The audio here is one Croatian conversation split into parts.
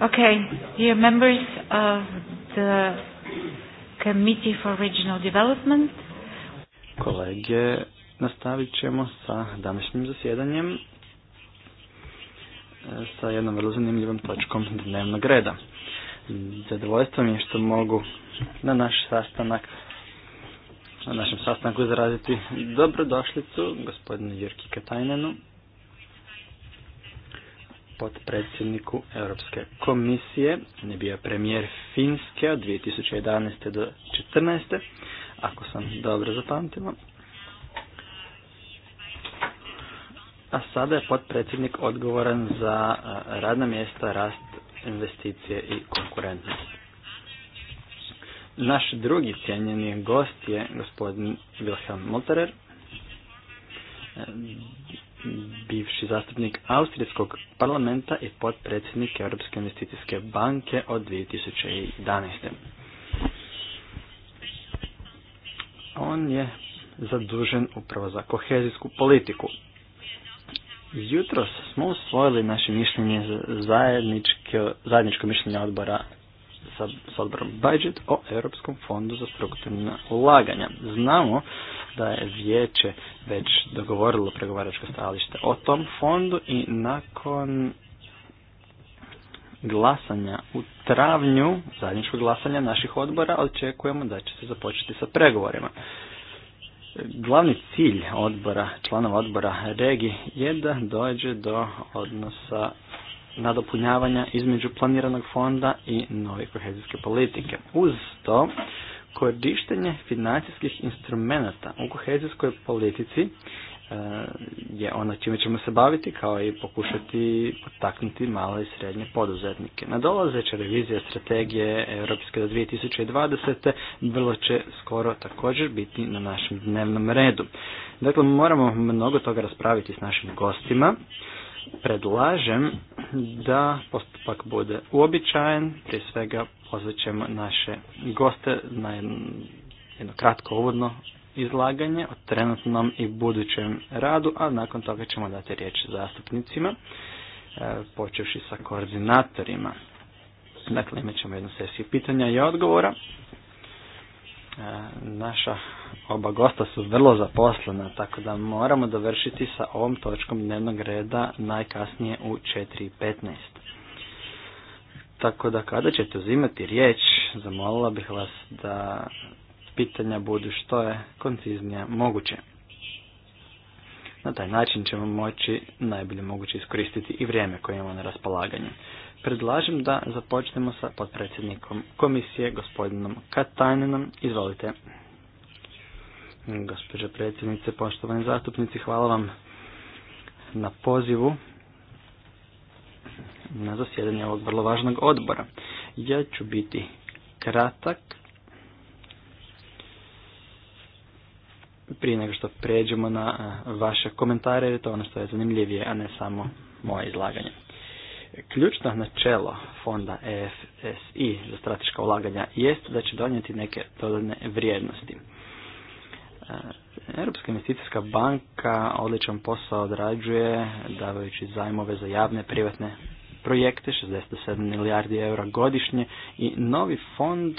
Okay, dear members of the Committee for Regional Development. Kolege, nastavit ćemo sa današnjim zasjedanjem e, sa jednom vrlo zanimljivom točkom dnevnog reda. Zadovoljstvo mi je što mogu na naš sastanak na našem sastanku izraziti dobrodošlicu gospodinu Jurki Katajnenu, potpredsjedniku Europske komisije. On je bio premijer Finske od 2011. do 2014. Ako sam dobro zapamtila. A sada je potpredsjednik odgovoran za radna mjesta, rast, investicije i konkurentnost. Naš drugi cijenjeni gost je gospodin Wilhelm Molterer, bivši zastupnik Austrijskog parlamenta i potpredsjednik Europske investicijske banke od 2011. On je zadužen upravo za kohezijsku politiku. Jutros smo usvojili naše mišljenje zajedničko mišljenje odbora sa, sa odborom budget o Europskom fondu za strukturna ulaganja. Znamo da je vijeće već dogovorilo pregovaračko stajalište o tom fondu i nakon glasanja u travnju, zajedničkog glasanja naših odbora, očekujemo da će se započeti sa pregovorima. Glavni cilj odbora, članova odbora regi je da dođe do odnosa nadopunjavanja između planiranog fonda i nove kohezijske politike. Uz to korištenje financijskih instrumenata u kohezijskoj politici e, je ono čime ćemo se baviti kao i pokušati potaknuti male i srednje poduzetnike. Nadolazeća revizija strategije Europske do 2020. vrlo će skoro također biti na našem dnevnom redu. Dakle, moramo mnogo toga raspraviti s našim gostima predlažem da postupak bude uobičajen, prije svega ćemo naše goste na jedno kratko uvodno izlaganje o trenutnom i budućem radu, a nakon toga ćemo dati riječ zastupnicima, e, počevši sa koordinatorima. Dakle, imat ćemo jednu sesiju pitanja i odgovora, naša oba gosta su vrlo zaposlena, tako da moramo dovršiti sa ovom točkom dnevnog reda najkasnije u 4.15. Tako da kada ćete uzimati riječ, zamolila bih vas da pitanja budu što je konciznije moguće. Na taj način ćemo moći najbolje moguće iskoristiti i vrijeme koje imamo na raspolaganju predlažem da započnemo sa potpredsjednikom komisije, gospodinom Katajnenom. Izvolite. Gospođo predsjednice, poštovani zastupnici, hvala vam na pozivu na zasjedanje ovog vrlo važnog odbora. Ja ću biti kratak. Prije nego što pređemo na vaše komentare, jer je to ono što je zanimljivije, a ne samo moje izlaganje. Ključno načelo fonda EFSI za strateška ulaganja jest da će donijeti neke dodane vrijednosti. E, Europska investicijska banka odličan posao odrađuje davajući zajmove za javne privatne projekte 67 milijardi eura godišnje i novi fond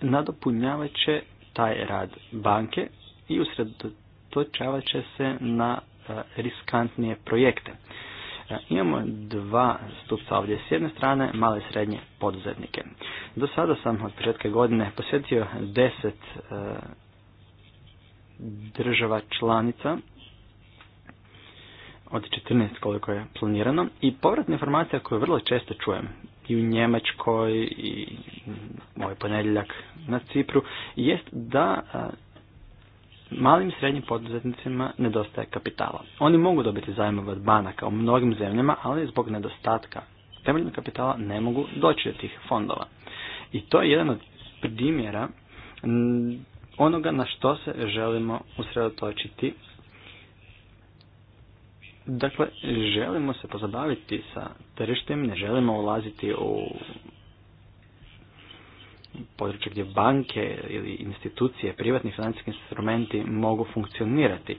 nadopunjavat će taj rad banke i usredotočavat će se na e, riskantnije projekte. E, imamo dva stupca ovdje. S jedne strane male i srednje poduzetnike. Do sada sam od početka godine posjetio deset e, država članica od 14 koliko je planirano i povratna informacija koju vrlo često čujem i u Njemačkoj i moj ovaj ponedjeljak na Cipru jest da e, malim i srednjim poduzetnicima nedostaje kapitala. Oni mogu dobiti zajmove od banaka u mnogim zemljama, ali zbog nedostatka temeljnog kapitala ne mogu doći do tih fondova. I to je jedan od primjera onoga na što se želimo usredotočiti. Dakle, želimo se pozabaviti sa tržištem, ne želimo ulaziti u područje gdje banke ili institucije, privatni financijski instrumenti mogu funkcionirati. E,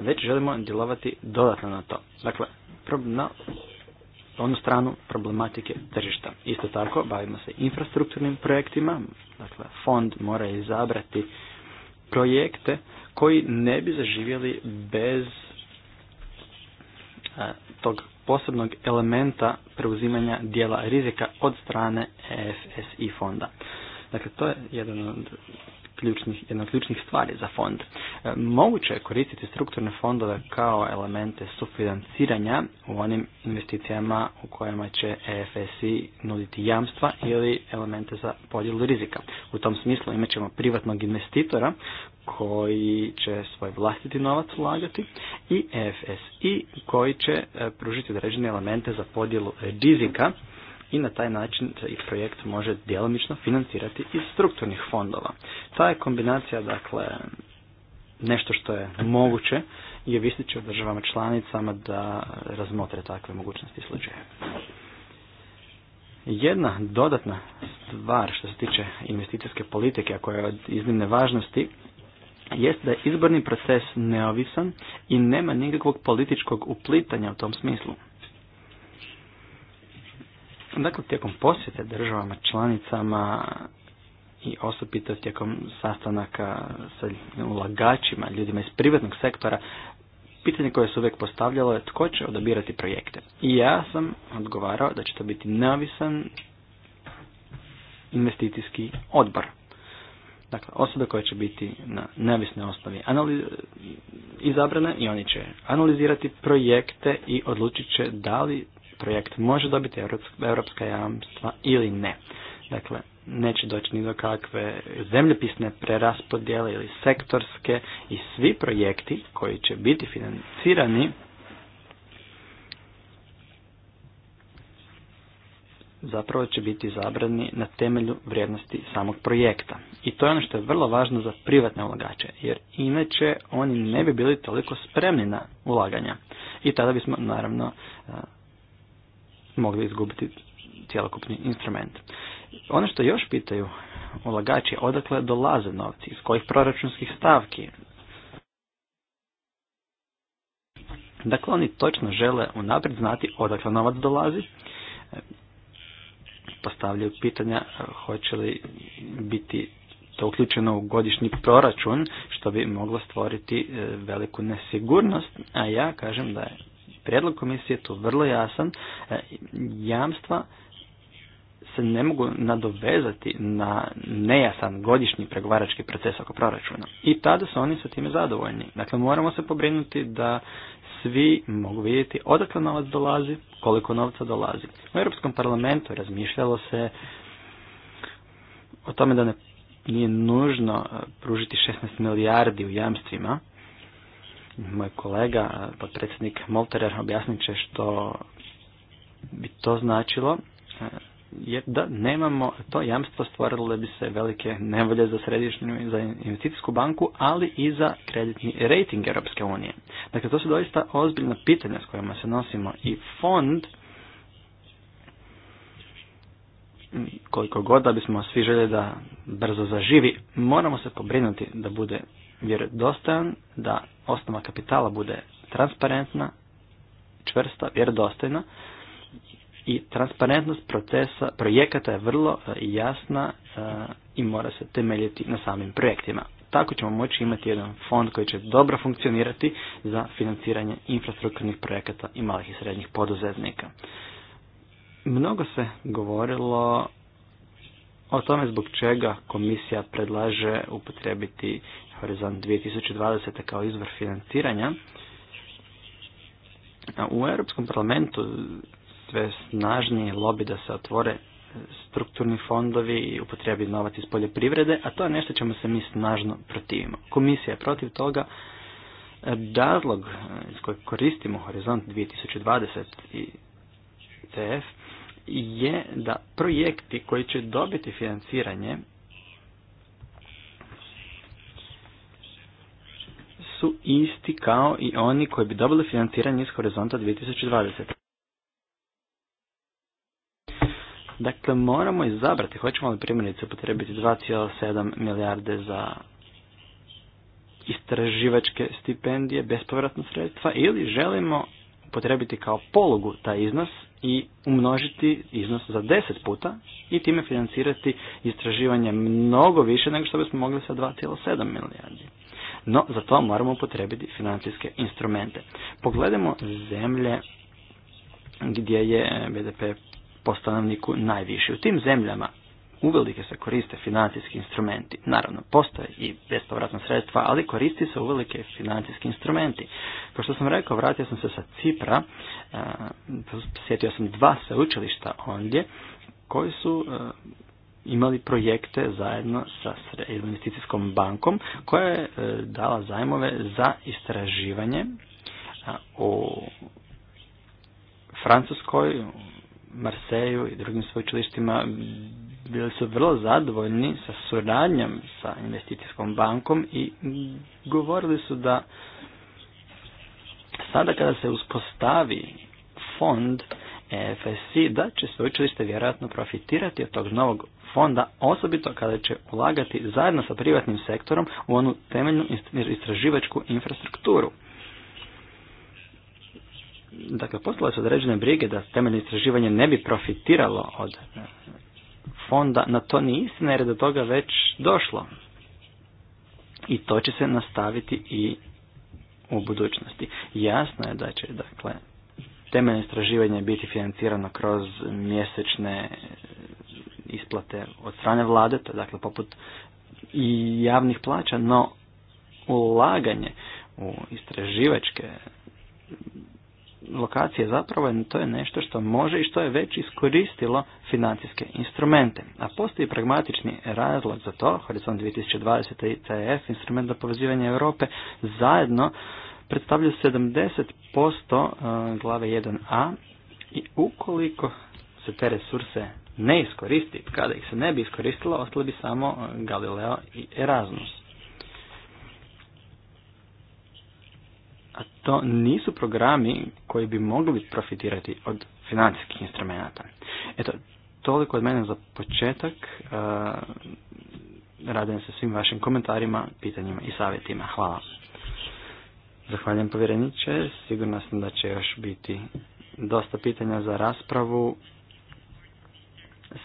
već želimo djelovati dodatno na to. Dakle, na onu stranu problematike tržišta. Isto tako, bavimo se infrastrukturnim projektima. Dakle, fond mora izabrati projekte koji ne bi zaživjeli bez e, tog posebnog elementa preuzimanja dijela rizika od strane e FSI fonda. Dakle, to je jedan od ključnih, jedna od ključnih stvari za fond. E, moguće je koristiti strukturne fondove kao elemente sufinanciranja u onim investicijama u kojima će EFSI nuditi jamstva ili elemente za podjelu rizika. U tom smislu imat ćemo privatnog investitora koji će svoj vlastiti novac ulagati i EFSI koji će e, pružiti određene elemente za podjelu rizika i na taj način se i projekt može djelomično financirati iz strukturnih fondova. Ta je kombinacija, dakle, nešto što je moguće i je će o državama članicama da razmotre takve mogućnosti slučaje. Jedna dodatna stvar što se tiče investicijske politike, a koja je od iznimne važnosti, jest da je izborni proces neovisan i nema nikakvog političkog uplitanja u tom smislu. Dakle, tijekom posjete državama članicama i osobito tijekom sastanaka sa ulagačima, ljudima iz privatnog sektora, pitanje koje se uvijek postavljalo je tko će odabirati projekte. I ja sam odgovarao da će to biti neovisan investicijski odbor. Dakle, osobe koje će biti na neovisnoj osnovi izabrane i oni će analizirati projekte i odlučit će da li projekt može dobiti europska jamstva ili ne. Dakle, neće doći ni do kakve zemljopisne preraspodjele ili sektorske i svi projekti koji će biti financirani zapravo će biti zabrani na temelju vrijednosti samog projekta. I to je ono što je vrlo važno za privatne ulagače, jer inače oni ne bi bili toliko spremni na ulaganja. I tada bismo naravno mogli izgubiti cjelokupni instrument. Ono što još pitaju ulagači, odakle dolaze novci, iz kojih proračunskih stavki. Dakle, oni točno žele unaprijed znati odakle novac dolazi, postavljaju pitanja hoće li biti to uključeno u godišnji proračun, što bi moglo stvoriti e, veliku nesigurnost, a ja kažem da je Prijedlog komisije je tu vrlo jasan. E, jamstva se ne mogu nadovezati na nejasan godišnji pregovarački proces oko proračuna. I tada su oni sa time zadovoljni. Dakle, moramo se pobrinuti da svi mogu vidjeti odakle novac dolazi, koliko novca dolazi. U Europskom parlamentu razmišljalo se o tome da ne, nije nužno e, pružiti 16 milijardi u jamstvima, moj kolega, potpredsjednik Molterer, objasnit će što bi to značilo. Jer da nemamo to jamstvo stvorile bi se velike nevolje za središnju i za investicijsku banku, ali i za kreditni rating Europske unije. Dakle, to su doista ozbiljna pitanja s kojima se nosimo i fond koliko god da bismo svi željeli da brzo zaživi, moramo se pobrinuti da bude vjerodostojan, da osnova kapitala bude transparentna, čvrsta, vjerodostojna i transparentnost procesa projekata je vrlo e, jasna e, i mora se temeljiti na samim projektima. Tako ćemo moći imati jedan fond koji će dobro funkcionirati za financiranje infrastrukturnih projekata i malih i srednjih poduzetnika. Mnogo se govorilo o tome zbog čega komisija predlaže upotrebiti Horizont 2020. kao izvor financiranja, u Europskom parlamentu sve snažnije lobi da se otvore strukturni fondovi i upotrebi novac iz poljoprivrede, a to je nešto čemu se mi snažno protivimo. Komisija je protiv toga. Razlog e, iz kojeg koristimo Horizont 2020 i CF je da projekti koji će dobiti financiranje su isti kao i oni koji bi dobili financiranje iz horizonta 2020. Dakle, moramo izabrati, hoćemo li primjerice potrebiti 2,7 milijarde za istraživačke stipendije, bespovratna sredstva, ili želimo potrebiti kao polugu taj iznos i umnožiti iznos za 10 puta i time financirati istraživanje mnogo više nego što bismo mogli sa 2,7 milijardi no za to moramo potrebiti financijske instrumente. Pogledajmo zemlje gdje je BDP po stanovniku najviši. U tim zemljama uvelike se koriste financijski instrumenti. Naravno, postoje i bespovratna sredstva, ali koristi se uvelike financijski instrumenti. Kao što sam rekao, vratio sam se sa Cipra, sjetio sam dva sveučilišta ondje, koji su imali projekte zajedno sa investicijskom bankom koja je e, dala zajmove za istraživanje u Francuskoj, Marseju i drugim sveučilištima bili su vrlo zadovoljni sa suradnjom sa investicijskom bankom i govorili su da sada kada se uspostavi fond EFSI da će sveučilište vjerojatno profitirati od tog novog fonda, osobito kada će ulagati zajedno sa privatnim sektorom u onu temeljnu istraživačku infrastrukturu. Dakle, poslala su određene brige da temeljno istraživanje ne bi profitiralo od e, fonda, na to ni istina jer je do toga već došlo. I to će se nastaviti i u budućnosti. Jasno je da će dakle, temeljno istraživanje biti financirano kroz mjesečne isplate od strane vlade, to dakle poput i javnih plaća, no ulaganje u istraživačke lokacije zapravo to je nešto što može i što je već iskoristilo financijske instrumente. A postoji pragmatični razlog za to, Horizon 2020 i CEF, instrument za povezivanje Europe, zajedno predstavlja 70% e, glave 1a i ukoliko se te resurse ne iskoristi, kada ih se ne bi iskoristilo, ostali bi samo e, Galileo i Erasmus. A to nisu programi koji bi mogli profitirati od financijskih instrumenta. Eto, toliko od mene za početak. E, radujem se svim vašim komentarima, pitanjima i savjetima. Hvala. Zahvaljujem povjereniče. Sigurno sam da će još biti dosta pitanja za raspravu.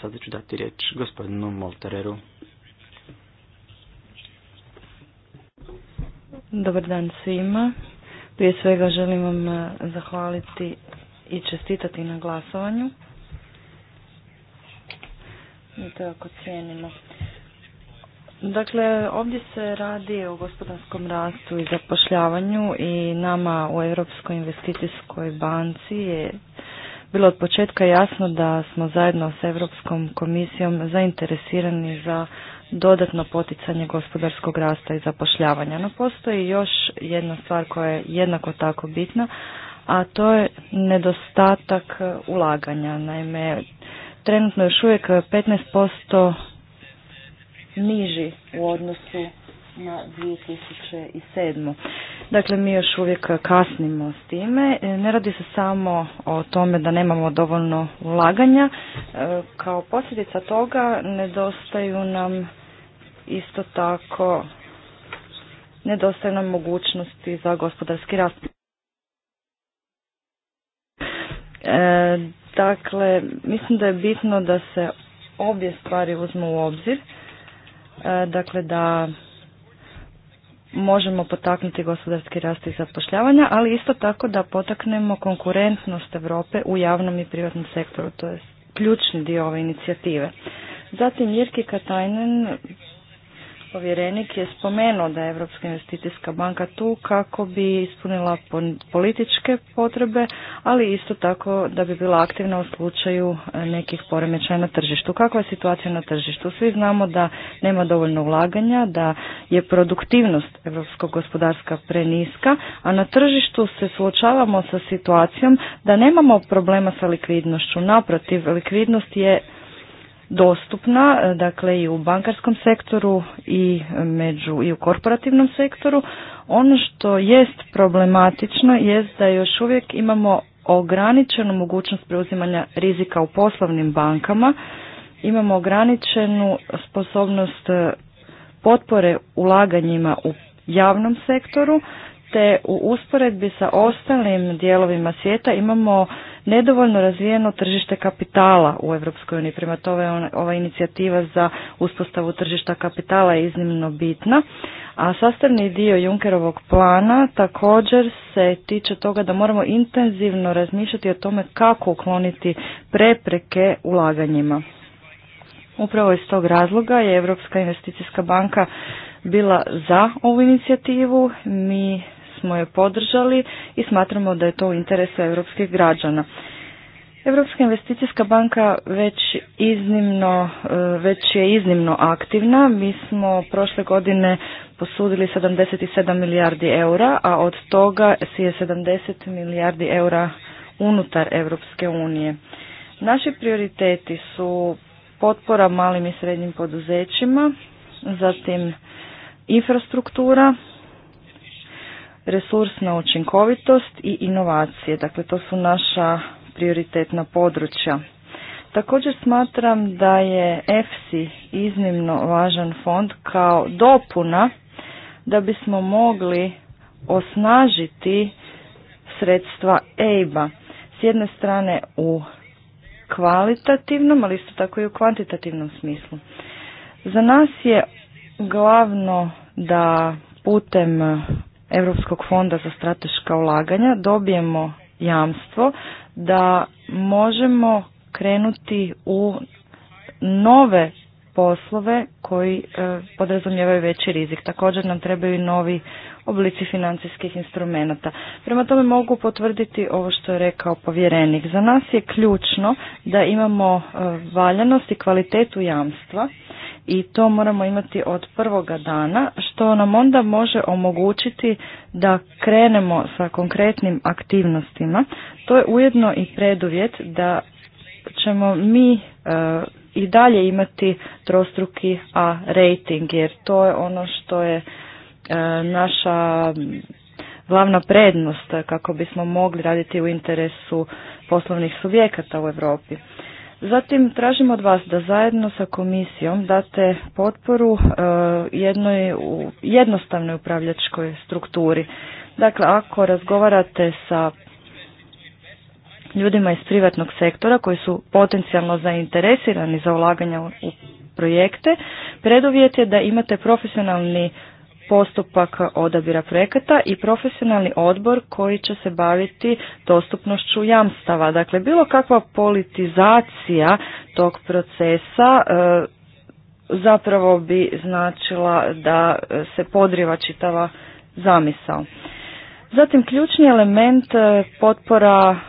Sada ću dati riječ gospodinu Moltereru. Dobar dan svima. Prije svega želim vam eh, zahvaliti i čestitati na glasovanju. Mi to jako cijenimo. Dakle, ovdje se radi o gospodarskom rastu i zapošljavanju i nama u Europskoj investicijskoj banci je bilo od početka jasno da smo zajedno s Europskom komisijom zainteresirani za dodatno poticanje gospodarskog rasta i zapošljavanja. No postoji još jedna stvar koja je jednako tako bitna, a to je nedostatak ulaganja. Naime, trenutno još uvijek 15% niži u odnosu na 2007. Dakle, mi još uvijek kasnimo s time. E, ne radi se samo o tome da nemamo dovoljno ulaganja. E, kao posljedica toga nedostaju nam isto tako nedostaju nam mogućnosti za gospodarski rast. E, dakle, mislim da je bitno da se obje stvari uzmu u obzir. E, dakle da možemo potaknuti gospodarski rast i zapošljavanja, ali isto tako da potaknemo konkurentnost Europe u javnom i privatnom sektoru, to je ključni dio ove inicijative. Zatim Jirki Katajnen povjerenik je spomenuo da je Europska investicijska banka tu kako bi ispunila političke potrebe, ali isto tako da bi bila aktivna u slučaju e, nekih poremećaja na tržištu. Kakva je situacija na tržištu? Svi znamo da nema dovoljno ulaganja, da je produktivnost europskog gospodarska preniska, a na tržištu se suočavamo sa situacijom da nemamo problema sa likvidnošću. Naprotiv, likvidnost je dostupna, e, dakle i u bankarskom sektoru i e, među i u korporativnom sektoru. Ono što jest problematično jest da još uvijek imamo ograničenu mogućnost preuzimanja rizika u poslovnim bankama, imamo ograničenu sposobnost e, potpore ulaganjima u javnom sektoru, te u usporedbi sa ostalim dijelovima svijeta imamo nedovoljno razvijeno tržište kapitala u Europskoj uniji. Prema tome ova inicijativa za uspostavu tržišta kapitala je iznimno bitna, a sastavni dio Junkerovog plana također se tiče toga da moramo intenzivno razmišljati o tome kako ukloniti prepreke ulaganjima. Upravo iz tog razloga je Europska investicijska banka bila za ovu inicijativu. Mi smo je podržali i smatramo da je to u interesu europskih građana. Europska investicijska banka već iznimno, e, već je iznimno aktivna. Mi smo prošle godine posudili 77 milijardi eura, a od toga si je 70 milijardi eura unutar Europske unije. Naši prioriteti su potpora malim i srednjim poduzećima, zatim infrastruktura, resursna učinkovitost i inovacije. Dakle, to su naša prioritetna područja. Također smatram da je EFSI iznimno važan fond kao dopuna da bismo mogli osnažiti sredstva EIBA. S jedne strane u kvalitativnom, ali isto tako i u kvantitativnom smislu. Za nas je glavno da putem Europskog fonda za strateška ulaganja dobijemo jamstvo da možemo krenuti u nove poslove koji e, podrazumijevaju veći rizik. Također nam trebaju i novi oblici financijskih instrumenata. Prema tome mogu potvrditi ovo što je rekao povjerenik. Za nas je ključno da imamo e, valjanost i kvalitetu jamstva i to moramo imati od prvoga dana, što nam onda može omogućiti da krenemo sa konkretnim aktivnostima. To je ujedno i preduvjet da ćemo mi e, i dalje imati trostruki A rating, jer to je ono što je e, naša glavna prednost kako bismo mogli raditi u interesu poslovnih subjekata u Europi. Zatim tražim od vas da zajedno sa komisijom date potporu e, jednoj jednostavnoj upravljačkoj strukturi. Dakle, ako razgovarate sa ljudima iz privatnog sektora koji su potencijalno zainteresirani za ulaganja u projekte, preduvjet je da imate profesionalni postupak odabira projekata i profesionalni odbor koji će se baviti dostupnošću jamstava. Dakle, bilo kakva politizacija tog procesa e, zapravo bi značila da se podriva čitava zamisao. Zatim ključni element e, potpora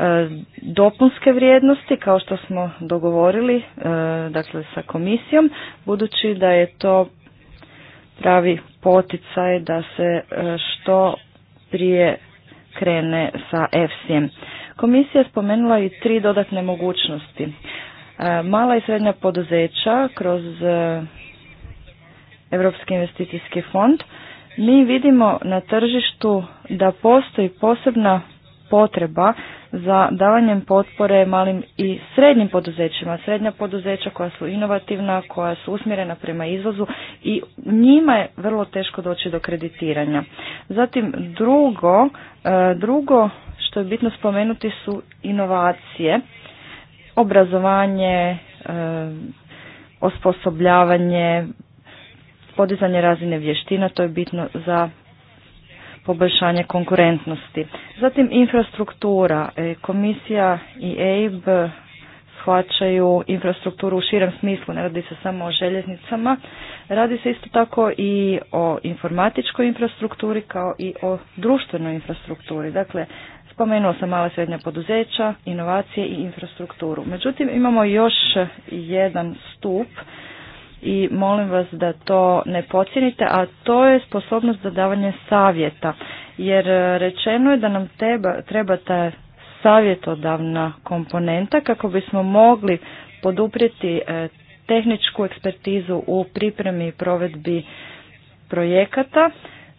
E, dopunske vrijednosti kao što smo dogovorili e, dakle sa komisijom budući da je to pravi poticaj da se e, što prije krene sa efsi Komisija je spomenula i tri dodatne mogućnosti. Mala i srednja poduzeća kroz Europski investicijski fond mi vidimo na tržištu da postoji posebna potreba za davanjem potpore malim i srednjim poduzećima. Srednja poduzeća koja su inovativna, koja su usmjerena prema izvozu i njima je vrlo teško doći do kreditiranja. Zatim drugo, e, drugo što je bitno spomenuti su inovacije, obrazovanje, e, osposobljavanje, podizanje razine vještina, to je bitno za poboljšanje konkurentnosti. Zatim infrastruktura. E, komisija i EIB shvaćaju infrastrukturu u širem smislu, ne radi se samo o željeznicama, radi se isto tako i o informatičkoj infrastrukturi kao i o društvenoj infrastrukturi. Dakle, spomenuo sam mala srednja poduzeća, inovacije i infrastrukturu. Međutim, imamo još jedan stup i molim vas da to ne pocijenite, a to je sposobnost za davanje savjeta. Jer e, rečeno je da nam treba, treba ta savjetodavna komponenta kako bismo mogli poduprijeti e, tehničku ekspertizu u pripremi i provedbi projekata.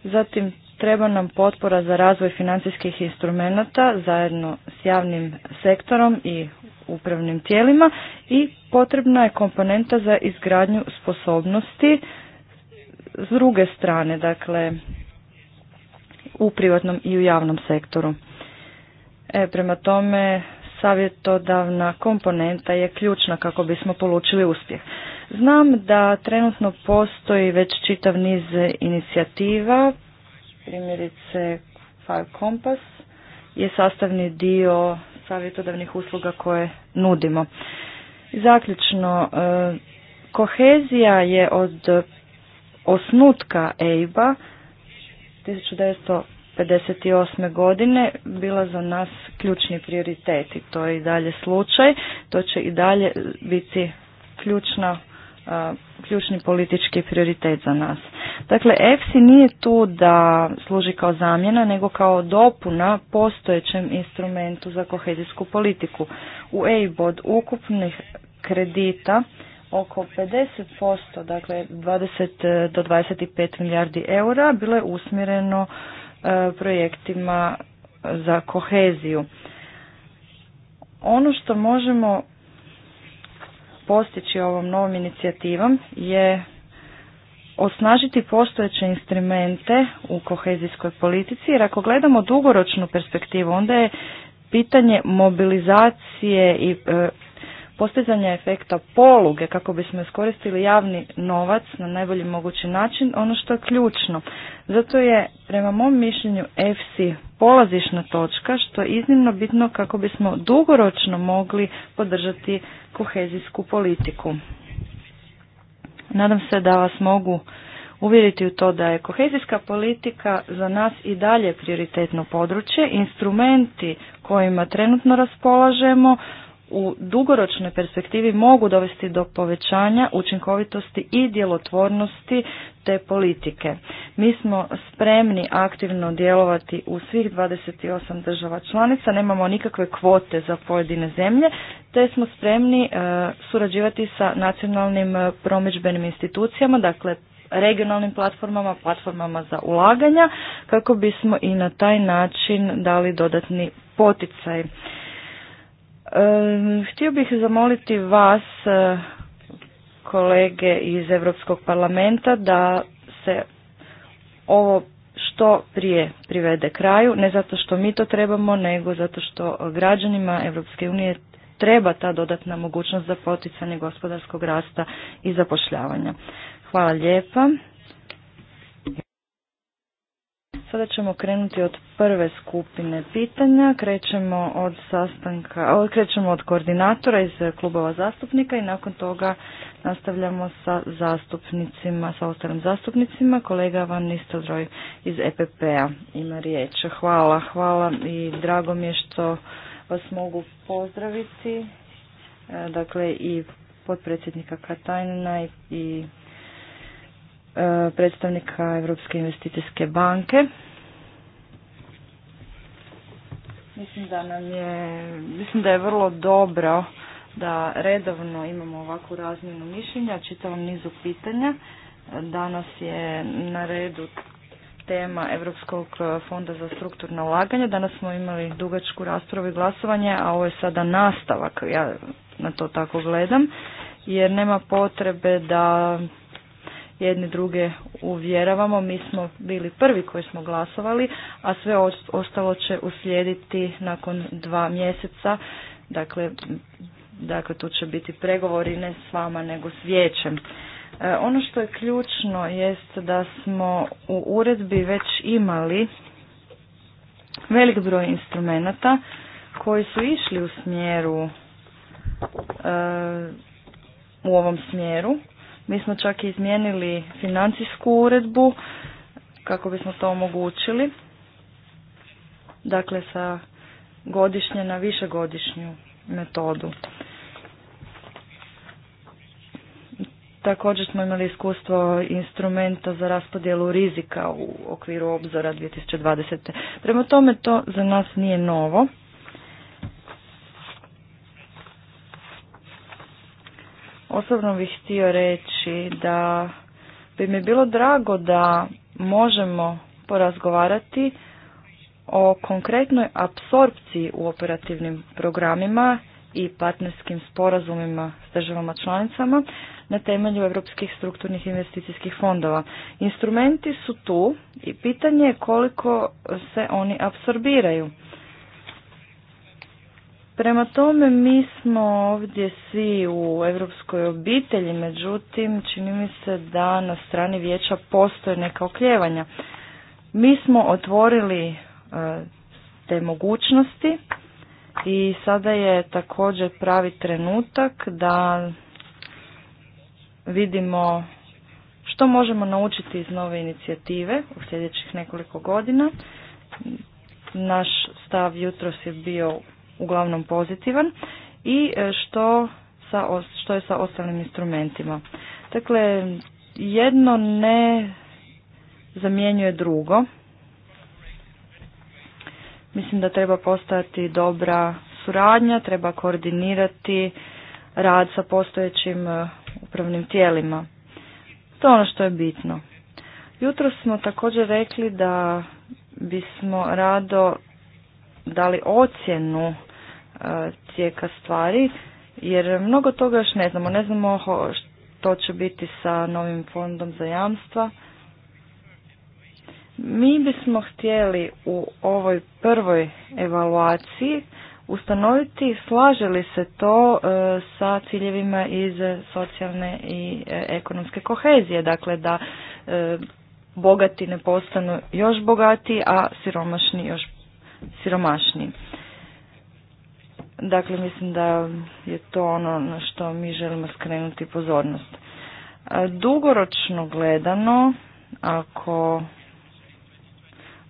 Zatim Treba nam potpora za razvoj financijskih instrumenata zajedno s javnim sektorom i upravnim tijelima i potrebna je komponenta za izgradnju sposobnosti s druge strane, dakle u privatnom i u javnom sektoru. E, prema tome, savjetodavna komponenta je ključna kako bismo polučili uspjeh. Znam da trenutno postoji već čitav niz inicijativa Primjerice, File Compass je sastavni dio savjetodavnih usluga koje nudimo. Zaključno, e, kohezija je od osnutka EIBA 1958. godine bila za nas ključni prioritet i to je i dalje slučaj. To će i dalje biti ključna ključni politički prioritet za nas. Dakle, EFSI nije tu da služi kao zamjena, nego kao dopuna postojećem instrumentu za kohezijsku politiku. U EIB ukupnih kredita oko 50%, dakle 20 do 25 milijardi eura, bilo je usmjereno e, projektima za koheziju. Ono što možemo postići ovom novom inicijativom je osnažiti postojeće instrumente u kohezijskoj politici jer ako gledamo dugoročnu perspektivu onda je pitanje mobilizacije i e, postizanja efekta poluge kako bismo iskoristili javni novac na najbolji mogući način ono što je ključno. Zato je prema mom mišljenju EFSI polazišna točka što je iznimno bitno kako bismo dugoročno mogli podržati kohezijsku politiku. Nadam se da vas mogu uvjeriti u to da je kohezijska politika za nas i dalje prioritetno područje. Instrumenti kojima trenutno raspolažemo u dugoročnoj perspektivi mogu dovesti do povećanja učinkovitosti i djelotvornosti te politike. Mi smo spremni aktivno djelovati u svih 28 država članica, nemamo nikakve kvote za pojedine zemlje, te smo spremni e, surađivati sa nacionalnim e, promičbenim institucijama, dakle regionalnim platformama, platformama za ulaganja, kako bismo i na taj način dali dodatni poticaj Htio bih zamoliti vas, e, kolege iz Europskog parlamenta, da se ovo što prije privede kraju, ne zato što mi to trebamo, nego zato što građanima Europske unije treba ta dodatna mogućnost za poticanje gospodarskog rasta i zapošljavanja. Hvala lijepa. Sada ćemo krenuti od prve skupine pitanja. Krećemo od sastanka, krećemo od koordinatora iz klubova zastupnika i nakon toga nastavljamo sa zastupnicima, sa ostalim zastupnicima. Kolega Van Nistelroj iz EPP-a ima riječ. Hvala, hvala i drago mi je što vas mogu pozdraviti. E, dakle i potpredsjednika Katajnina i E, predstavnika Europske investicijske banke. Mislim da nam je, mislim da je vrlo dobro da redovno imamo ovakvu razmjenu mišljenja, čitavom nizu pitanja. Danas je na redu tema Europskog fonda za strukturno ulaganja. Danas smo imali dugačku raspravu i glasovanje, a ovo je sada nastavak, ja na to tako gledam, jer nema potrebe da jedni druge uvjeravamo. Mi smo bili prvi koji smo glasovali, a sve ostalo će uslijediti nakon dva mjeseca. Dakle, dakle tu će biti pregovori ne s vama nego s vijećem. E, ono što je ključno jest da smo u uredbi već imali velik broj instrumenata koji su išli u smjeru e, u ovom smjeru mi smo čak izmijenili financijsku uredbu kako bismo to omogućili. Dakle, sa godišnje na višegodišnju metodu. Također smo imali iskustvo instrumenta za raspodjelu rizika u okviru obzora 2020. Prema tome to za nas nije novo. Osobno bih htio reći da bi mi bilo drago da možemo porazgovarati o konkretnoj apsorpciji u operativnim programima i partnerskim sporazumima s državama članicama na temelju europskih strukturnih investicijskih fondova. Instrumenti su tu i pitanje je koliko se oni apsorbiraju. Prema tome mi smo ovdje svi u europskoj obitelji, međutim čini mi se da na strani vijeća postoje neka okljevanja. Mi smo otvorili e, te mogućnosti i sada je također pravi trenutak da vidimo što možemo naučiti iz nove inicijative u sljedećih nekoliko godina. Naš stav jutros je bio uglavnom pozitivan i e, što, sa, što je sa ostalim instrumentima. Dakle, jedno ne zamjenjuje drugo. Mislim da treba postojati dobra suradnja, treba koordinirati rad sa postojećim e, upravnim tijelima. To je ono što je bitno. Jutro smo također rekli da bismo rado dali ocjenu tijeka stvari, jer mnogo toga još ne znamo. Ne znamo što će biti sa novim fondom za jamstva. Mi bismo htjeli u ovoj prvoj evaluaciji ustanoviti slaže li se to e, sa ciljevima iz socijalne i e, ekonomske kohezije, dakle da e, bogati ne postanu još bogati, a siromašni još siromašni. Dakle, mislim da je to ono na što mi želimo skrenuti pozornost. E, dugoročno gledano, ako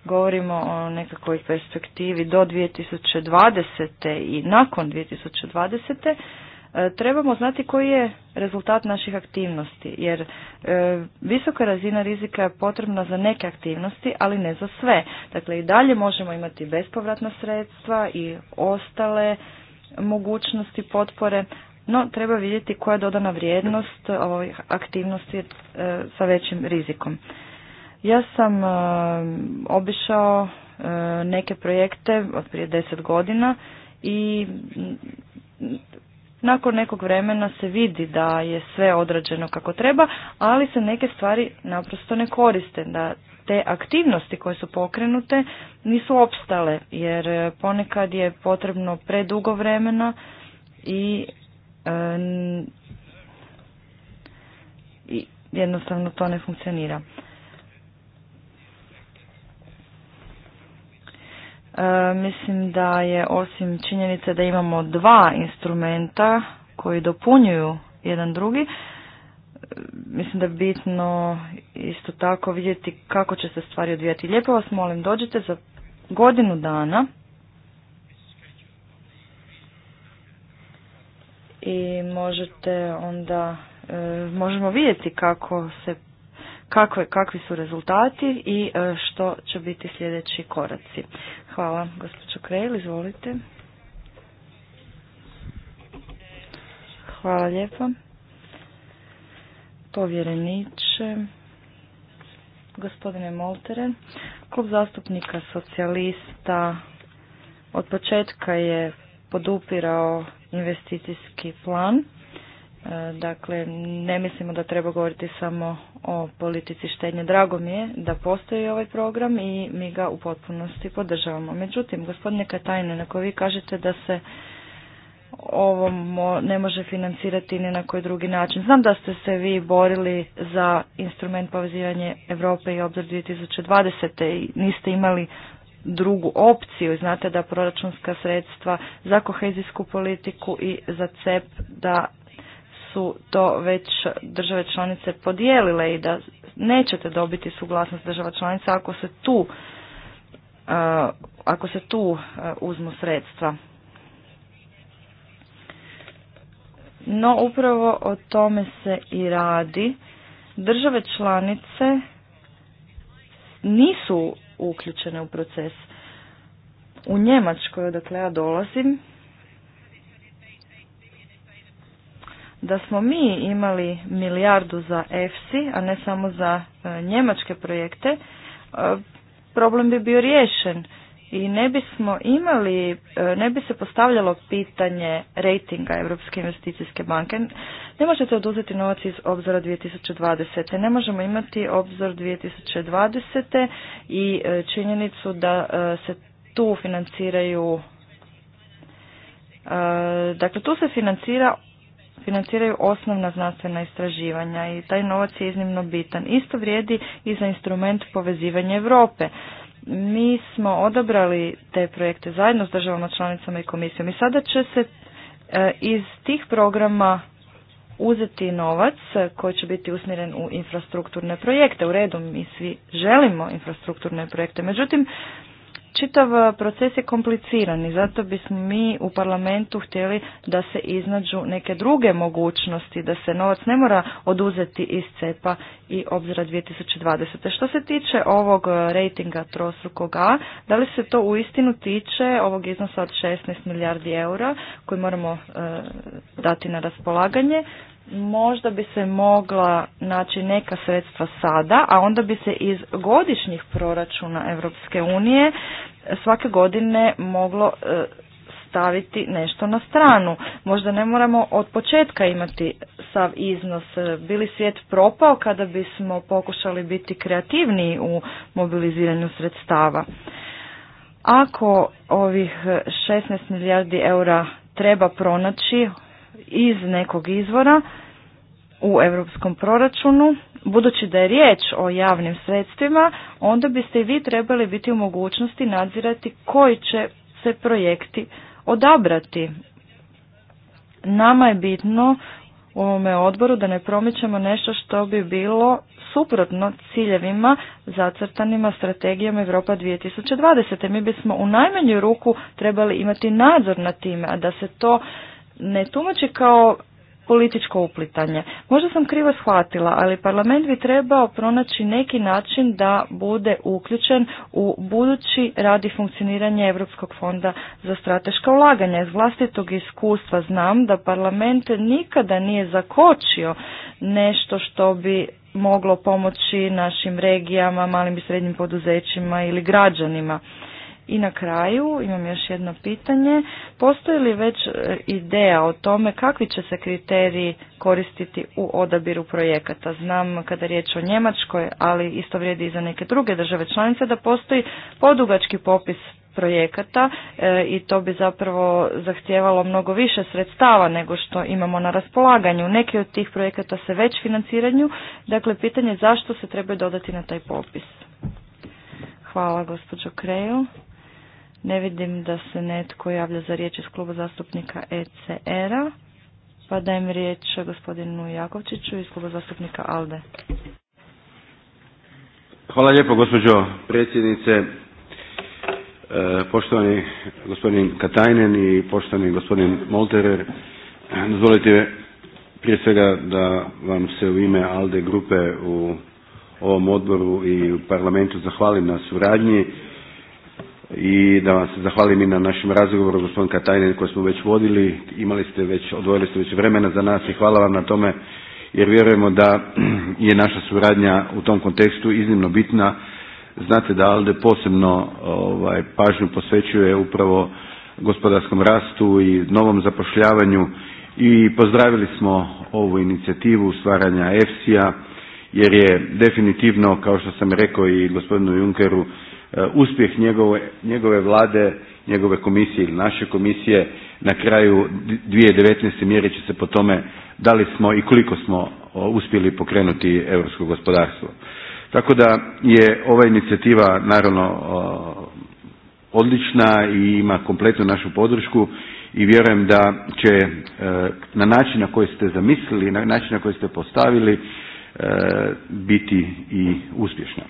govorimo o nekakvoj perspektivi do 2020. i nakon 2020. E, trebamo znati koji je rezultat naših aktivnosti, jer e, visoka razina rizika je potrebna za neke aktivnosti, ali ne za sve. Dakle, i dalje možemo imati bespovratna sredstva i ostale mogućnosti potpore, no treba vidjeti koja je dodana vrijednost ovih aktivnosti e, sa većim rizikom. Ja sam e, obišao e, neke projekte od prije deset godina i nakon nekog vremena se vidi da je sve odrađeno kako treba, ali se neke stvari naprosto ne koriste, da te aktivnosti koje su pokrenute nisu opstale, jer e, ponekad je potrebno predugo vremena i, e, i jednostavno to ne funkcionira. E, mislim da je osim činjenice da imamo dva instrumenta koji dopunjuju jedan drugi, e, mislim da je bitno isto tako vidjeti kako će se stvari odvijati. Lijepo vas molim, dođite za godinu dana i možete onda, e, možemo vidjeti kako se kakve, kakvi su rezultati i e, što će biti sljedeći koraci. Hvala, gospođo Krejl, izvolite. Hvala lijepo. Povjereniče, gospodine Moltere, klub zastupnika socijalista od početka je podupirao investicijski plan. E, dakle, ne mislimo da treba govoriti samo o politici štednje. Drago mi je da postoji ovaj program i mi ga u potpunosti podržavamo. Međutim, gospodine Katajne, ako vi kažete da se ovo ne može financirati ni na koji drugi način. Znam da ste se vi borili za instrument povezivanja Europe i obzor 2020. i niste imali drugu opciju. Znate da proračunska sredstva za kohezijsku politiku i za CEP da su to već države članice podijelile i da nećete dobiti suglasnost država članica ako se tu uh, ako se tu uh, uzmu sredstva. No upravo o tome se i radi. Države članice nisu uključene u proces. U Njemačkoj, odakle ja dolazim, da smo mi imali milijardu za EFSI, a ne samo za e, njemačke projekte, e, problem bi bio riješen i ne bismo imali, e, ne bi se postavljalo pitanje rejtinga Europske investicijske banke. Ne možete oduzeti novac iz obzora 2020. Ne možemo imati obzor 2020. i činjenicu da se tu financiraju Dakle, tu se financira financiraju osnovna znanstvena istraživanja i taj novac je iznimno bitan. Isto vrijedi i za instrument povezivanja Europe. Mi smo odabrali te projekte zajedno s državama članicama i komisijom i sada će se eh, iz tih programa uzeti novac eh, koji će biti usmjeren u infrastrukturne projekte. U redu mi svi želimo infrastrukturne projekte. Međutim, Čitav e, proces je kompliciran i zato bismo mi u parlamentu htjeli da se iznađu neke druge mogućnosti, da se novac ne mora oduzeti iz CEPA i obzira 2020. Što se tiče ovog e, rejtinga trosrukog A, da li se to uistinu tiče ovog iznosa od 16 milijardi eura koji moramo e, dati na raspolaganje, možda bi se mogla naći neka sredstva sada, a onda bi se iz godišnjih proračuna Europske unije svake godine moglo e, staviti nešto na stranu. Možda ne moramo od početka imati sav iznos. E, bili svijet propao kada bismo pokušali biti kreativniji u mobiliziranju sredstava. Ako ovih 16 milijardi eura treba pronaći, iz nekog izvora u europskom proračunu, budući da je riječ o javnim sredstvima, onda biste i vi trebali biti u mogućnosti nadzirati koji će se projekti odabrati. Nama je bitno u ovome odboru da ne promičemo nešto što bi bilo suprotno ciljevima zacrtanima strategijama Europa 2020. Mi bismo u najmanju ruku trebali imati nadzor na time, a da se to ne tumači kao političko uplitanje. Možda sam krivo shvatila, ali parlament bi trebao pronaći neki način da bude uključen u budući radi funkcioniranja Europskog fonda za strateška ulaganja. Iz vlastitog iskustva znam da parlament nikada nije zakočio nešto što bi moglo pomoći našim regijama, malim i srednjim poduzećima ili građanima. I na kraju imam još jedno pitanje. Postoji li već e, ideja o tome kakvi će se kriteriji koristiti u odabiru projekata? Znam kada je riječ o Njemačkoj, ali isto vrijedi i za neke druge države članice da postoji podugački popis projekata e, i to bi zapravo zahtijevalo mnogo više sredstava nego što imamo na raspolaganju. Neki od tih projekata se već financiranju, dakle pitanje zašto se treba dodati na taj popis. Hvala gospođo Kreju. Ne vidim da se netko javlja za riječ iz kluba zastupnika ECR-a, pa dajem riječ gospodinu Jakovčiću iz kluba zastupnika ALDE. Hvala lijepo gospođo predsjednice, e, poštovani gospodin Katajnen i poštovani gospodin Molterer. E, dozvolite prije svega da vam se u ime ALDE grupe u ovom odboru i u parlamentu zahvalim na suradnji i da vam se zahvalim i na našem razgovoru gospodin Katajnen koji smo već vodili, imali ste već, odvojili ste već vremena za nas i hvala vam na tome jer vjerujemo da je naša suradnja u tom kontekstu iznimno bitna. Znate da ALDE posebno ovaj, pažnju posvećuje upravo gospodarskom rastu i novom zapošljavanju i pozdravili smo ovu inicijativu stvaranja EFSI-a jer je definitivno kao što sam rekao i gospodinu Junkeru E, uspjeh njegove, njegove vlade, njegove komisije ili naše komisije na kraju 2019. mjerit će se po tome da li smo i koliko smo e, uspjeli pokrenuti europsko gospodarstvo. Tako da je ova inicijativa naravno e, odlična i ima kompletnu našu podršku i vjerujem da će na način na koji ste zamislili, na način na koji ste postavili biti i uspješna.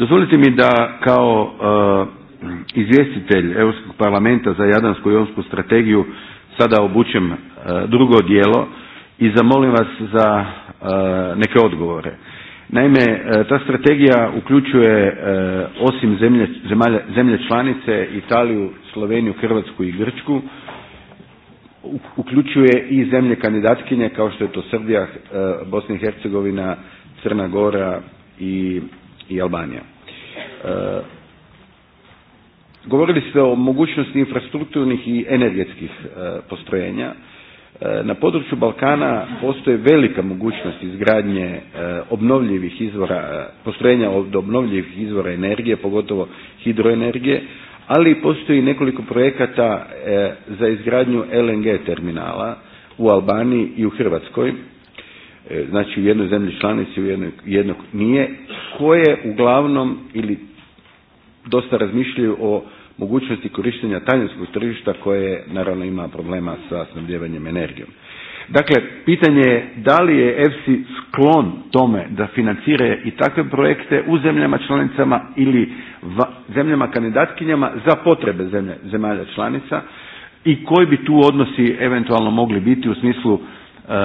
Dozvolite mi da kao eh, izvjestitelj Europskog parlamenta za Jadransku i Jonsku strategiju sada obučem eh, drugo dijelo i zamolim vas za eh, neke odgovore. Naime, ta strategija uključuje osim zemlje, zemlje članice Italiju, Sloveniju, Hrvatsku i Grčku, uključuje i zemlje kandidatkinje kao što je to Srbija, Bosna i Hercegovina, Crna Gora i i Albanija. E, govorili ste o mogućnosti infrastrukturnih i energetskih e, postrojenja. E, na području Balkana postoje velika mogućnost izgradnje obnovljivih izvora, postrojenja od obnovljivih izvora energije, pogotovo hidroenergije, ali postoji nekoliko projekata za izgradnju LNG terminala u Albaniji i u Hrvatskoj E, znači u jednoj zemlji članici, u jednoj, jednog nije, koje uglavnom ili dosta razmišljaju o mogućnosti korištenja talijanskog tržišta koje naravno ima problema sa snabdjevanjem energijom. Dakle, pitanje je da li je EFSI sklon tome da financira i takve projekte u zemljama članicama ili zemljama kandidatkinjama za potrebe zemalja članica i koji bi tu odnosi eventualno mogli biti u smislu E,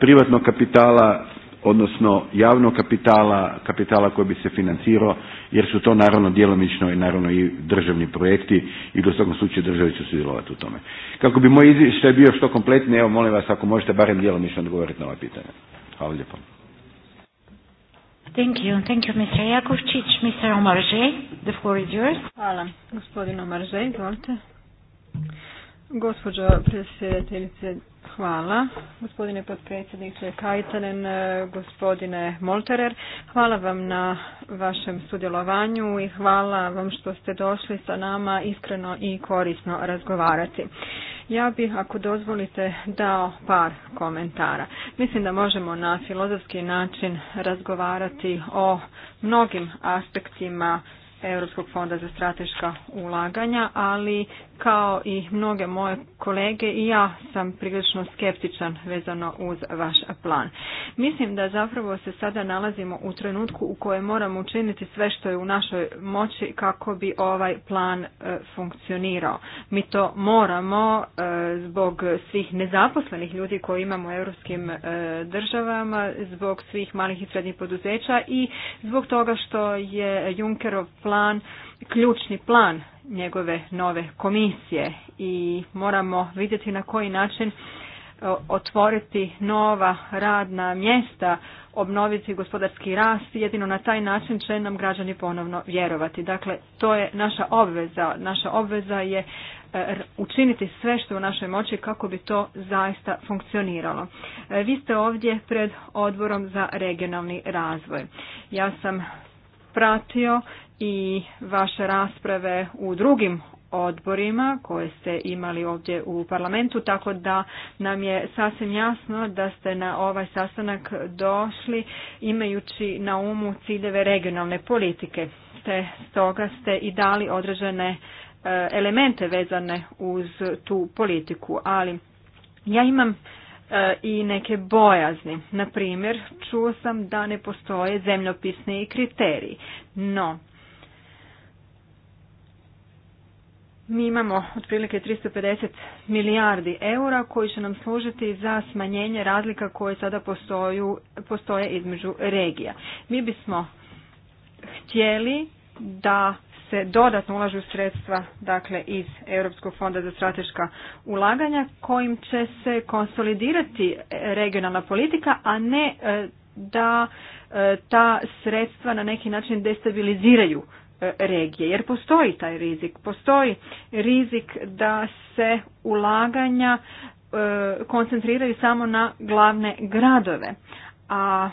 privatnog kapitala, odnosno javnog kapitala, kapitala koji bi se financirao jer su to naravno djelomično i naravno i državni projekti i u svakom slučaju državi će sudjelovati u tome. Kako bi moj izvještaj bio što kompletni, evo molim vas ako možete barem djelomično odgovoriti na ova pitanja. Hvala lijepo. Thank you. Thank you, Mr. Jakovčić. Mr. Omarže, the floor is yours. Hvala. Gospodin Omarže, izvolite. Gospođo predsjedateljice Hvala, gospodine potpredsjedniče Kajtanen, e, gospodine Molterer. Hvala vam na vašem sudjelovanju i hvala vam što ste došli sa nama iskreno i korisno razgovarati. Ja bih, ako dozvolite, dao par komentara. Mislim da možemo na filozofski način razgovarati o mnogim aspektima Europskog fonda za strateška ulaganja, ali kao i mnoge moje kolege i ja sam prilično skeptičan vezano uz vaš plan. Mislim da zapravo se sada nalazimo u trenutku u kojem moramo učiniti sve što je u našoj moći kako bi ovaj plan e, funkcionirao. Mi to moramo e, zbog svih nezaposlenih ljudi koji imamo u europskim e, državama, zbog svih malih i srednjih poduzeća i zbog toga što je Junkerov plan ključni plan njegove nove komisije i moramo vidjeti na koji način e, otvoriti nova radna mjesta, obnoviti gospodarski rast, jedino na taj način će nam građani ponovno vjerovati. Dakle, to je naša obveza. Naša obveza je e, učiniti sve što je u našoj moći kako bi to zaista funkcioniralo. E, vi ste ovdje pred odborom za regionalni razvoj. Ja sam pratio i vaše rasprave u drugim odborima koje ste imali ovdje u parlamentu, tako da nam je sasvim jasno da ste na ovaj sastanak došli imajući na umu ciljeve regionalne politike. Te stoga ste i dali određene e, elemente vezane uz tu politiku, ali ja imam e, i neke bojazni. Na čuo sam da ne postoje zemljopisni kriteriji, no Mi imamo otprilike 350 milijardi eura koji će nam služiti za smanjenje razlika koje sada postoje između regija. Mi bismo htjeli da se dodatno ulažu sredstva dakle iz Europskog fonda za strateška ulaganja kojim će se konsolidirati regionalna politika, a ne e, da e, ta sredstva na neki način destabiliziraju E, regije jer postoji taj rizik postoji rizik da se ulaganja e, koncentriraju samo na glavne gradove a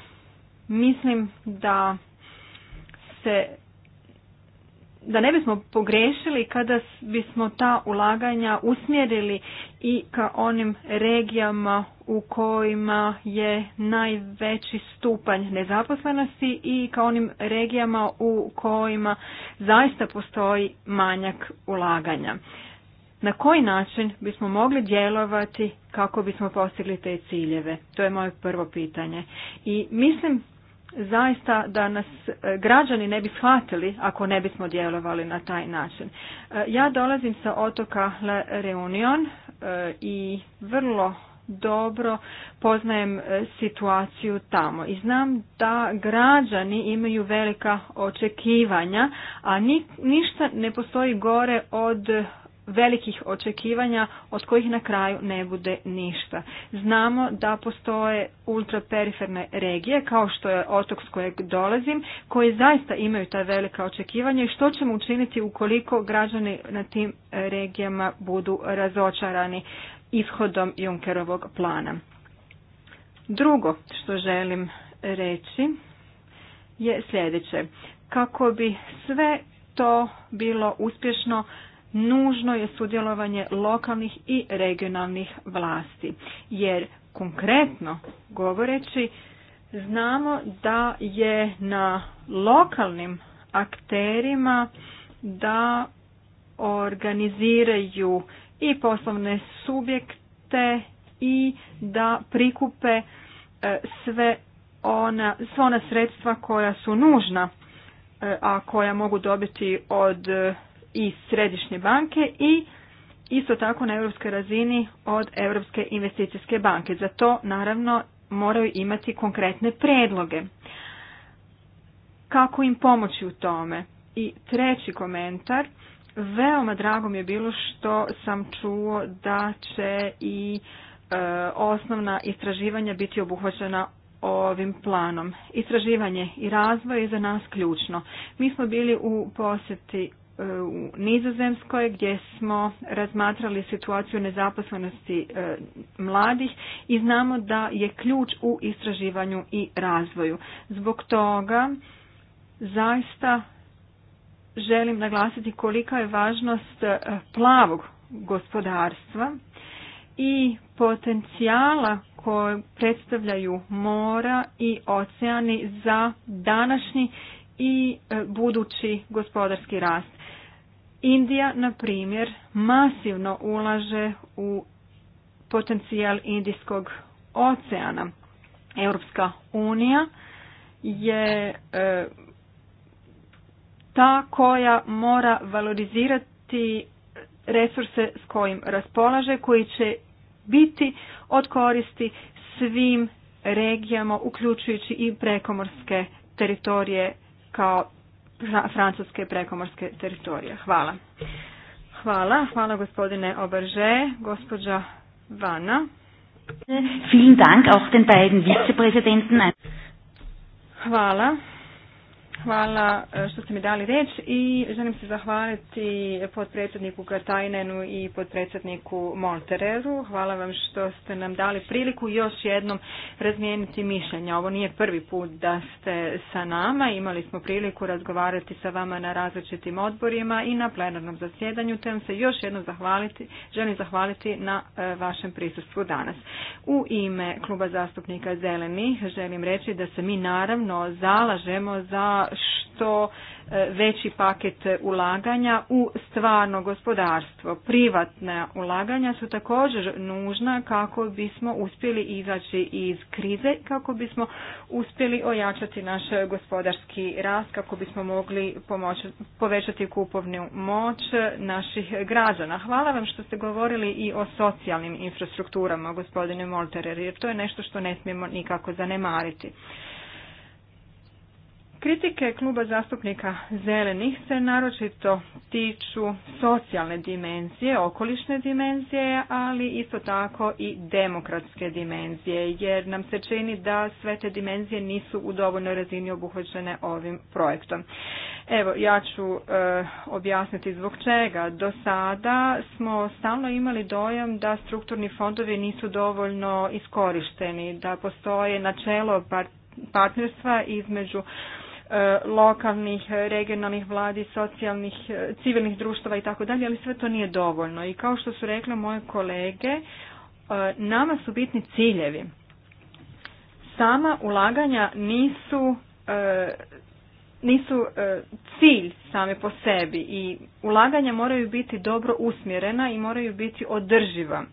mislim da se da ne bismo pogrešili kada bismo ta ulaganja usmjerili i ka onim regijama u kojima je najveći stupanj nezaposlenosti i ka onim regijama u kojima zaista postoji manjak ulaganja. Na koji način bismo mogli djelovati kako bismo postigli te ciljeve? To je moje prvo pitanje. I mislim zaista da nas e, građani ne bi shvatili ako ne bismo djelovali na taj način. E, ja dolazim sa otoka La Reunion e, i vrlo dobro poznajem situaciju tamo i znam da građani imaju velika očekivanja, a ništa ne postoji gore od velikih očekivanja od kojih na kraju ne bude ništa. Znamo da postoje ultraperiferne regije kao što je otok s kojeg dolazim koji zaista imaju ta velika očekivanja i što ćemo učiniti ukoliko građani na tim e, regijama budu razočarani ishodom Junkerovog plana. Drugo što želim reći je sljedeće. Kako bi sve to bilo uspješno nužno je sudjelovanje lokalnih i regionalnih vlasti. Jer konkretno govoreći, znamo da je na lokalnim akterima da organiziraju i poslovne subjekte i da prikupe e, sve ona, sredstva koja su nužna, e, a koja mogu dobiti od i središnje banke i isto tako na europskoj razini od Europske investicijske banke. Za to naravno moraju imati konkretne predloge. Kako im pomoći u tome? I treći komentar, veoma drago mi je bilo što sam čuo da će i e, osnovna istraživanja biti obuhvaćena ovim planom. Istraživanje i razvoj je za nas ključno. Mi smo bili u posjeti E, u Nizozemskoj gdje smo razmatrali situaciju nezaposlenosti e, mladih i znamo da je ključ u istraživanju i razvoju. Zbog toga zaista želim naglasiti kolika je važnost e, plavog gospodarstva i potencijala koje predstavljaju mora i oceani za današnji i budući gospodarski rast. Indija, na primjer, masivno ulaže u potencijal Indijskog oceana. Europska unija je e, ta koja mora valorizirati resurse s kojim raspolaže, koji će biti od koristi svim regijama, uključujući i prekomorske teritorije kao francuske prekomorske teritorije. Hvala. Hvala, hvala gospodine Oberže, gospođa Vana. Vielen Dank auch den beiden Vizepräsidenten. Hvala. Hvala e, što ste mi dali riječ i želim se zahvaliti potpredsjedniku Katajnenu i potpredsjedniku Montereru. Hvala vam što ste nam dali priliku još jednom razmijeniti mišljenja. Ovo nije prvi put da ste sa nama. Imali smo priliku razgovarati sa vama na različitim odborima i na plenarnom zasjedanju. Te vam se još jednom zahvaliti, želim zahvaliti na e, vašem prisustvu danas. U ime Kluba zastupnika Zeleni želim reći da se mi naravno zalažemo za što e, veći paket ulaganja u stvarno gospodarstvo. Privatna ulaganja su također nužna kako bismo uspjeli izaći iz krize, kako bismo uspjeli ojačati naš gospodarski rast, kako bismo mogli pomoći, povećati kupovnu moć naših građana. Hvala vam što ste govorili i o socijalnim infrastrukturama, gospodine Molterer, jer to je nešto što ne smijemo nikako zanemariti. Kritike kluba zastupnika zelenih se naročito tiču socijalne dimenzije, okolišne dimenzije, ali isto tako i demokratske dimenzije, jer nam se čini da sve te dimenzije nisu u dovoljnoj razini obuhvaćene ovim projektom. Evo, ja ću e, objasniti zbog čega. Do sada smo stalno imali dojam da strukturni fondovi nisu dovoljno iskorišteni, da postoje načelo partnerstva između E, lokalnih, regionalnih vladi, socijalnih, e, civilnih društava i tako dalje, ali sve to nije dovoljno. I kao što su rekle moje kolege, e, nama su bitni ciljevi. Sama ulaganja nisu nisu cilj same po sebi i ulaganja moraju biti dobro usmjerena i moraju biti održiva.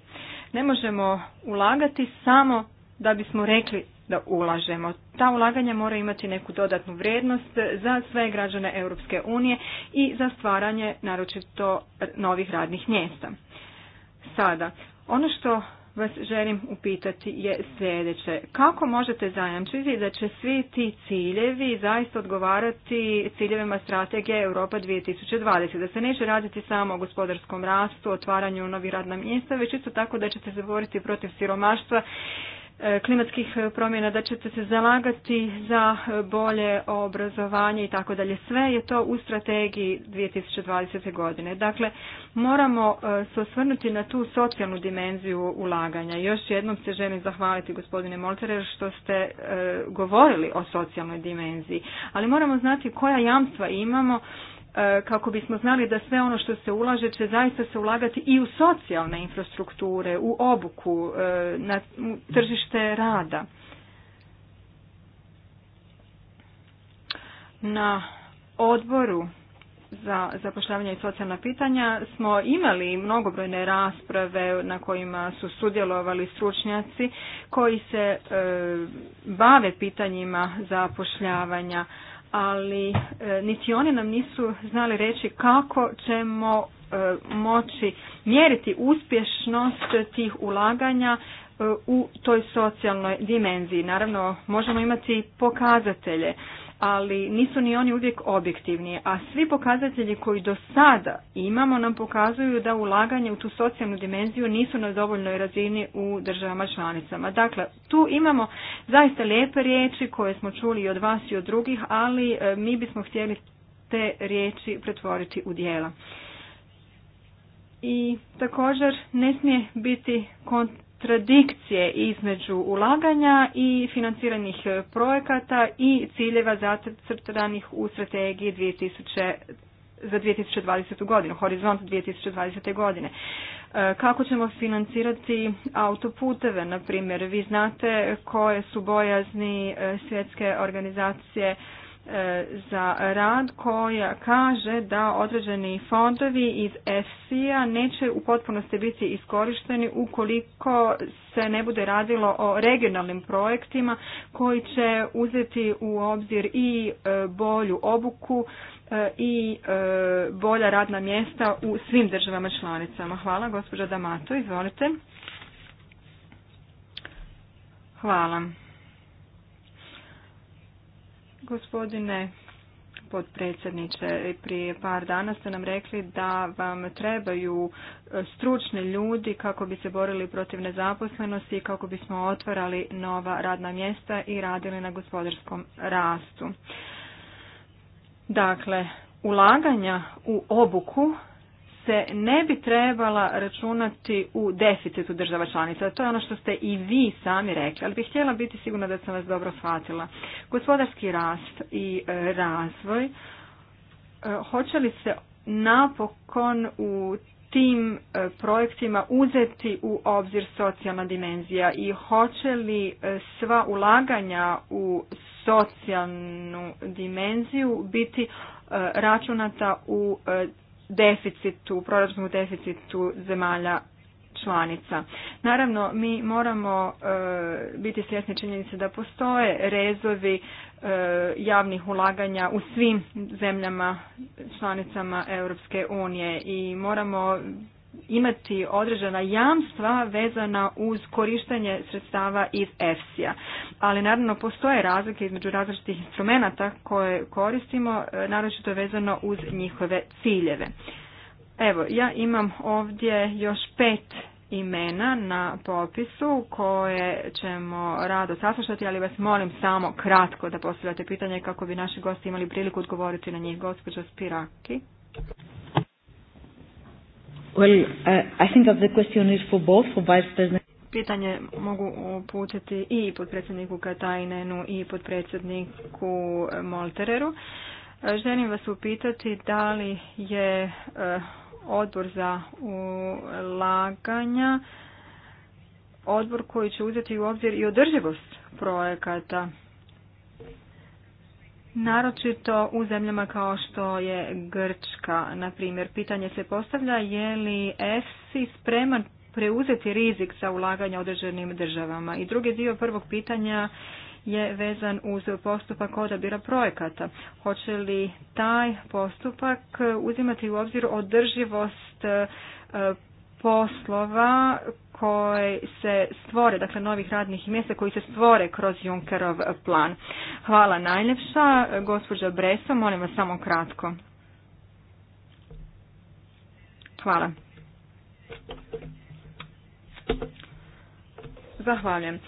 Ne možemo ulagati samo da bismo rekli da ulažemo. Ta ulaganja mora imati neku dodatnu vrijednost za sve građane Europske unije i za stvaranje naročito novih radnih mjesta. Sada, ono što vas želim upitati je sljedeće. Kako možete zajamčiti da će svi ti ciljevi zaista odgovarati ciljevima strategije Europa 2020? Da se neće raditi samo o gospodarskom rastu, otvaranju novih radna mjesta, već isto tako da ćete se boriti protiv siromaštva E, klimatskih e, promjena, da ćete se zalagati za e, bolje obrazovanje i tako dalje. Sve je to u strategiji 2020. godine. Dakle, moramo se osvrnuti na tu socijalnu dimenziju ulaganja. Još jednom se želim zahvaliti gospodine Molterer što ste govorili o socijalnoj dimenziji, ali moramo znati koja jamstva imamo E, kako bismo znali da sve ono što se ulaže će zaista se ulagati i u socijalne infrastrukture, u obuku, e, na tržište rada. Na odboru za zapošljavanje i socijalna pitanja smo imali mnogobrojne rasprave na kojima su sudjelovali stručnjaci koji se e, bave pitanjima zapošljavanja ali e, niti oni nam nisu znali reći kako ćemo e, moći mjeriti uspješnost tih ulaganja e, u toj socijalnoj dimenziji. Naravno, možemo imati pokazatelje ali nisu ni oni uvijek objektivni. A svi pokazatelji koji do sada imamo nam pokazuju da ulaganje u tu socijalnu dimenziju nisu na dovoljnoj razini u državama članicama. Dakle, tu imamo zaista lijepe riječi koje smo čuli i od vas i od drugih, ali e, mi bismo htjeli te riječi pretvoriti u djela. I također ne smije biti kont kontradikcije između ulaganja i financiranih projekata i ciljeva zacrtanih u strategiji 2000 za 2020. godinu, horizont 2020. godine. E, kako ćemo financirati autoputeve, na primjer? Vi znate koje su bojazni e, svjetske organizacije E, za rad koja kaže da određeni fondovi iz EFSI-a neće u potpunosti biti iskorišteni ukoliko se ne bude radilo o regionalnim projektima koji će uzeti u obzir i e, bolju obuku e, i bolja radna mjesta u svim državama članicama. Hvala, gospođa Damato, izvolite. Hvala. Gospodine potpredsjedniče, prije par dana ste nam rekli da vam trebaju e, stručni ljudi kako bi se borili protiv nezaposlenosti i kako bismo otvarali nova radna mjesta i radili na gospodarskom rastu. Dakle, ulaganja u obuku se ne bi trebala računati u deficitu država članica. To je ono što ste i vi sami rekli, ali bih htjela biti sigurna da sam vas dobro shvatila. Gospodarski rast i e, razvoj, e, hoće li se napokon u tim e, projektima uzeti u obzir socijalna dimenzija i hoće li sva ulaganja u socijalnu dimenziju biti računata u deficitu, proračunu deficitu zemalja članica. Naravno, mi moramo e, biti svjesni činjenice da postoje rezovi e, javnih ulaganja u svim zemljama članicama Europske unije i moramo imati određena jamstva vezana uz korištenje sredstava iz EFSI-a. Ali naravno postoje razlike između različitih instrumenta koje koristimo, e, naročito vezano uz njihove ciljeve. Evo, ja imam ovdje još pet imena na popisu koje ćemo rado saslušati, ali vas molim samo kratko da postavljate pitanje kako bi naši gosti imali priliku odgovoriti na njih. Gospođo Spiraki. Well, uh, I think that the question is for both, for Vice President. Pitanje mogu uputiti i podpredsjedniku Katajnenu i podpredsjedniku Moltereru. Želim vas upitati da li je uh, odbor za ulaganja odbor koji će uzeti u obzir i održivost projekata Naročito u zemljama kao što je Grčka, na primjer, pitanje se postavlja je li EFSI spreman preuzeti rizik za ulaganje određenim državama. I drugi dio prvog pitanja je vezan uz postupak odabira projekata. Hoće li taj postupak uzimati u obzir održivost e, poslova koji se stvore, dakle novih radnih mjesta koji se stvore kroz Junkerov plan. Hvala najljepša. Gospođa Breso, molim vas samo kratko. Hvala. Zahvaljujem. E,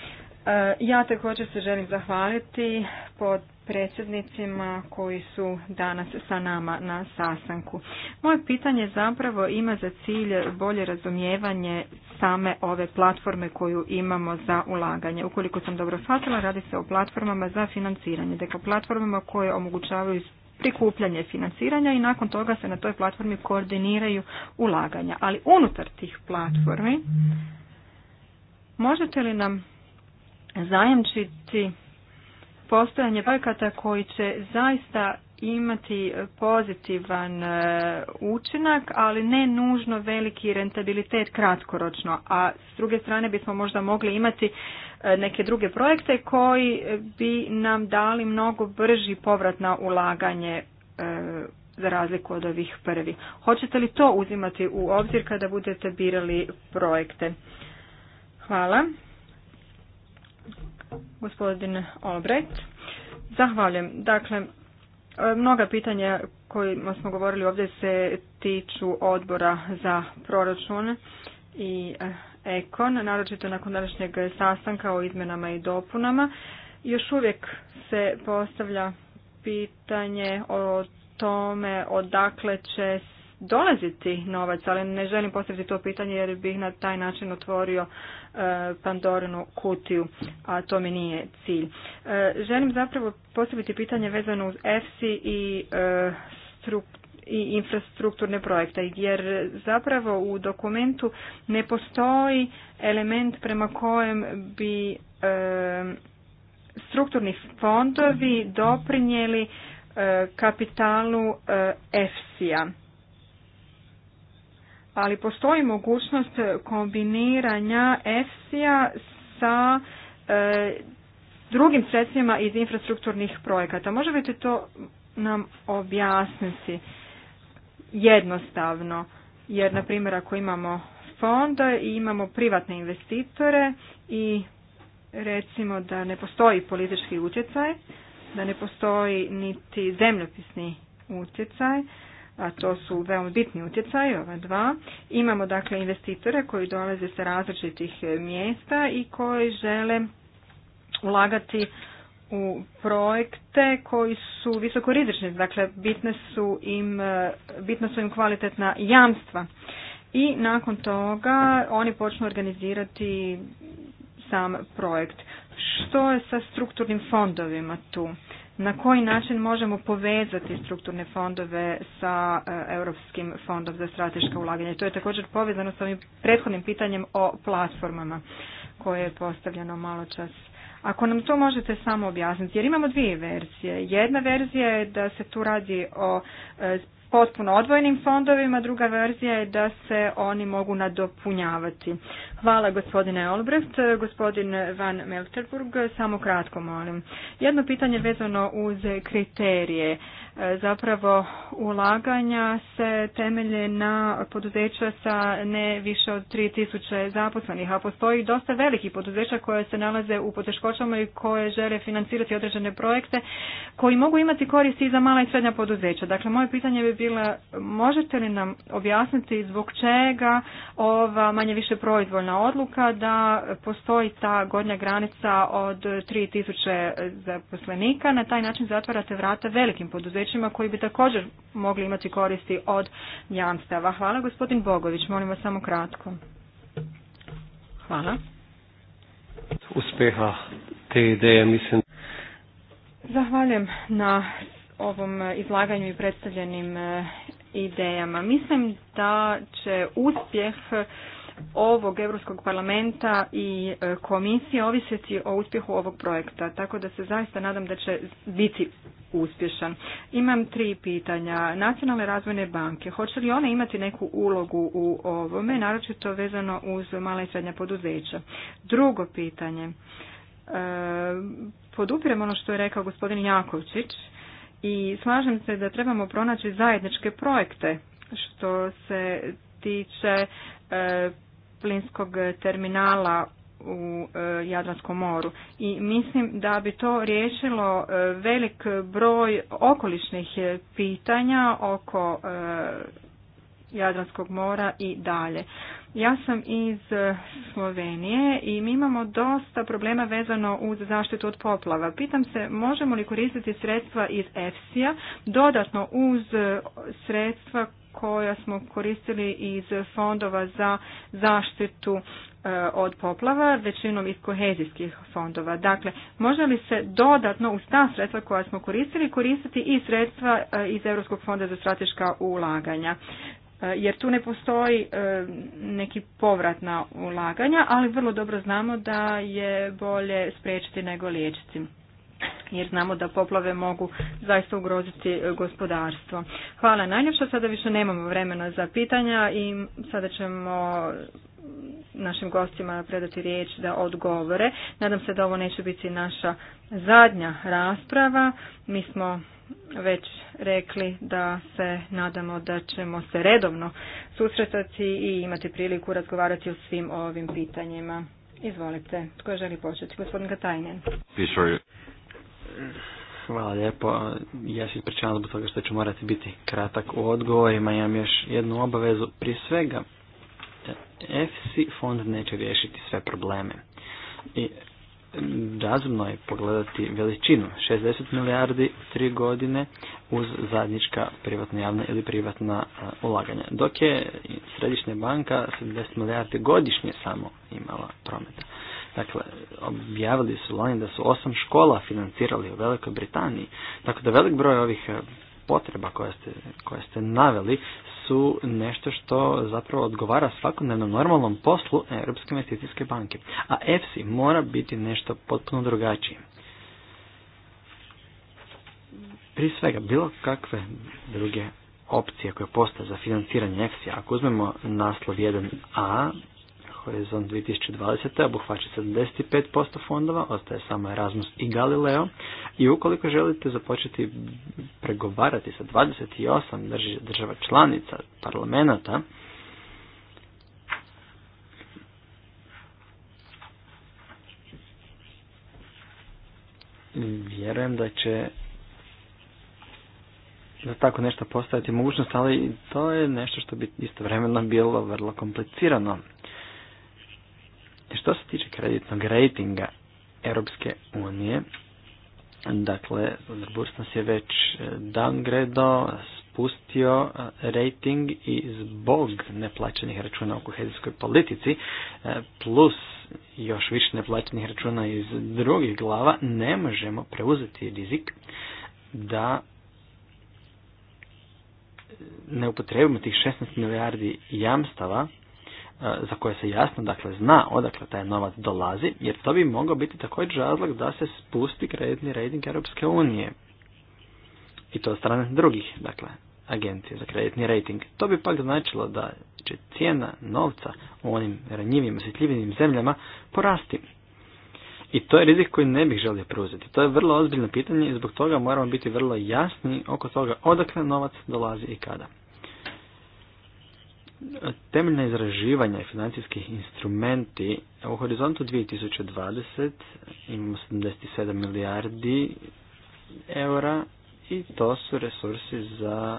ja također se želim zahvaliti pod predsjednicima koji su danas sa nama na sastanku. Moje pitanje zapravo ima za cilj bolje razumijevanje same ove platforme koju imamo za ulaganje. Ukoliko sam dobro shvatila, radi se o platformama za financiranje, dakle platformama koje omogućavaju prikupljanje financiranja i nakon toga se na toj platformi koordiniraju ulaganja. Ali unutar tih platformi možete li nam zajamčiti postojanje projekata koji će zaista imati pozitivan e, učinak, ali ne nužno veliki rentabilitet kratkoročno, a s druge strane bismo možda mogli imati e, neke druge projekte koji bi nam dali mnogo brži povrat na ulaganje e, za razliku od ovih prvi. Hoćete li to uzimati u obzir kada budete birali projekte? Hvala. Gospodin Olbrecht. Zahvaljujem. Dakle, e, mnoga pitanja kojima smo govorili ovdje se tiču odbora za proračun i e, ekon, naročito nakon današnjeg sastanka o izmenama i dopunama. Još uvijek se postavlja pitanje o tome odakle će dolaziti novac, ali ne želim postaviti to pitanje jer bih na taj način otvorio e, Pandorinu kutiju, a to mi nije cilj. E, želim zapravo postaviti pitanje vezano uz EFSI i e, i infrastrukturne projekte, jer zapravo u dokumentu ne postoji element prema kojem bi strukturni fondovi doprinijeli kapitalu e, EFSI-a ali postoji mogućnost kombiniranja EFSI-a sa e, drugim sredstvima iz infrastrukturnih projekata. Možete to nam objasniti jednostavno, jer na primjer ako imamo fond i imamo privatne investitore i recimo da ne postoji politički utjecaj, da ne postoji niti zemljopisni utjecaj, a to su veoma bitni utjecaji, ova dva. Imamo dakle investitore koji dolaze sa različitih e, mjesta i koji žele ulagati u projekte koji su visoko rizični, dakle bitne su im, e, bitna su im kvalitetna jamstva. I nakon toga oni počnu organizirati sam projekt. Što je sa strukturnim fondovima tu? na koji način možemo povezati strukturne fondove sa e, Europskim fondom za strateška ulaganja. To je također povezano sa ovim prethodnim pitanjem o platformama koje je postavljeno malo čas. Ako nam to možete samo objasniti, jer imamo dvije verzije. Jedna verzija je da se tu radi o e, potpuno odvojenim fondovima, druga verzija je da se oni mogu nadopunjavati. Hvala gospodine Olbrecht, gospodin Van Melterburg, samo kratko molim. Jedno pitanje vezano uz kriterije. Zapravo ulaganja se temelje na poduzeća sa ne više od 3000 zaposlenih, a postoji dosta velikih poduzeća koje se nalaze u poteškoćama i koje žele financirati određene projekte koji mogu imati koristi i za mala i srednja poduzeća. Dakle, moje pitanje bi bila možete li nam objasniti zbog čega ova manje više proizvoljna odluka da postoji ta gornja granica od 3000 zaposlenika, na taj način zatvarate vrata velikim poduzećima koji bi također mogli imati koristi od jamstava. Hvala gospodin Bogović, molim vas samo kratko. Hvala. Uspeha te ideje, mislim. Zahvaljujem na ovom izlaganju i predstavljenim e, idejama. Mislim da će uspjeh ovog Europskog parlamenta i e, komisije ovisiti o uspjehu ovog projekta. Tako da se zaista nadam da će biti uspješan. Imam tri pitanja. Nacionalne razvojne banke, hoće li one imati neku ulogu u ovome, naročito vezano uz mala i srednja poduzeća? Drugo pitanje. E, podupirem ono što je rekao gospodin Jakovčić i slažem se da trebamo pronaći zajedničke projekte što se tiče e, plinskog terminala u e, Jadranskom moru i mislim da bi to riješilo e, velik broj okolišnih e, pitanja oko Jadranskog mora i dalje. Ja sam iz Slovenije i mi imamo dosta problema vezano uz zaštitu od poplava. Pitam se možemo li koristiti sredstva iz EFSI-a dodatno uz sredstva koja smo koristili iz fondova za zaštitu E, od poplava, većinom iz kohezijskih fondova. Dakle, može li se dodatno uz ta sredstva koja smo koristili koristiti i sredstva e, iz Europskog fonda za strateška ulaganja? E, jer tu ne postoji neki povratna ulaganja, ali vrlo dobro znamo da je bolje spriječiti nego liječiti jer znamo da poplave mogu zaista ugroziti gospodarstvo. Hvala najljepša, sada više nemamo vremena za pitanja i sada ćemo našim gostima predati riječ da odgovore. Nadam se da ovo neće biti naša zadnja rasprava. Mi smo već rekli da se nadamo da ćemo se redovno susretati i imati priliku razgovarati o svim ovim pitanjima. Izvolite, tko želi početi? Gospodin Katajnen. Hvala lijepo. Ja se ispričavam zbog toga što ću morati biti kratak u odgovorima. Imam još jednu obavezu. Prije svega, EFSI fond neće riješiti sve probleme. I razumno je pogledati veličinu 60 milijardi tri godine uz zadnjička privatna javna ili privatna ulaganja. Dok je središnja banka 70 milijardi godišnje samo imala prometa. Dakle, objavili su lani da su osam škola financirali u Velikoj Britaniji. Tako da velik broj ovih e, potreba koje ste, koje ste naveli su nešto što zapravo odgovara svakodnevnom normalnom poslu Europske investicijske banke. A EFSI mora biti nešto potpuno drugačije. Prije svega, bilo kakve druge opcije koje postoje za financiranje EFSI, ako uzmemo naslov 1a, Horizont 2020. obuhvaća 75% fondova, ostaje samo Erasmus i Galileo. I ukoliko želite započeti pregovarati sa 28 država članica parlamenta, vjerujem da će da tako nešto postaviti mogućnost, ali to je nešto što bi istovremeno bilo vrlo komplicirano što se tiče kreditnog rejtinga Europske unije, dakle, Burs nas je već e, downgradeo, spustio e, rating i zbog neplaćenih računa u kohezijskoj politici, e, plus još više neplaćenih računa iz drugih glava, ne možemo preuzeti rizik da ne upotrebimo tih 16 milijardi jamstava za koje se jasno dakle zna odakle taj novac dolazi, jer to bi mogao biti također razlog da se spusti kreditni rating Europske unije. I to od strane drugih, dakle, agencije za kreditni rating. To bi pak značilo da će cijena novca u onim ranjivim, osjetljivim zemljama porasti. I to je rizik koji ne bih želio preuzeti. To je vrlo ozbiljno pitanje i zbog toga moramo biti vrlo jasni oko toga odakle novac dolazi i kada. Temeljna izraživanja i financijskih instrumenti u horizontu 2020 imamo 77 milijardi eura i to su resursi za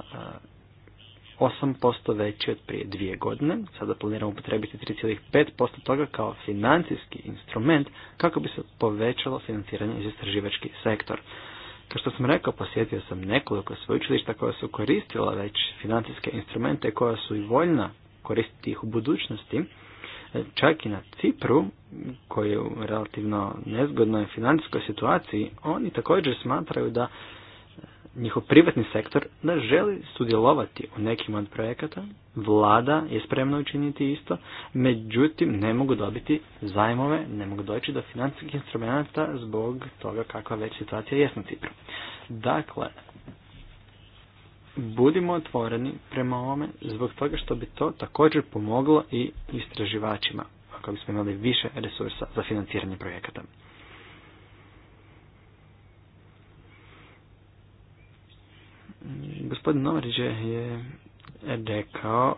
8% veći od prije dvije godine. Sada planiramo potrebiti 3,5% toga kao financijski instrument kako bi se povećalo financiranje iz istraživački sektor. Kao što sam rekao, posjetio sam nekoliko sveučilišta koja su koristila već financijske instrumente koja su i voljna koristiti ih u budućnosti. Čak i na Cipru, koji je u relativno nezgodnoj financijskoj situaciji, oni također smatraju da njihov privatni sektor da želi sudjelovati u nekim od projekata, vlada je spremna učiniti isto, međutim ne mogu dobiti zajmove, ne mogu doći do financijskih instrumenta zbog toga kakva već situacija je na Cipru. Dakle, budimo otvoreni prema ovome zbog toga što bi to također pomoglo i istraživačima, ako bismo imali više resursa za financiranje projekata. Gospodin Novriđe je rekao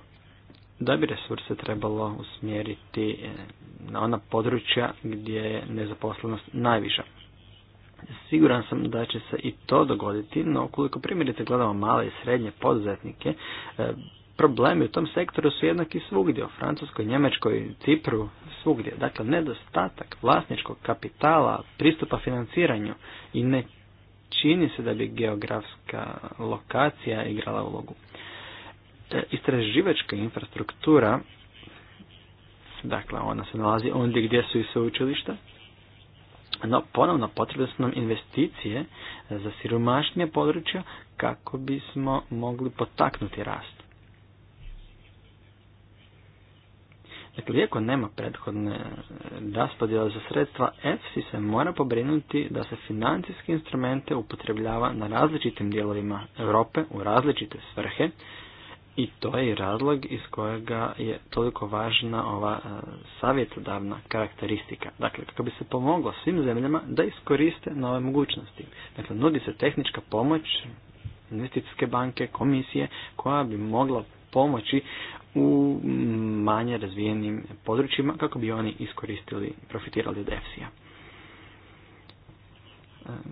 da bi resurse trebalo usmjeriti e, na ona područja gdje je nezaposlenost najviša. Siguran sam da će se i to dogoditi, no ukoliko primjerite gledamo male i srednje poduzetnike, e, problemi u tom sektoru su jednaki svugdje, u Francuskoj, Njemačkoj, Cipru, svugdje. Dakle, nedostatak vlasničkog kapitala, pristupa financiranju i ne čini se da bi geografska lokacija igrala ulogu. E, istraživačka infrastruktura, dakle ona se nalazi ondje gdje su i sveučilišta, no ponovno potrebne su nam investicije za siromašnije područja kako bismo mogli potaknuti rast. Dakle, iako nema prethodne raspodjele za sredstva, EFSI se mora pobrinuti da se financijske instrumente upotrebljava na različitim dijelovima Europe u različite svrhe i to je i razlog iz kojega je toliko važna ova e, savjetodavna karakteristika. Dakle, kako bi se pomoglo svim zemljama da iskoriste nove mogućnosti. Dakle, nudi se tehnička pomoć investicijske banke, komisije, koja bi mogla pomoći u manje razvijenim područjima kako bi oni iskoristili, profitirali od EFSI-a. E,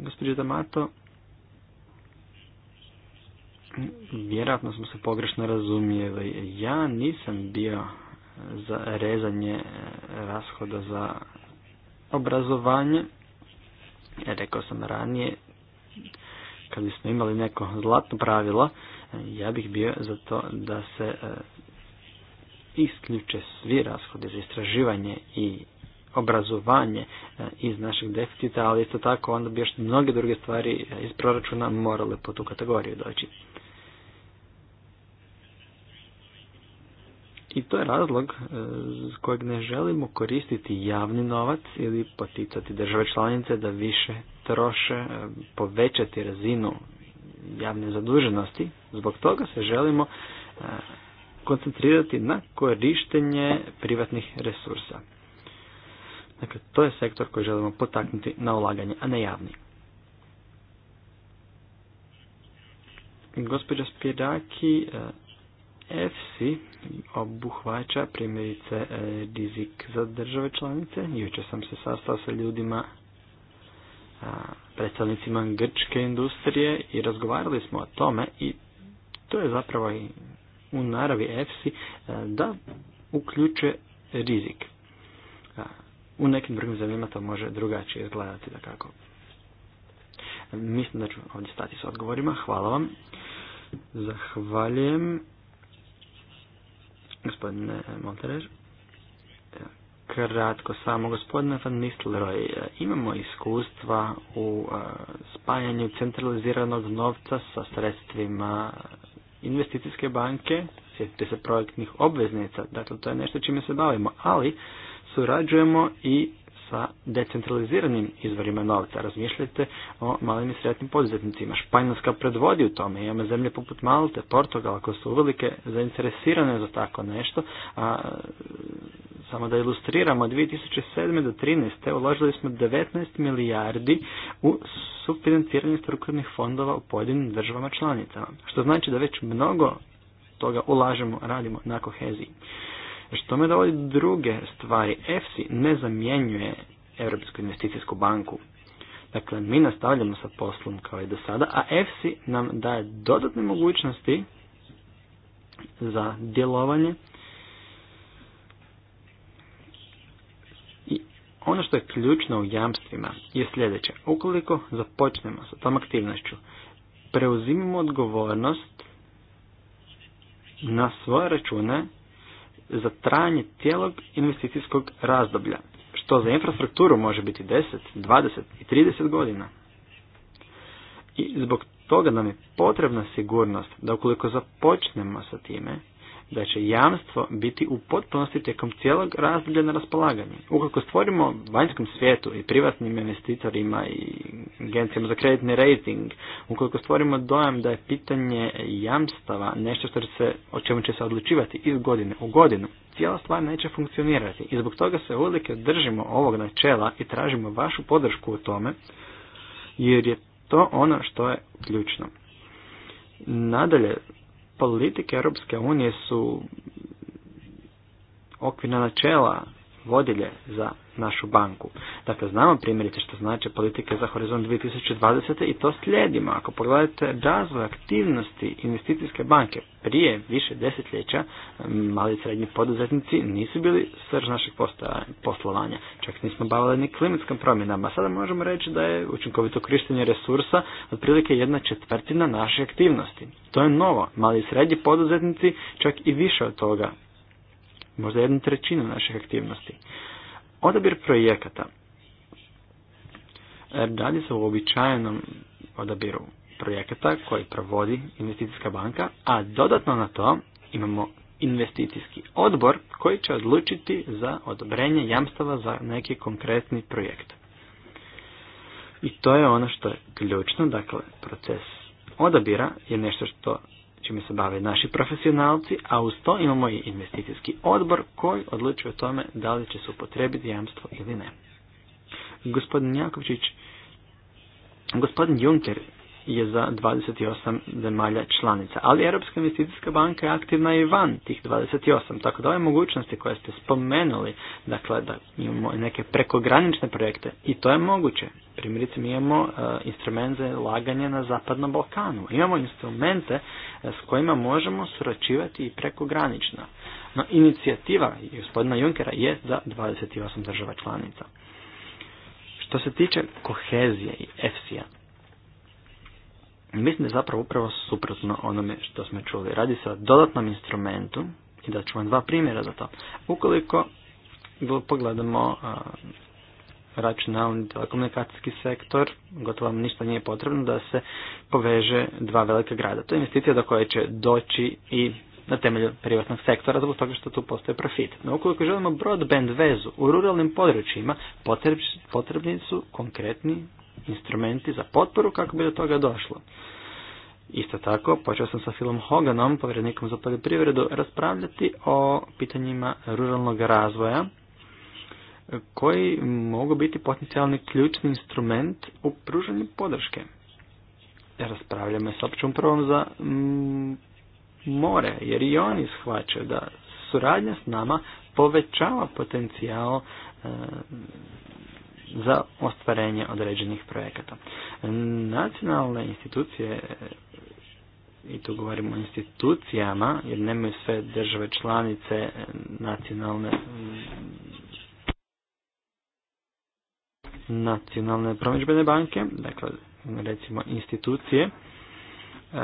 gospođo D'Amato, vjerojatno smo se pogrešno razumijeli. Ja nisam bio za rezanje e, rashoda za obrazovanje. Rekao sam ranije, kad bismo imali neko zlatno pravilo, e, ja bih bio za to da se isključe svi rashodi za istraživanje i obrazovanje e, iz našeg deficita, ali isto tako onda bi još mnoge druge stvari e, iz proračuna morale po tu kategoriju doći. I to je razlog s e, kojeg ne želimo koristiti javni novac ili poticati države članice da više troše, povećati razinu javne zaduženosti. Zbog toga se želimo koncentrirati na korištenje privatnih resursa. Dakle, to je sektor koji želimo potaknuti na ulaganje, a ne javni. Gospođa Spiraki, EFSI eh, obuhvaća primjerice eh, rizik za države članice. Juče sam se sastao sa ljudima, eh, predstavnicima grčke industrije i razgovarali smo o tome i to je zapravo i u naravi EFSI da uključe rizik. E, u nekim drugim zemljima to može drugačije izgledati da kako. Mislim da ću ovdje stati s odgovorima. Hvala vam. Zahvaljujem. Gospodine Monterež. E, kratko samo, gospodine Van Nistelrooy, e, imamo iskustva u spajanju centraliziranog novca sa sredstvima investicijske banke, sjetite se projektnih obveznica, dakle to je nešto čime se bavimo, ali surađujemo i sa decentraliziranim izvorima novca. Razmišljajte o malim i sretnim poduzetnicima. Španjolska predvodi u tome. Imamo zemlje poput Malte, Portugal, ako su uvelike zainteresirane za tako nešto, a samo da ilustriramo, 2007. do 2013. uložili smo 19 milijardi u sufinanciranje strukturnih fondova u pojedinim državama članicama. Što znači da već mnogo toga ulažemo, radimo na koheziji. Što me dovodi do druge stvari, EFSI ne zamjenjuje Europsku investicijsku banku. Dakle, mi nastavljamo sa poslom kao i do sada, a EFSI nam daje dodatne mogućnosti za djelovanje Ono što je ključno u jamstvima je sljedeće. Ukoliko započnemo sa tom aktivnošću, preuzimimo odgovornost na svoje račune za trajanje cijelog investicijskog razdoblja, što za infrastrukturu može biti 10, 20 i 30 godina. I zbog toga nam je potrebna sigurnost da ukoliko započnemo sa time, da će jamstvo biti u potpunosti tijekom cijelog razdoblja na raspolaganju. Ukoliko stvorimo vanjskom svijetu i privatnim investitorima i agencijama za kreditni rating, ukoliko stvorimo dojam da je pitanje jamstava nešto što se, o čemu će se odlučivati iz godine u godinu, cijela stvar neće funkcionirati i zbog toga se uvijek držimo ovog načela i tražimo vašu podršku u tome, jer je to ono što je ključno. Nadalje, politike Europske unije su okvirna načela vodilje za našu banku. Dakle, znamo primjerice što znači politike za horizont 2020. i to slijedimo. Ako pogledate razvoj aktivnosti investicijske banke prije više desetljeća, mali i srednji poduzetnici nisu bili srž našeg poslovanja. Čak nismo bavili ni klimatskim promjenama. Sada možemo reći da je učinkovito korištenje resursa otprilike jedna četvrtina naše aktivnosti. To je novo. Mali i srednji poduzetnici čak i više od toga možda jednu trećinu naših aktivnosti. Odabir projekata. E, radi se u uobičajenom odabiru projekata koji provodi investicijska banka, a dodatno na to imamo investicijski odbor koji će odlučiti za odobrenje jamstava za neki konkretni projekt. I to je ono što je ključno, dakle proces odabira je nešto što čime se bave naši profesionalci, a uz to imamo i investicijski odbor koji odlučuje o tome da li će se upotrebiti jamstvo ili ne. Gospodin Jakovčić, gospodin Juncker je za 28 zemalja članica. Ali Europska investicijska banka je aktivna i van tih 28. Tako da ove mogućnosti koje ste spomenuli, dakle da imamo neke prekogranične projekte i to je moguće. Primjerice mi imamo uh, instrument za laganje na Zapadnom Balkanu. Imamo instrumente e, s kojima možemo suračivati i prekogranično. No inicijativa gospodina Junkera je za 28 država članica. Što se tiče kohezije i EFSI-a, Mislim da je zapravo upravo suprotno onome što smo čuli. Radi se o dodatnom instrumentu i da ću vam dva primjera za to. Ukoliko pogledamo računalni telekomunikacijski sektor, gotovo vam ništa nije potrebno da se poveže dva velika grada. To je investicija do koje će doći i na temelju privatnog sektora zbog toga što tu postoje profit. No ukoliko želimo broadband vezu u ruralnim područjima, potrebni su konkretni instrumenti za potporu kako bi do toga došlo. Isto tako, počeo sam sa Filom Hoganom, povrednikom za poljoprivredu, raspravljati o pitanjima ruralnog razvoja koji mogu biti potencijalni ključni instrument u pružanju podrške. Raspravljamo s općom prvom za mm, more, jer i oni shvaćaju da suradnja s nama povećava potencijal e, za ostvarenje određenih projekata. Nacionalne institucije i tu govorimo o institucijama, jer nemaju sve države članice e, nacionalne mm, nacionalne promidžbene banke, dakle recimo institucije, e,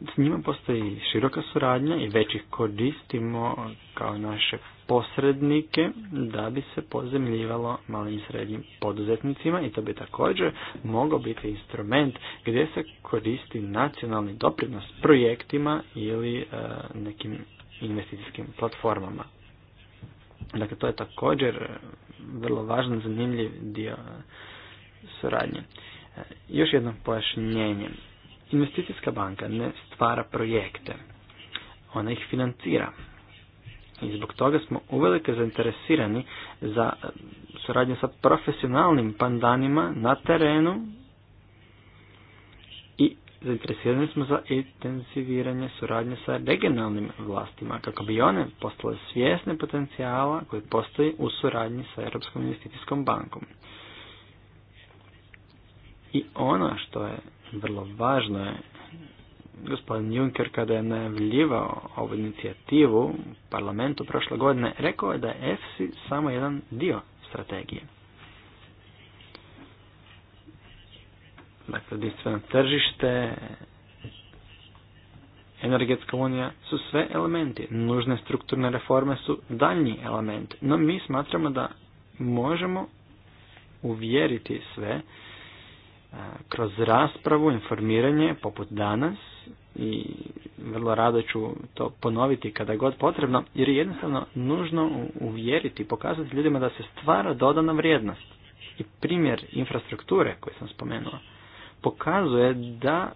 s njima postoji široka suradnja i već ih koristimo kao naše posrednike da bi se pozemljivalo malim i srednjim poduzetnicima i to bi također mogao biti instrument gdje se koristi nacionalni doprinos projektima ili e, nekim investicijskim platformama. Dakle, to je također vrlo važan, zanimljiv dio suradnje. E, još jedno pojašnjenje. Investicijska banka ne stvara projekte, ona ih financira. I zbog toga smo uvelike zainteresirani za suradnju sa profesionalnim pandanima na terenu i zainteresirani smo za intenziviranje suradnje sa regionalnim vlastima kako bi one postale svjesne potencijala koji postoji u suradnji sa Europskom investicijskom bankom. I ono što je vrlo važno je gospodin Juncker kada je najavljivao ovu inicijativu u parlamentu prošle godine, rekao je da je EFSI samo jedan dio strategije. Dakle, jedinstveno tržište, energetska unija su sve elementi. Nužne strukturne reforme su daljnji element. No mi smatramo da možemo uvjeriti sve kroz raspravu, informiranje, poput danas, i vrlo rado ću to ponoviti kada god potrebno, jer je jednostavno nužno uvjeriti, pokazati ljudima da se stvara dodana vrijednost. I primjer infrastrukture koji sam spomenula pokazuje da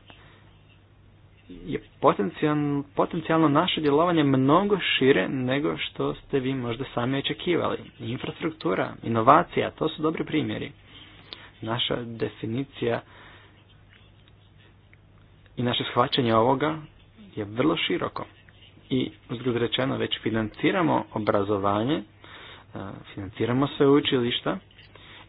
je potencijalno, potencijalno naše djelovanje mnogo šire nego što ste vi možda sami očekivali. Infrastruktura, inovacija, to su dobri primjeri naša definicija i naše shvaćanje ovoga je vrlo široko. I uzgled rečeno već financiramo obrazovanje, e, financiramo sve učilišta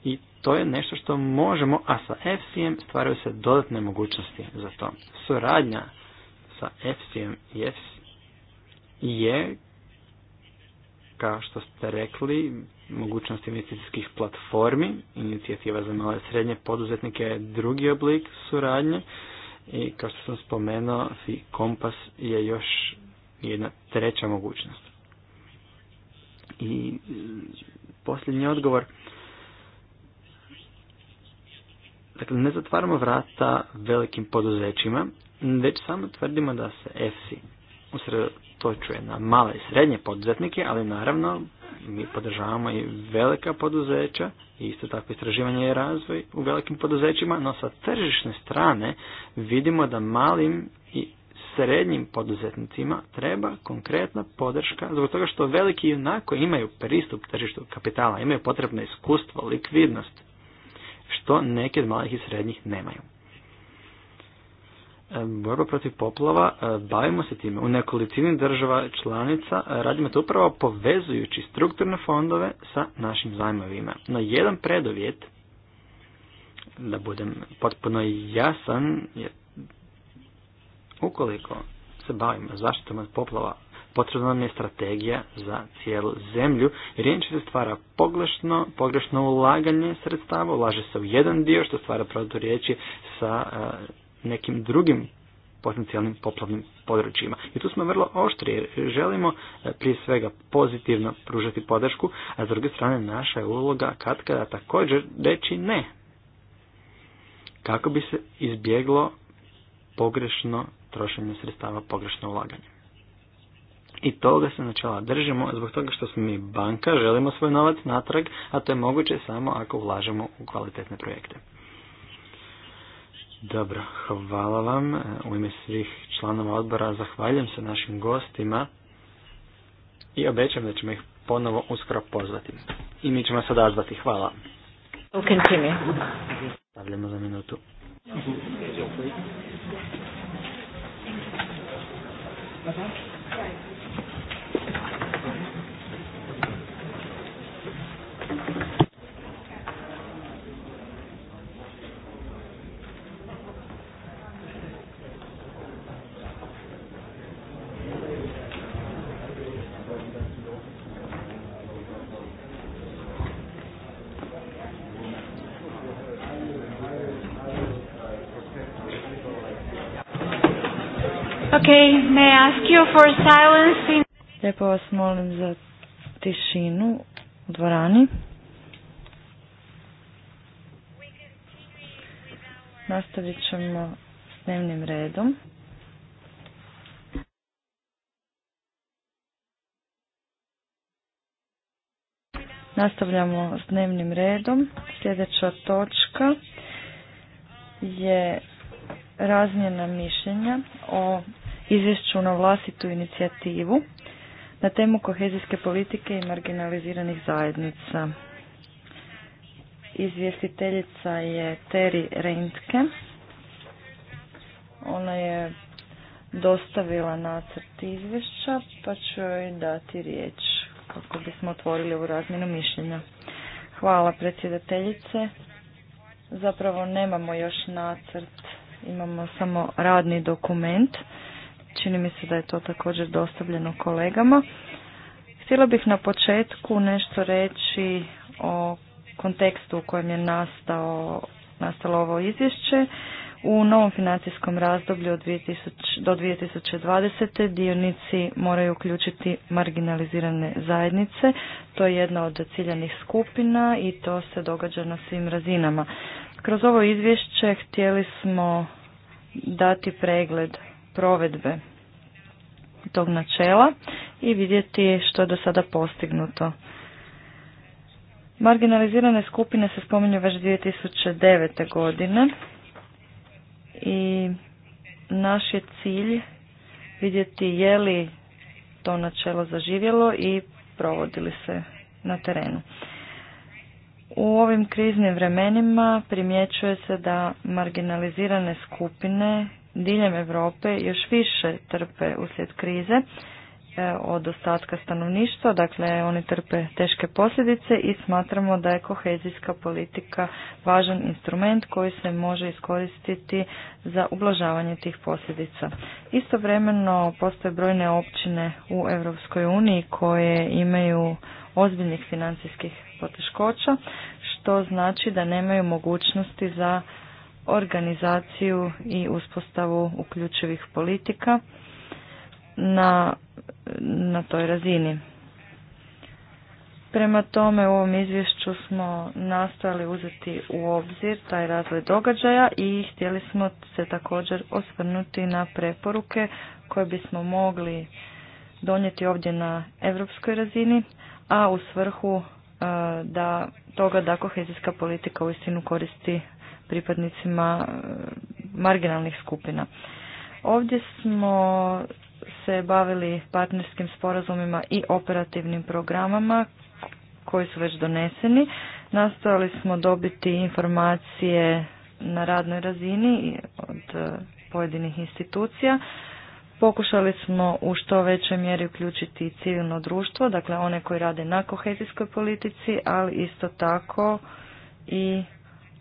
i to je nešto što možemo, a sa FCM stvaraju se dodatne mogućnosti za to. Suradnja sa FCM je što ste rekli, mogućnost investicijskih platformi, inicijativa za male srednje poduzetnike je drugi oblik suradnje i kao što sam spomenuo, kompas je još jedna treća mogućnost. I mm, posljednji odgovor. Dakle, ne zatvaramo vrata velikim poduzećima, već samo tvrdimo da se EFSI to čuje na male i srednje poduzetnike, ali naravno mi podržavamo i velika poduzeća i isto tako istraživanje i razvoj u velikim poduzećima, no sa tržišne strane vidimo da malim i srednjim poduzetnicima treba konkretna podrška zbog toga što veliki junako imaju pristup tržištu kapitala, imaju potrebno iskustvo, likvidnost, što neki od malih i srednjih nemaju. E, borba protiv poplava, e, bavimo se time. U nekolicini država članica e, radimo to upravo povezujući strukturne fondove sa našim zajmovima. No jedan predovjet, da budem potpuno jasan, je ukoliko se bavimo zaštitom od poplava, potrebna nam je strategija za cijelu zemlju. Riječ se stvara pogrešno, pogrešno ulaganje sredstava, ulaže se u jedan dio što stvara protiv riječi sa nekim drugim potencijalnim poplavnim područjima. I tu smo vrlo oštri jer želimo e, prije svega pozitivno pružati podršku, a s druge strane naša je uloga kad kada također reći ne. Kako bi se izbjeglo pogrešno trošenje sredstava, pogrešno ulaganje. I toga se načela držimo zbog toga što smo mi banka, želimo svoj novac natrag, a to je moguće samo ako ulažemo u kvalitetne projekte. Dobro, hvala vam. E, u ime svih članova odbora zahvaljujem se našim gostima i obećam da ćemo ih ponovo uskoro pozvati. I mi ćemo se odazvati. Hvala. Stavljamo za minutu. Hvala. you for Lijepo vas molim za tišinu u dvorani. Nastavit ćemo s dnevnim redom. Nastavljamo s dnevnim redom. Sljedeća točka je razmjena mišljenja o izvješću na vlastitu inicijativu na temu kohezijske politike i marginaliziranih zajednica. Izvjestiteljica je Teri Reintke. Ona je dostavila nacrt izvješća, pa ću joj dati riječ kako bismo otvorili ovu razminu mišljenja. Hvala predsjedateljice. Zapravo nemamo još nacrt, imamo samo radni dokument Čini mi se da je to također dostavljeno kolegama. Htjela bih na početku nešto reći o kontekstu u kojem je nastao, nastalo ovo izvješće. U novom financijskom razdoblju od 2000, do 2020. dionici moraju uključiti marginalizirane zajednice. To je jedna od ciljanih skupina i to se događa na svim razinama. Kroz ovo izvješće htjeli smo dati pregled provedbe tog načela i vidjeti što je do sada postignuto. Marginalizirane skupine se spominju već 2009. godine i naš je cilj vidjeti je li to načelo zaživjelo i provodili se na terenu. U ovim kriznim vremenima primjećuje se da marginalizirane skupine diljem Europe još više trpe uslijed krize e, od ostatka stanovništva, dakle oni trpe teške posljedice i smatramo da je kohezijska politika važan instrument koji se može iskoristiti za ublažavanje tih posljedica. Istovremeno postoje brojne općine u Europskoj uniji koje imaju ozbiljnih financijskih poteškoća, što znači da nemaju mogućnosti za organizaciju i uspostavu uključivih politika na, na toj razini. Prema tome u ovom izvješću smo nastojali uzeti u obzir taj razvoj događaja i htjeli smo se također osvrnuti na preporuke koje bismo mogli donijeti ovdje na europskoj razini, a u svrhu e, da toga da kohezijska politika uistinu koristi pripadnicima e, marginalnih skupina. Ovdje smo se bavili partnerskim sporazumima i operativnim programama koji su već doneseni. Nastojali smo dobiti informacije na radnoj razini od pojedinih institucija. Pokušali smo u što većoj mjeri uključiti civilno društvo, dakle one koji rade na kohezijskoj politici, ali isto tako i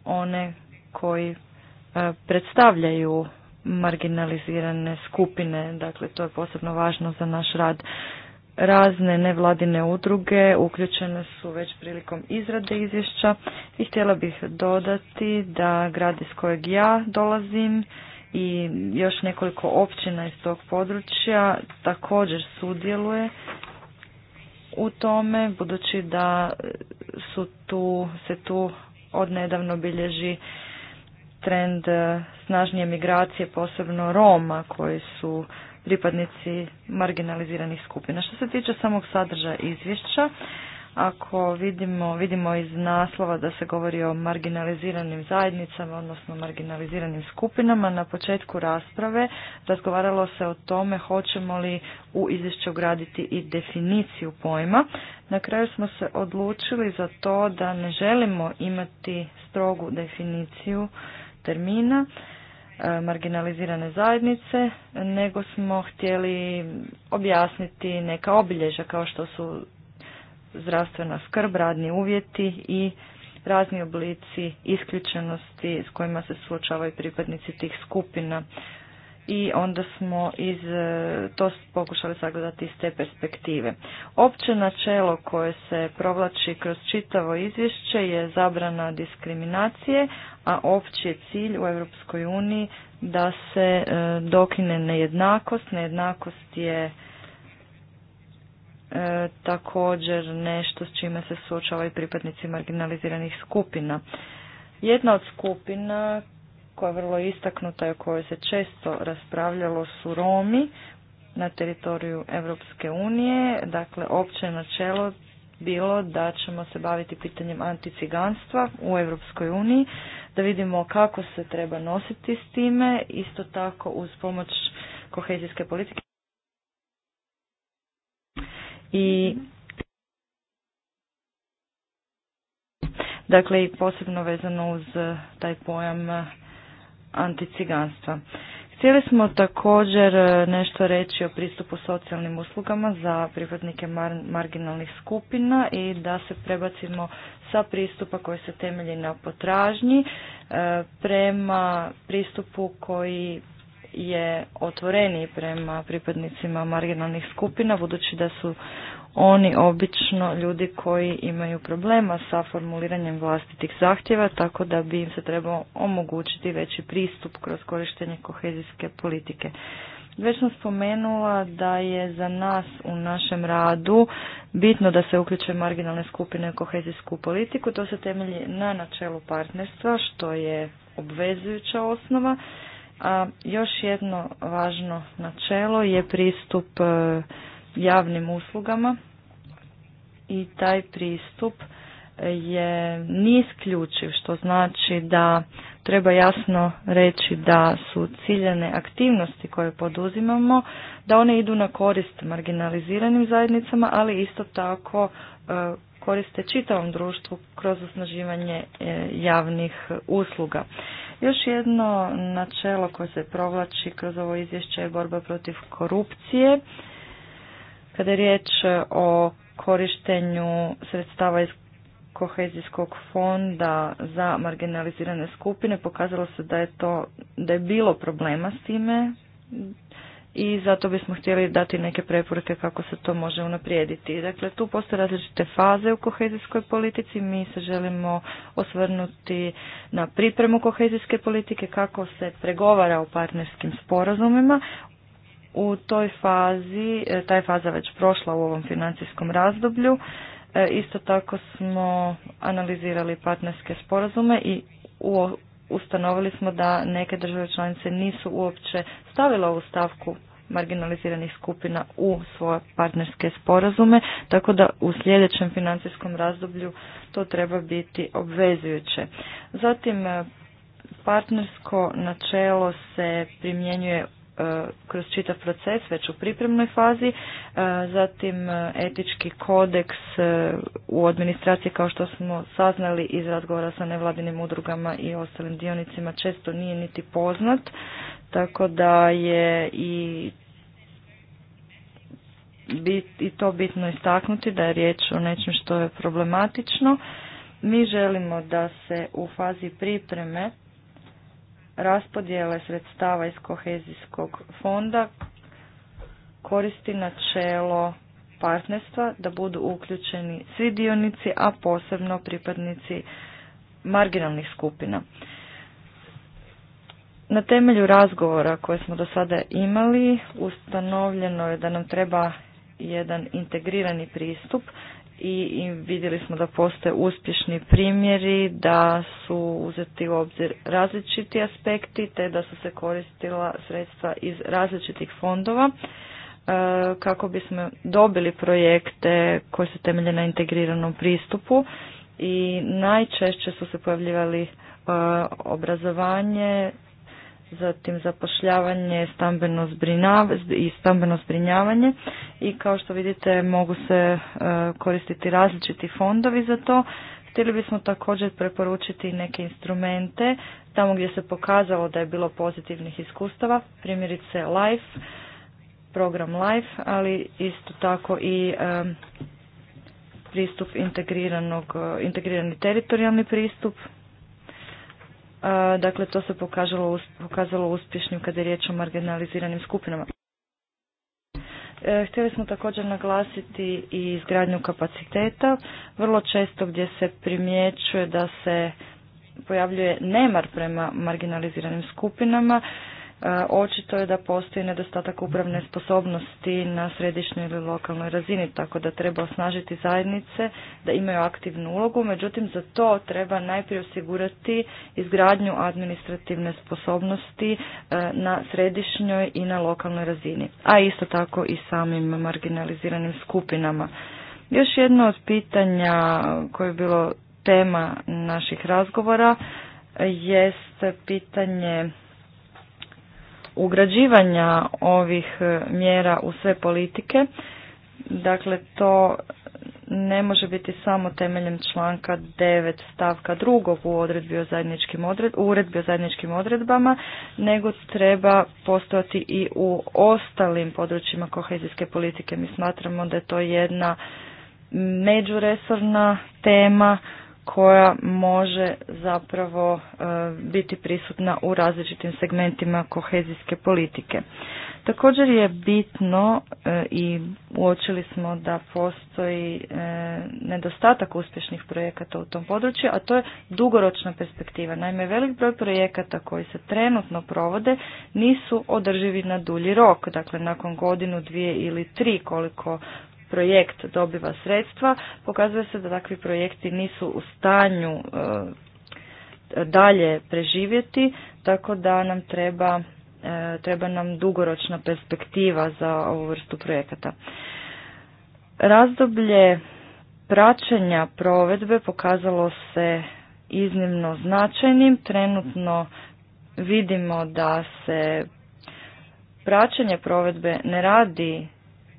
one koji e, predstavljaju marginalizirane skupine, dakle to je posebno važno za naš rad. Razne nevladine udruge uključene su već prilikom izrade izvješća i htjela bih dodati da grad iz kojeg ja dolazim i još nekoliko općina iz tog područja također sudjeluje u tome, budući da su tu, se tu odnedavno bilježi trend e, snažnije migracije, posebno Roma koji su pripadnici marginaliziranih skupina. Što se tiče samog sadržaja izvješća, ako vidimo, vidimo iz naslova da se govori o marginaliziranim zajednicama, odnosno marginaliziranim skupinama, na početku rasprave razgovaralo se o tome hoćemo li u izvješću graditi i definiciju pojma. Na kraju smo se odlučili za to da ne želimo imati strogu definiciju termina e, marginalizirane zajednice, nego smo htjeli objasniti neka obilježja kao što su zdravstvena skrb, radni uvjeti i razni oblici isključenosti s kojima se suočavaju pripadnici tih skupina i onda smo iz, e, to pokušali sagledati iz te perspektive. Opće načelo koje se provlači kroz čitavo izvješće je zabrana diskriminacije, a opći je cilj u Europskoj uniji da se e, dokine nejednakost. Nejednakost je e, također nešto s čime se suočavaju pripadnici marginaliziranih skupina. Jedna od skupina koja je vrlo istaknuta i o kojoj se često raspravljalo su Romi na teritoriju Europske unije. Dakle, opće načelo bilo da ćemo se baviti pitanjem anticiganstva u Europskoj uniji, da vidimo kako se treba nositi s time, isto tako uz pomoć kohezijske politike. I dakle i posebno vezano uz taj pojam anticiganstva. Htjeli smo također e, nešto reći o pristupu socijalnim uslugama za pripadnike marginalnih skupina i da se prebacimo sa pristupa koji se temelji na potražnji e, prema pristupu koji je otvoreniji prema pripadnicima marginalnih skupina budući da su oni obično ljudi koji imaju problema sa formuliranjem vlastitih zahtjeva, tako da bi im se trebao omogućiti veći pristup kroz korištenje kohezijske politike. Već sam spomenula da je za nas u našem radu bitno da se uključe marginalne skupine u kohezijsku politiku. To se temelji na načelu partnerstva, što je obvezujuća osnova. A još jedno važno načelo je pristup e, javnim uslugama i taj pristup je nisključiv, što znači da treba jasno reći da su ciljene aktivnosti koje poduzimamo, da one idu na korist marginaliziranim zajednicama, ali isto tako e, koriste čitavom društvu kroz osnaživanje e, javnih usluga. Još jedno načelo koje se provlači kroz ovo izvješće je borba protiv korupcije kada je riječ e, o korištenju sredstava iz kohezijskog fonda za marginalizirane skupine pokazalo se da je to da je bilo problema s time i zato bismo htjeli dati neke preporuke kako se to može unaprijediti. Dakle, tu postoje različite faze u kohezijskoj politici. Mi se želimo osvrnuti na pripremu kohezijske politike, kako se pregovara o partnerskim sporazumima. U toj fazi, e, ta je faza već prošla u ovom financijskom razdoblju. E, isto tako smo analizirali partnerske sporazume i ustanovili smo da neke države članice nisu uopće stavile ovu stavku marginaliziranih skupina u svoje partnerske sporazume, tako da u sljedećem financijskom razdoblju to treba biti obvezujuće. Zatim e, partnersko načelo se primjenjuje E, kroz čitav proces, već u pripremnoj fazi, e, zatim e, etički kodeks u administraciji kao što smo saznali iz razgovora sa nevladinim udrugama i ostalim dionicima često nije niti poznat, tako da je i bit, i to bitno istaknuti da je riječ o nečem što je problematično. Mi želimo da se u fazi pripreme raspodjele sredstava iz kohezijskog fonda koristi načelo partnerstva da budu uključeni svi dionici, a posebno pripadnici marginalnih skupina. Na temelju razgovora koje smo do sada imali ustanovljeno je da nam treba jedan integrirani pristup i vidjeli smo da postoje uspješni primjeri, da su uzeti u obzir različiti aspekti te da su se koristila sredstva iz različitih fondova e, kako bismo dobili projekte koji se temelje na integriranom pristupu i najčešće su se pojavljivali e, obrazovanje, zatim zapošljavanje stambeno i stambeno zbrinjavanje i kao što vidite mogu se e, koristiti različiti fondovi za to. Htjeli bismo također preporučiti neke instrumente tamo gdje se pokazalo da je bilo pozitivnih iskustava, primjerice LIFE, program LIFE, ali isto tako i e, pristup integriranog, e, integrirani teritorijalni pristup, Dakle, to se pokazalo, pokazalo uspješnim kada je riječ o marginaliziranim skupinama. E, htjeli smo također naglasiti i izgradnju kapaciteta. Vrlo često gdje se primjećuje da se pojavljuje nemar prema marginaliziranim skupinama, E, očito je da postoji nedostatak upravne sposobnosti na središnjoj ili lokalnoj razini, tako da treba osnažiti zajednice da imaju aktivnu ulogu, međutim za to treba najprije osigurati izgradnju administrativne sposobnosti e, na središnjoj i na lokalnoj razini, a isto tako i samim marginaliziranim skupinama. Još jedno od pitanja koje je bilo tema naših razgovora jest pitanje ugrađivanja ovih e, mjera u sve politike. Dakle, to ne može biti samo temeljem članka 9 stavka 2 u odredbi o zajedničkim odred, u uredbi o zajedničkim odredbama, nego treba postojati i u ostalim područjima kohezijske politike. Mi smatramo da je to jedna međuresorna tema koja može zapravo e, biti prisutna u različitim segmentima kohezijske politike. Također je bitno e, i uočili smo da postoji e, nedostatak uspješnih projekata u tom području, a to je dugoročna perspektiva. Naime, velik broj projekata koji se trenutno provode nisu održivi na dulji rok, dakle nakon godinu, dvije ili tri koliko projekt dobiva sredstva, pokazuje se da takvi projekti nisu u stanju e, dalje preživjeti, tako da nam treba, e, treba nam dugoročna perspektiva za ovu vrstu projekata. Razdoblje praćenja provedbe pokazalo se iznimno značajnim. Trenutno vidimo da se praćenje provedbe ne radi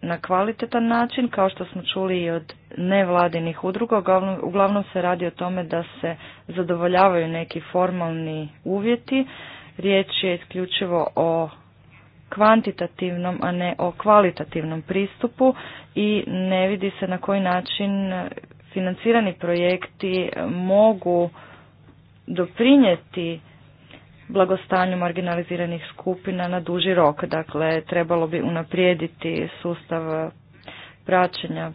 na kvalitetan način, kao što smo čuli i od nevladinih udruga, uglavnom se radi o tome da se zadovoljavaju neki formalni uvjeti. Riječ je isključivo o kvantitativnom, a ne o kvalitativnom pristupu i ne vidi se na koji način financirani projekti mogu doprinijeti blagostanju marginaliziranih skupina na duži rok. Dakle, trebalo bi unaprijediti sustav praćenja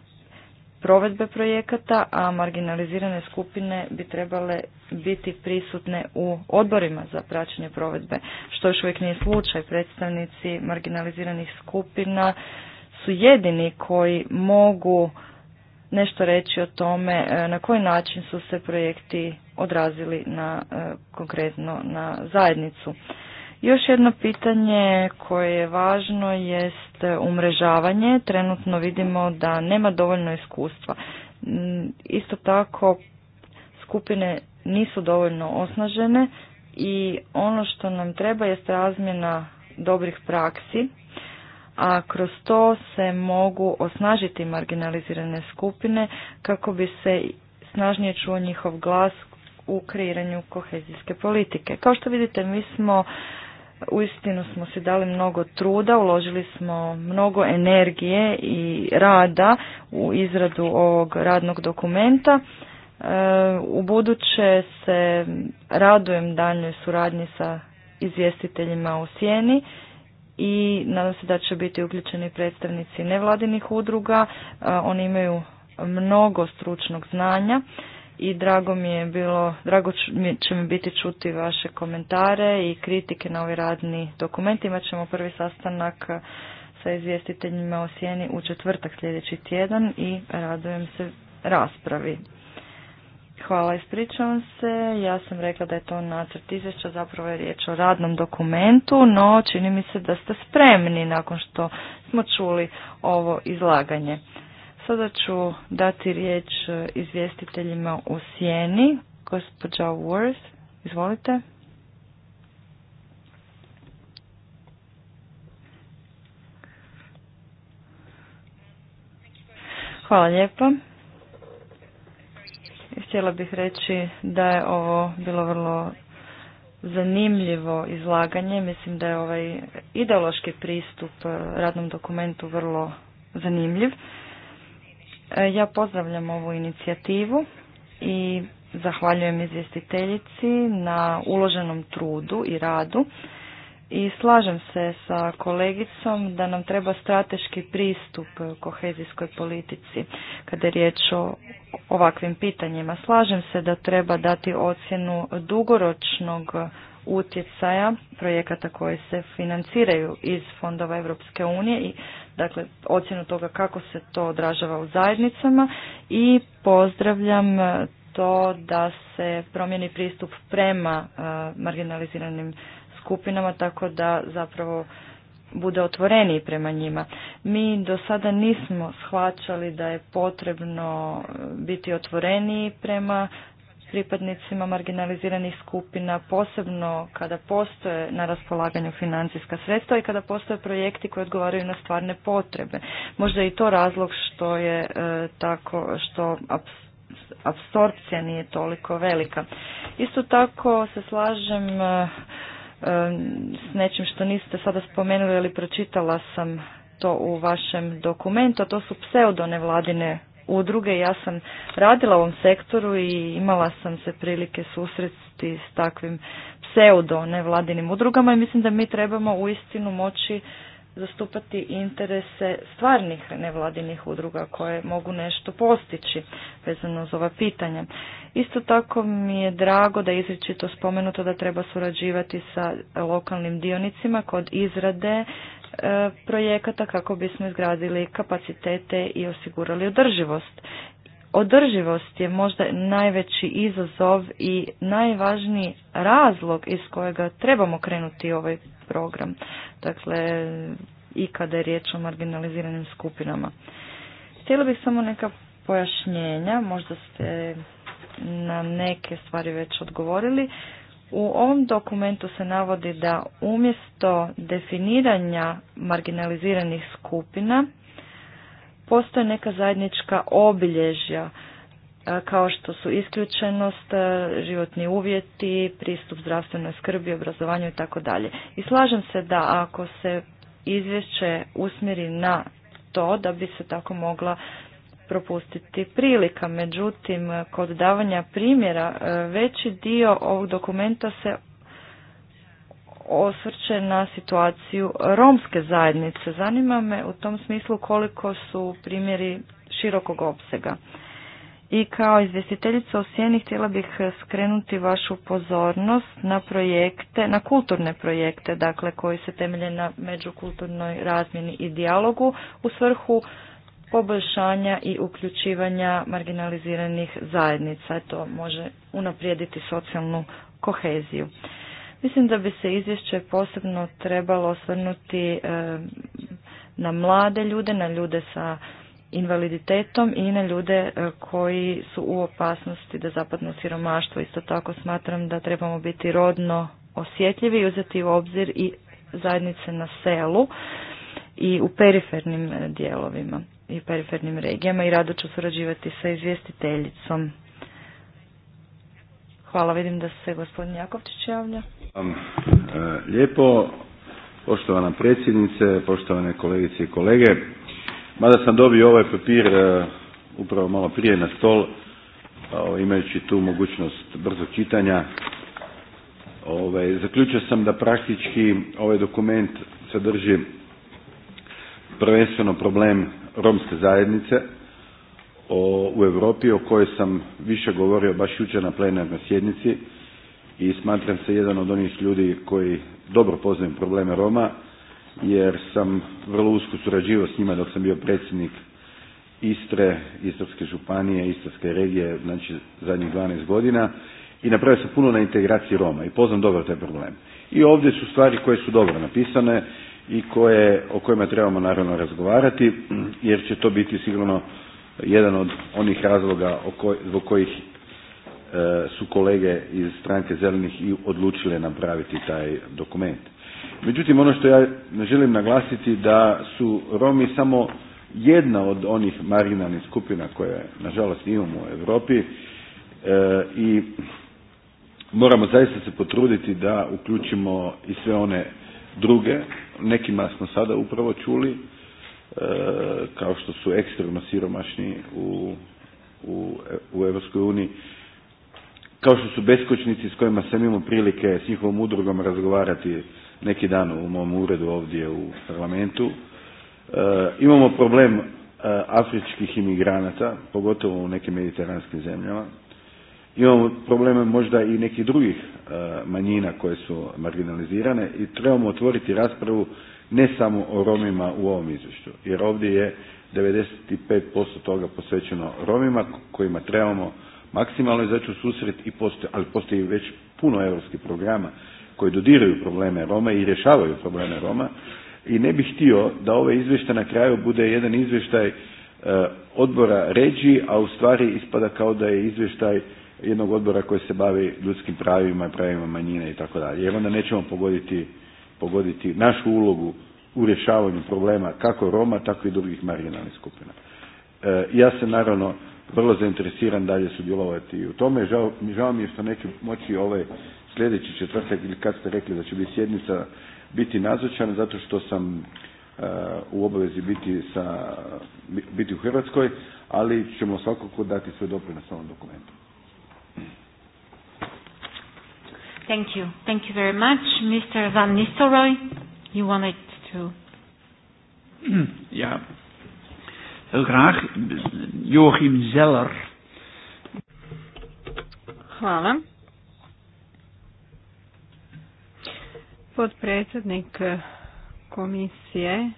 provedbe projekata, a marginalizirane skupine bi trebale biti prisutne u odborima za praćenje provedbe, što još uvijek nije slučaj. Predstavnici marginaliziranih skupina su jedini koji mogu nešto reći o tome e, na koji način su se projekti odrazili na e, konkretno na zajednicu. Još jedno pitanje koje je važno jest umrežavanje. Trenutno vidimo da nema dovoljno iskustva. Mm, isto tako skupine nisu dovoljno osnažene i ono što nam treba jest razmjena dobrih praksi a kroz to se mogu osnažiti marginalizirane skupine kako bi se snažnije čuo njihov glas u kreiranju kohezijske politike. Kao što vidite, mi smo uistinu smo si dali mnogo truda, uložili smo mnogo energije i rada u izradu ovog radnog dokumenta. E, u buduće se radujem daljnjoj suradnji sa izvjestiteljima u Sjeni i nadam se da će biti uključeni predstavnici nevladinih udruga. E, oni imaju mnogo stručnog znanja i drago mi je bilo, drago će mi biti čuti vaše komentare i kritike na ovi ovaj radni dokument. Imat ćemo prvi sastanak e, sa izvjestiteljima o sjeni u četvrtak sljedeći tjedan i radujem se raspravi Hvala, ispričavam se. Ja sam rekla da je to nacrt izvješća, zapravo je riječ o radnom dokumentu, no čini mi se da ste spremni nakon što smo čuli ovo izlaganje. Sada ću dati riječ izvjestiteljima u sjeni. Gospođa Worth, izvolite. Hvala lijepo. Htjela bih reći da je ovo bilo vrlo zanimljivo izlaganje. Mislim da je ovaj ideološki pristup eh, radnom dokumentu vrlo zanimljiv. Eh, ja pozdravljam ovu inicijativu i zahvaljujem izvjestiteljici na uloženom trudu i radu i slažem se sa kolegicom da nam treba strateški pristup kohezijskoj politici kada je riječ o ovakvim pitanjima. Slažem se da treba dati ocjenu dugoročnog utjecaja projekata koje se financiraju iz fondova Europske unije i dakle ocjenu toga kako se to odražava u zajednicama i pozdravljam to da se promijeni pristup prema eh, marginaliziranim skupinama tako da zapravo bude otvoreniji prema njima. Mi do sada nismo shvaćali da je potrebno eh, biti otvoreniji prema pripadnicima marginaliziranih skupina, posebno kada postoje na raspolaganju financijska sredstva i kada postoje projekti koji odgovaraju na stvarne potrebe. Možda je i to razlog što je eh, tako što apsorpcija nije toliko velika. Isto tako se slažem eh, s nečim što niste sada spomenuli, ali pročitala sam to u vašem dokumentu, a to su pseudo nevladine udruge. Ja sam radila u ovom sektoru i imala sam se prilike susresti s takvim pseudo nevladinim udrugama i mislim da mi trebamo uistinu moći zastupati interese stvarnih nevladinih udruga koje mogu nešto postići vezano uz ova pitanja. Isto tako mi je drago da je izričito spomenuto da treba surađivati sa lokalnim dionicima kod izrade e, projekata kako bismo izgradili kapacitete i osigurali održivost. Održivost je možda najveći izazov i najvažniji razlog iz kojega trebamo krenuti ovaj program. Dakle, i kada je riječ o marginaliziranim skupinama. Htjela bih samo neka pojašnjenja, možda ste na neke stvari već odgovorili. U ovom dokumentu se navodi da umjesto definiranja marginaliziranih skupina postoje neka zajednička obilježja E, kao što su isključenost, e, životni uvjeti, pristup zdravstvenoj skrbi, obrazovanju i tako dalje. I slažem se da ako se izvješće usmjeri na to da bi se tako mogla propustiti prilika. Međutim, kod davanja primjera e, veći dio ovog dokumenta se osvrće na situaciju romske zajednice. Zanima me u tom smislu koliko su primjeri širokog opsega i kao izvjestiteljica u htjela bih skrenuti vašu pozornost na projekte, na kulturne projekte, dakle koji se temelje na međukulturnoj razmjeni i dijalogu u svrhu poboljšanja i uključivanja marginaliziranih zajednica. To može unaprijediti socijalnu koheziju. Mislim da bi se izvješće posebno trebalo osvrnuti eh, na mlade ljude, na ljude sa invaliditetom i na ljude e, koji su u opasnosti da zapadnu u siromaštvo. Isto tako smatram da trebamo biti rodno osjetljivi i uzeti u obzir i zajednice na selu i u perifernim e, dijelovima i perifernim regijama i rado ću surađivati sa izvjestiteljicom. Hvala, vidim da se gospodin Jakovčić javlja. Um, e, lijepo, poštovana predsjednice, poštovane kolegice i kolege. Mada sam dobio ovaj papir e, upravo malo prije na stol, e, imajući tu mogućnost brzog čitanja, ovaj, zaključio sam da praktički ovaj dokument sadrži prvenstveno problem romske zajednice u Europi o kojoj sam više govorio baš jučer na plenarnoj sjednici i smatram se jedan od onih ljudi koji dobro poznaju probleme Roma jer sam vrlo usko surađivao s njima dok sam bio predsjednik Istre, Istarske županije, Istarske regije, znači zadnjih 12 godina i napravio sam puno na integraciji Roma i poznam dobro taj problem. I ovdje su stvari koje su dobro napisane i koje, o kojima trebamo naravno razgovarati jer će to biti sigurno jedan od onih razloga zbog kojih e, su kolege iz stranke zelenih i odlučile napraviti taj dokument. Međutim, ono što ja želim naglasiti da su Romi samo jedna od onih marginalnih skupina koje nažalost imamo u Europi e, i moramo zaista se potruditi da uključimo i sve one druge, nekima smo sada upravo čuli, e, kao što su ekstremno siromašni u, u, u Europskoj uniji, kao što su beskočnici s kojima sam imao prilike s njihovom udrugom razgovarati neki dan u mom uredu ovdje u parlamentu. E, imamo problem e, afričkih imigranata, pogotovo u nekim mediteranskim zemljama. Imamo probleme možda i nekih drugih e, manjina koje su marginalizirane i trebamo otvoriti raspravu ne samo o Romima u ovom izvješću, jer ovdje je 95% toga posvećeno Romima kojima trebamo maksimalno izaći u susret, i postoji, ali postoji već puno europskih programa koji dodiraju probleme Roma i rješavaju probleme Roma i ne bih htio da ovaj izvještaj na kraju bude jedan izvještaj e, odbora ređi, a u stvari ispada kao da je izvještaj jednog odbora koji se bavi ljudskim pravima, pravima manjine i tako dalje. Jer onda nećemo pogoditi, pogoditi našu ulogu u rješavanju problema kako Roma, tako i drugih marginalnih skupina. E, ja sam naravno vrlo zainteresiran dalje sudjelovati u tome. Žao, žao mi je što neću moći ovaj sljedeći četvrtak ili kad ste rekli da će biti sjednica biti nazočan zato što sam e, u obavezi biti, sa, biti u Hrvatskoj, ali ćemo svakako dati svoj doprinos ovom dokumentu. Thank you. Thank you very much. Mr. Van you wanted to... Ja, heel graag. Zeller. Hvala. Podpredsjednik eh, komisije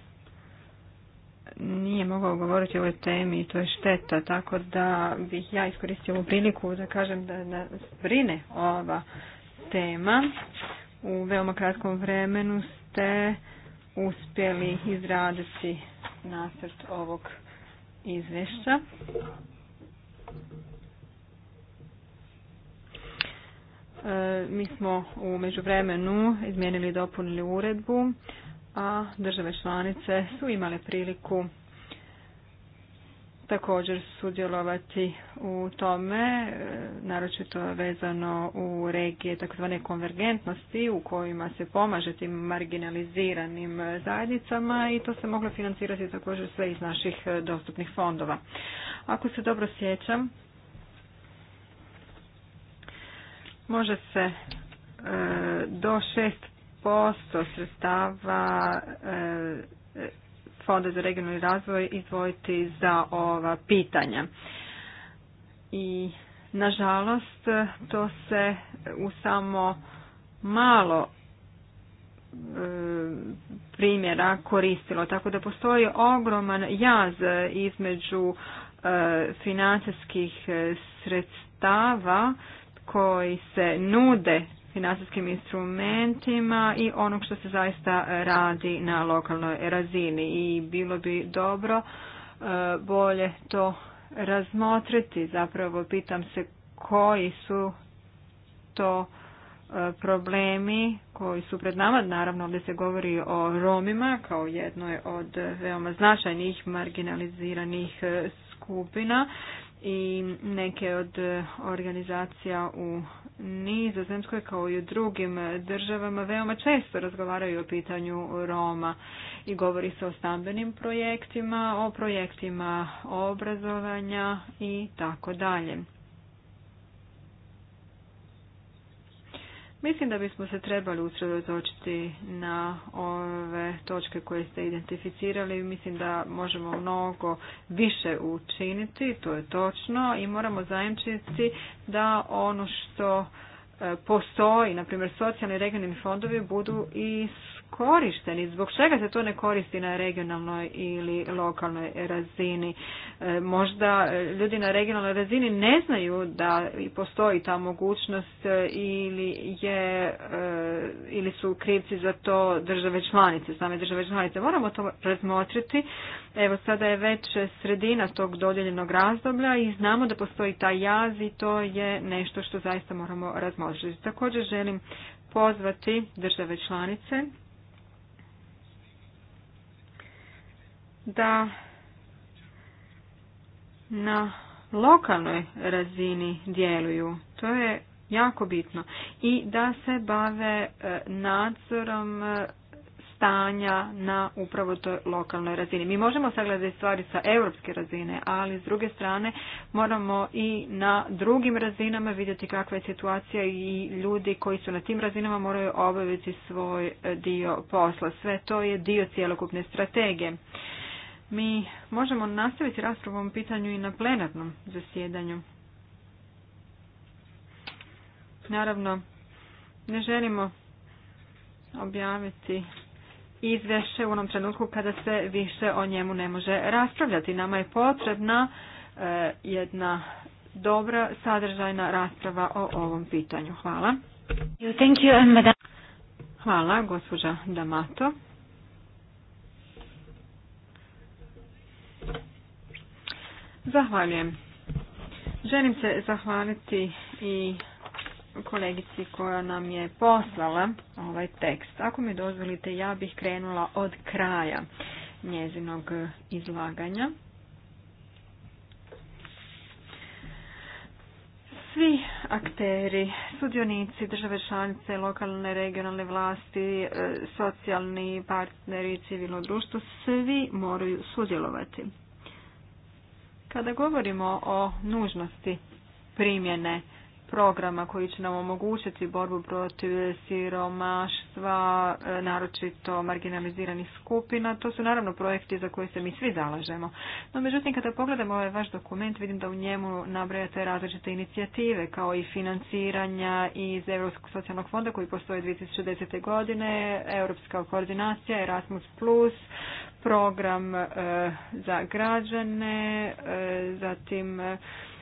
nije mogao govoriti o ovoj temi i to je šteta, tako da bih ja iskoristio ovu priliku da kažem da nas brine ova tema. U veoma kratkom vremenu ste uspjeli izraditi nacrt ovog izvješća. E, mi smo u međuvremenu izmijenili i dopunili uredbu, a države članice su imale priliku također sudjelovati u tome, e, naročito vezano u regije takozvane konvergentnosti u kojima se pomaže tim marginaliziranim zajednicama i to se moglo financirati također sve iz naših dostupnih fondova. Ako se dobro sjećam, može se e, do 6% sredstava e, Fonda za regionalni razvoj izdvojiti za ova pitanja. I nažalost to se u samo malo e, primjera koristilo. Tako da postoji ogroman jaz između financijskih sredstava koji se nude financijskim instrumentima i onog što se zaista radi na lokalnoj razini i bilo bi dobro e, bolje to razmotriti. Zapravo pitam se koji su to e, problemi koji su pred nama. Naravno ovdje se govori o Romima kao jednoj od veoma značajnih marginaliziranih e, skupina i neke od e, organizacija u Nizozemskoj kao i u drugim državama veoma često razgovaraju o pitanju Roma i govori se o stambenim projektima, o projektima obrazovanja i tako dalje. Mislim da bismo se trebali usredotočiti na ove točke koje ste identificirali. Mislim da možemo mnogo više učiniti, to je točno, i moramo zajemčiti da ono što e, postoji, na primjer socijalni i regionalni fondovi, budu i korišteni, zbog čega se to ne koristi na regionalnoj ili lokalnoj razini. E, možda e, ljudi na regionalnoj razini ne znaju da postoji ta mogućnost e, ili, je, ili su krivci za to države članice, same države članice. Moramo to razmotriti. Evo sada je već sredina tog dodijeljenog razdoblja i znamo da postoji taj jaz i to je nešto što zaista moramo razmotriti. Također želim pozvati države članice da na lokalnoj razini djeluju. To je jako bitno. I da se bave e, nadzorom e, stanja na upravo toj lokalnoj razini. Mi možemo sagledati stvari sa europske razine, ali s druge strane moramo i na drugim razinama vidjeti kakva je situacija i ljudi koji su na tim razinama moraju obaviti svoj e, dio posla. Sve to je dio cjelokupne strategije. Mi možemo nastaviti raspravu ovom pitanju i na plenarnom zasjedanju. Naravno, ne želimo objaviti izvješće u onom trenutku kada se više o njemu ne može raspravljati. Nama je potrebna e, jedna dobra sadržajna rasprava o ovom pitanju. Hvala. Hvala, gospođa Damato. Zahvaljujem. Želim se zahvaliti i kolegici koja nam je poslala ovaj tekst. Ako mi dozvolite, ja bih krenula od kraja njezinog izlaganja. Svi akteri, sudionici, države članice, lokalne, regionalne vlasti, e, socijalni partneri, civilno društvo, svi moraju sudjelovati. Kada govorimo o nužnosti primjene programa koji će nam omogućiti borbu protiv siromaštva, e, naročito marginaliziranih skupina. To su naravno projekti za koje se mi svi zalažemo. No, međutim, kada pogledamo ovaj vaš dokument, vidim da u njemu nabrajate različite inicijative, kao i financiranja iz Europskog socijalnog fonda koji postoje 2010. godine, Europska koordinacija, Erasmus+, program e, za građane, e, zatim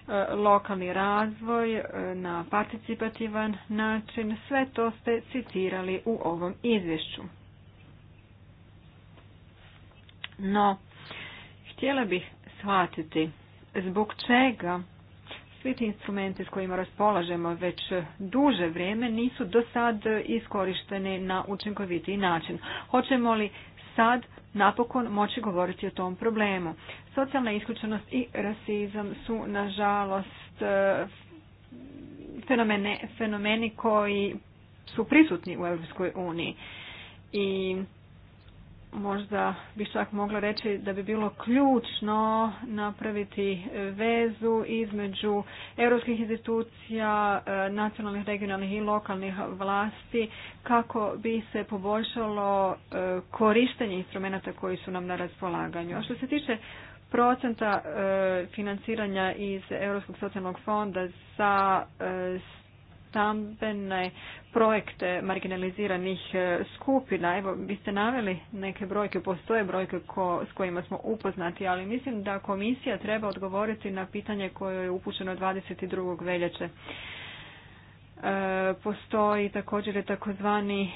E, lokalni razvoj e, na participativan način, sve to ste citirali u ovom izvješću. No, htjela bih shvatiti zbog čega svi ti instrumenti s kojima raspolažemo već duže vrijeme nisu do sad iskorišteni na učinkovitiji način. Hoćemo li sad napokon moći govoriti o tom problemu. Socijalna isključenost i rasizam su nažalost e, fenomeni koji su prisutni u Europskoj uniji i možda bi čak mogla reći da bi bilo ključno napraviti vezu između europskih institucija, e, nacionalnih, regionalnih i lokalnih vlasti kako bi se poboljšalo e, korištenje instrumenta koji su nam na raspolaganju. A što se tiče procenta e, financiranja iz Europskog socijalnog fonda za stambene projekte marginaliziranih e, skupina. Evo, vi ste naveli neke brojke, postoje brojke s kojima smo upoznati, ali mislim da komisija treba odgovoriti na pitanje koje je upućeno 22. veljače. E, postoji također takozvani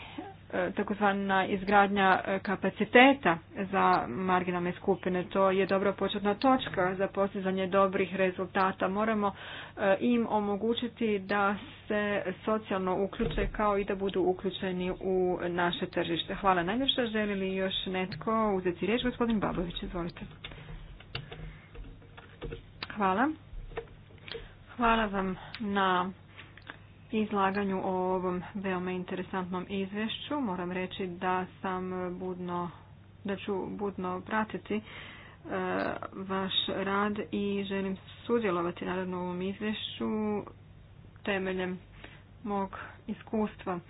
takozvana izgradnja e, kapaciteta za marginalne skupine. To je dobra početna točka za postizanje dobrih rezultata. Moramo e, im omogućiti da se socijalno uključe kao i da budu uključeni u naše tržište. Hvala najviše. Želi li još netko uzeti riječ? Gospodin Babović, izvolite. Hvala. Hvala vam na izlaganju o ovom veoma interesantnom izvješću. Moram reći da sam budno, da ću budno pratiti e, vaš rad i želim sudjelovati naravno u ovom izvješću temeljem mog iskustva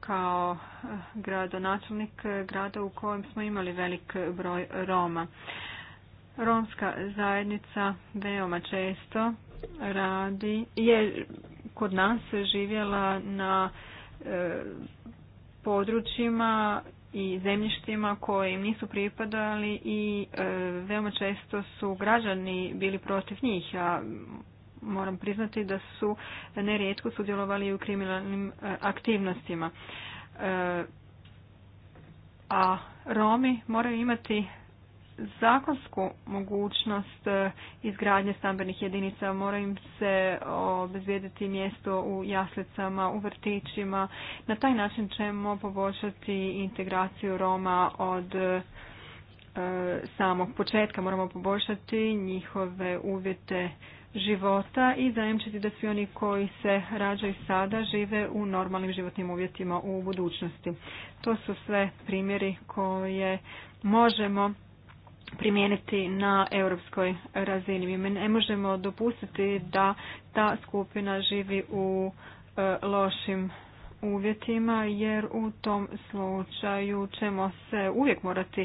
kao e, gradonačelnik grada u kojem smo imali velik broj Roma. Romska zajednica veoma često radi, je kod nas živjela na e, područjima i zemljištima koje im nisu pripadali i e, veoma često su građani bili protiv njih, Ja moram priznati da su nerijetko sudjelovali u kriminalnim e, aktivnostima. A Romi moraju imati zakonsku mogućnost e, izgradnje stambenih jedinica. Mora im se obezvijediti mjesto u jaslicama, u vrtićima. Na taj način ćemo poboljšati integraciju Roma od e, samog početka. Moramo poboljšati njihove uvjete života i zajemčiti da svi oni koji se rađaju sada žive u normalnim životnim uvjetima u budućnosti. To su sve primjeri koje možemo primijeniti na europskoj razini. Mi ne možemo dopustiti da ta skupina živi u e, lošim uvjetima jer u tom slučaju ćemo se uvijek morati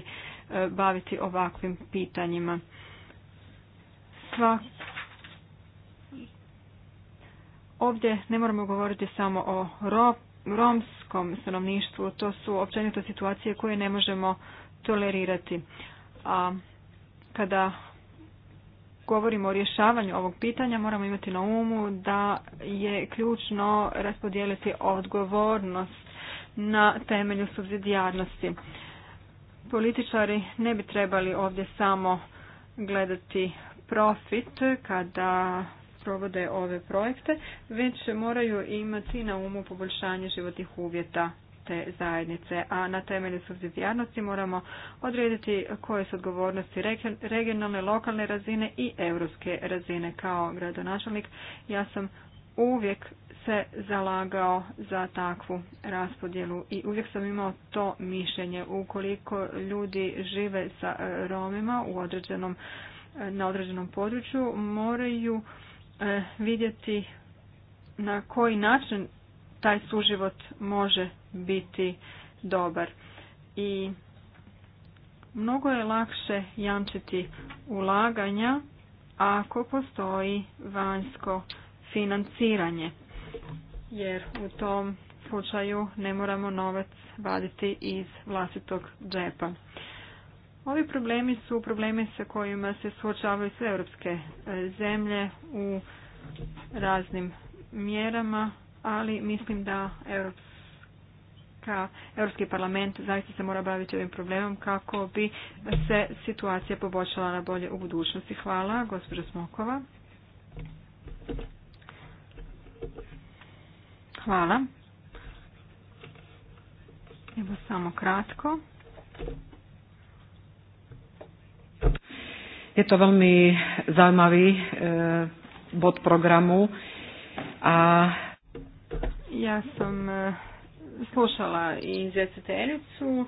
e, baviti ovakvim pitanjima. Sva Ovdje ne moramo govoriti samo o romskom stanovništvu, to su općenito situacije koje ne možemo tolerirati. A kada govorimo o rješavanju ovog pitanja, moramo imati na umu da je ključno raspodijeliti odgovornost na temelju subsidijarnosti. Političari ne bi trebali ovdje samo gledati profit kada provode ove projekte, već moraju imati na umu poboljšanje životnih uvjeta te zajednice, a na temelju subsidijarnosti moramo odrediti koje su odgovornosti regionalne, lokalne razine i europske razine. Kao gradonačelnik ja sam uvijek se zalagao za takvu raspodjelu i uvijek sam imao to mišljenje. Ukoliko ljudi žive sa e, Romima u određenom, e, na određenom području moraju e, vidjeti na koji način taj suživot može biti dobar. I mnogo je lakše jamčiti ulaganja ako postoji vanjsko financiranje. Jer u tom slučaju ne moramo novac vaditi iz vlastitog džepa. Ovi problemi su problemi sa kojima se suočavaju sve europske e, zemlje u raznim mjerama ali mislim da Europska, Europski parlament zaista se mora baviti ovim problemom kako bi se situacija poboljšala na bolje u budućnosti. Hvala, gospođo Smokova. Hvala. Evo samo kratko. Je to veľmi zaujímavý eh, bod programu a ja sam e, slušala i izvjestiteljicu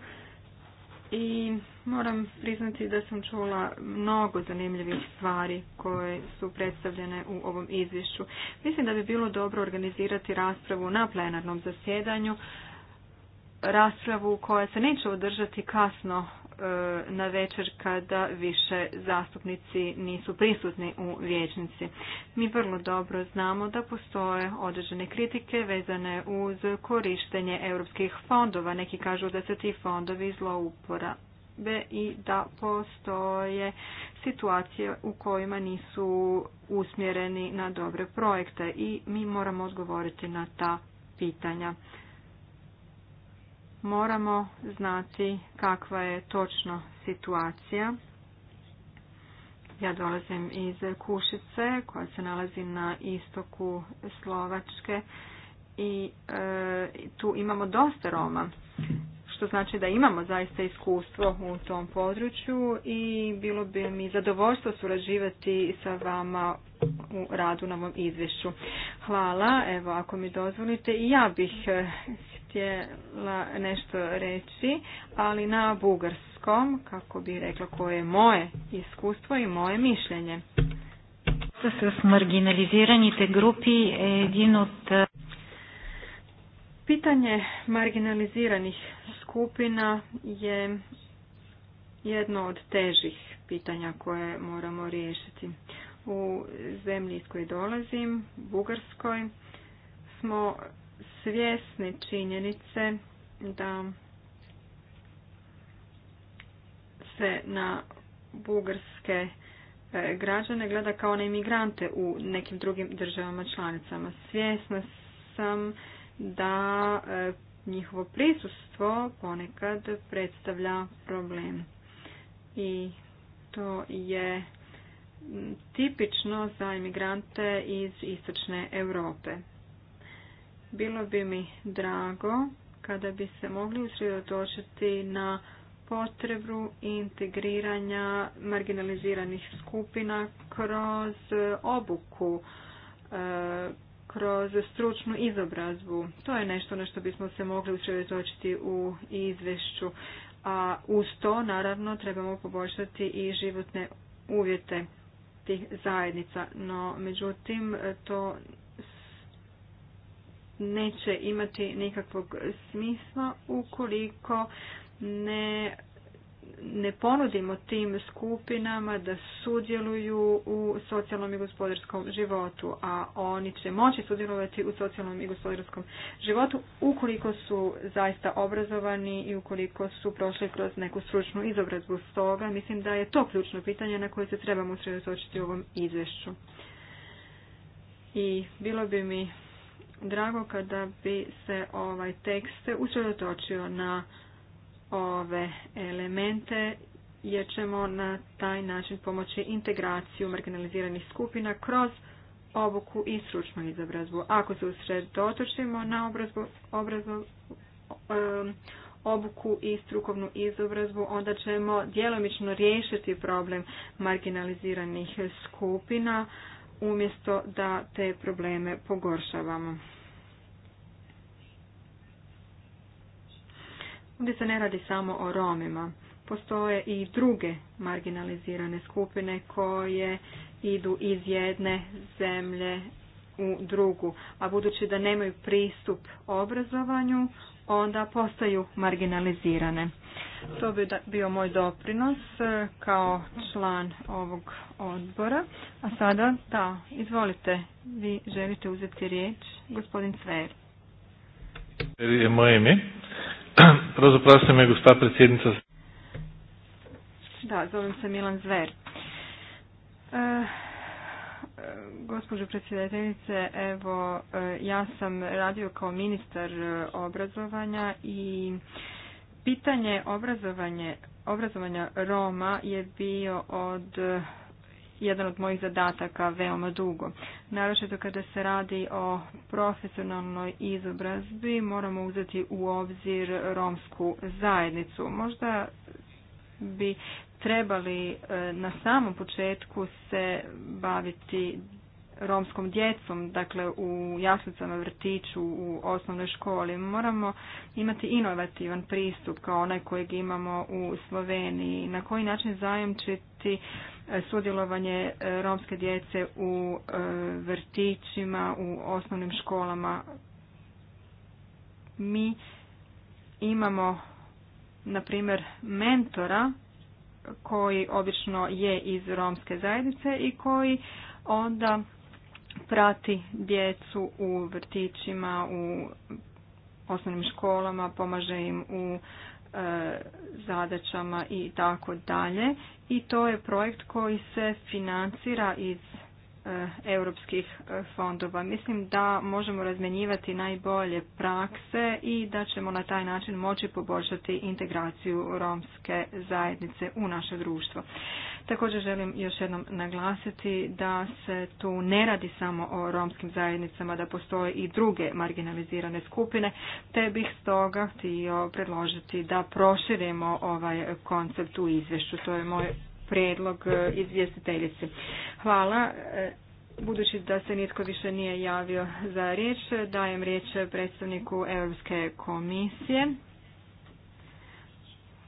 i moram priznati da sam čula mnogo zanimljivih stvari koje su predstavljene u ovom izvješću. Mislim da bi bilo dobro organizirati raspravu na plenarnom zasjedanju, raspravu koja se neće održati kasno E, na večer kada više zastupnici nisu prisutni u vijećnici. Mi vrlo dobro znamo da postoje određene kritike vezane uz korištenje europskih fondova. Neki kažu da se ti fondovi zlouporabe i da postoje situacije u kojima nisu usmjereni na dobre projekte i mi moramo odgovoriti na ta pitanja moramo znati kakva je točno situacija. Ja dolazim iz Kušice koja se nalazi na istoku Slovačke i e, tu imamo dosta Roma što znači da imamo zaista iskustvo u tom području i bilo bi mi zadovoljstvo surađivati sa vama u radu na ovom izvješću. Hvala, evo ako mi dozvolite i ja bih e, htjela nešto reći, ali na bugarskom, kako bi rekla koje je moje iskustvo i moje mišljenje. to se te grupi od... Eh, Pitanje marginaliziranih skupina je jedno od težih pitanja koje moramo riješiti. U zemlji iz koje dolazim, Bugarskoj, smo svjesni činjenice da se na bugarske e, građane gleda kao na imigrante u nekim drugim državama članicama. Svjesna sam da e, njihovo prisustvo ponekad predstavlja problem. I to je tipično za imigrante iz istočne Europe. Bilo bi mi drago kada bi se mogli usredotočiti na potrebu integriranja marginaliziranih skupina kroz obuku, e, kroz stručnu izobrazbu. To je nešto na što bismo se mogli usredotočiti u izvješću. A uz to, naravno, trebamo poboljšati i životne uvjete tih zajednica. No, međutim, to neće imati nikakvog smisla ukoliko ne ne ponudimo tim skupinama da sudjeluju u socijalnom i gospodarskom životu, a oni će moći sudjelovati u socijalnom i gospodarskom životu ukoliko su zaista obrazovani i ukoliko su prošli kroz neku stručnu izobrazbu. Stoga mislim da je to ključno pitanje na koje se trebamo usredotočiti u ovom izvješću. I bilo bi mi drago kada bi se ovaj tekst usredotočio na ove elemente jer ćemo na taj način pomoći integraciju marginaliziranih skupina kroz obuku i stručnu izobrazbu. Ako se usredotočimo na obrazbu, obuku i strukovnu izobrazbu, onda ćemo djelomično riješiti problem marginaliziranih skupina, umjesto da te probleme pogoršavamo. Ovdje se ne radi samo o Romima. Postoje i druge marginalizirane skupine koje idu iz jedne zemlje u drugu, a budući da nemaju pristup obrazovanju, onda postaju marginalizirane. To bi bio moj doprinos e, kao član ovog odbora. A sada, da, izvolite, vi želite uzeti riječ, gospodin Cver. Je moje ime. Pravzaprav predsjednica. Da, zovem se Milan Zver. E, Gospođo predsjedateljice, evo, e, ja sam radio kao ministar e, obrazovanja i pitanje obrazovanja Roma je bio od e, jedan od mojih zadataka veoma dugo. Naročito kada se radi o profesionalnoj izobrazbi moramo uzeti u obzir romsku zajednicu. Možda bi trebali e, na samom početku se baviti romskom djecom, dakle u jaslicama vrtiću, u osnovnoj školi. Moramo imati inovativan pristup kao onaj kojeg imamo u Sloveniji. Na koji način zajamčiti e, sudjelovanje e, romske djece u vrtićima, u osnovnim školama. Mi imamo, na primjer, mentora koji obično je iz romske zajednice i koji onda prati djecu u vrtićima, u osnovnim školama, pomaže im u e, zadaćama i tako dalje. I to je projekt koji se financira iz Eh, europskih eh, fondova. Mislim da možemo razmjenjivati najbolje prakse i da ćemo na taj način moći poboljšati integraciju romske zajednice u naše društvo. Također želim još jednom naglasiti da se tu ne radi samo o romskim zajednicama, da postoje i druge marginalizirane skupine, te bih stoga htio predložiti da proširimo ovaj koncept u izvješću. To je moj predlog e, izvjestiteljice. Hvala. E, budući da se nitko više nije javio za riječ, dajem riječ predstavniku Europske komisije.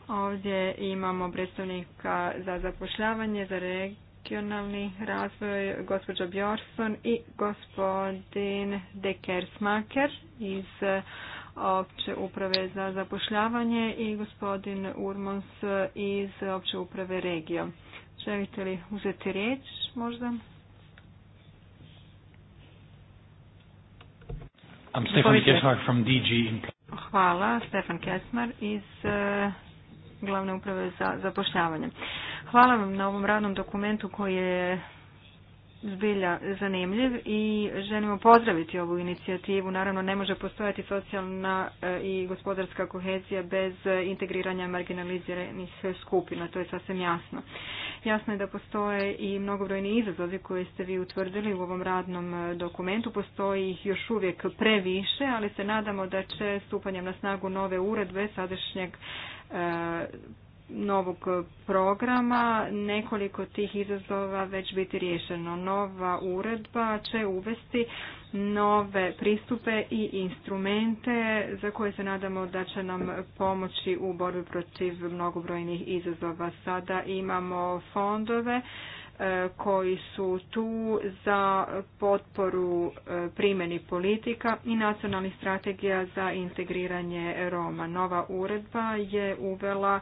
Ovdje imamo predstavnika za zapošljavanje, za regionalni razvoj, gospođo Bjorson i gospodin Dekersmaker iz opće uprave za zapošljavanje i gospodin Urmons iz opće uprave regija. Želite li uzeti riječ možda? Stefan Hvala, Stefan Kesmar iz eh, glavne uprave za zapošljavanje. Hvala vam na ovom radnom dokumentu koji je zbilja zanimljiv i želimo pozdraviti ovu inicijativu. Naravno, ne može postojati socijalna e, i gospodarska kohezija bez integriranja marginaliziranih skupina, to je sasvim jasno. Jasno je da postoje i mnogobrojni izazovi koje ste vi utvrdili u ovom radnom e, dokumentu. Postoji ih još uvijek previše, ali se nadamo da će stupanjem na snagu nove uredbe sadašnjeg e, novog programa nekoliko tih izazova već biti riješeno. Nova uredba će uvesti nove pristupe i instrumente za koje se nadamo da će nam pomoći u borbi protiv mnogobrojnih izazova. Sada imamo fondove e, koji su tu za potporu e, primjeni politika i nacionalnih strategija za integriranje Roma. Nova uredba je uvela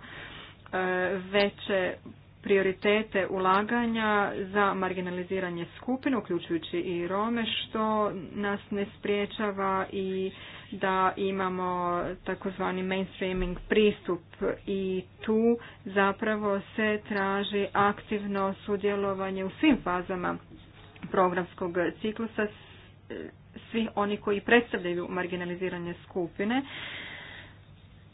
E, veće prioritete ulaganja za marginaliziranje skupine uključujući i Rome, što nas ne spriječava i da imamo takozvani mainstreaming pristup i tu zapravo se traži aktivno sudjelovanje u svim fazama programskog ciklusa svih oni koji predstavljaju marginalizirane skupine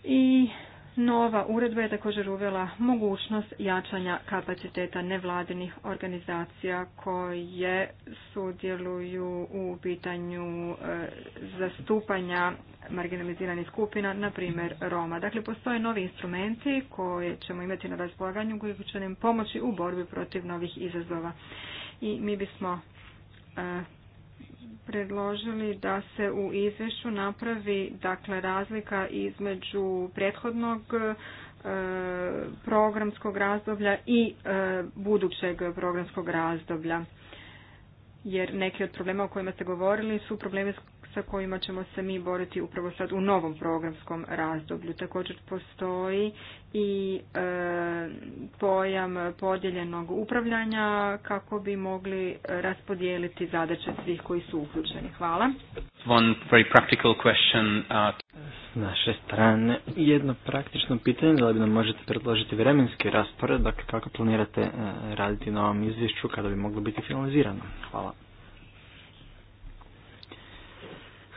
i Nova uredba je također uvela mogućnost jačanja kapaciteta nevladinih organizacija koje sudjeluju u pitanju e, zastupanja marginaliziranih skupina, na primjer Roma. Dakle, postoje novi instrumenti koje ćemo imati na raspolaganju koji će nam pomoći u borbi protiv novih izazova. I mi bismo e, predložili da se u izvješću napravi dakle razlika između prethodnog e, programskog razdoblja i e, budućeg programskog razdoblja jer neki od problema o kojima ste govorili su problemi sa kojima ćemo se mi boriti upravo sad u novom programskom razdoblju. Također postoji i e, pojam podijeljenog upravljanja kako bi mogli raspodijeliti zadaće svih koji su uključeni. Hvala. One very practical question. Uh, S naše strane jedno praktično pitanje da li bi nam možete predložiti vremenski raspored, dakle kako planirate e, raditi na ovom izvješću kada bi moglo biti finalizirano. Hvala.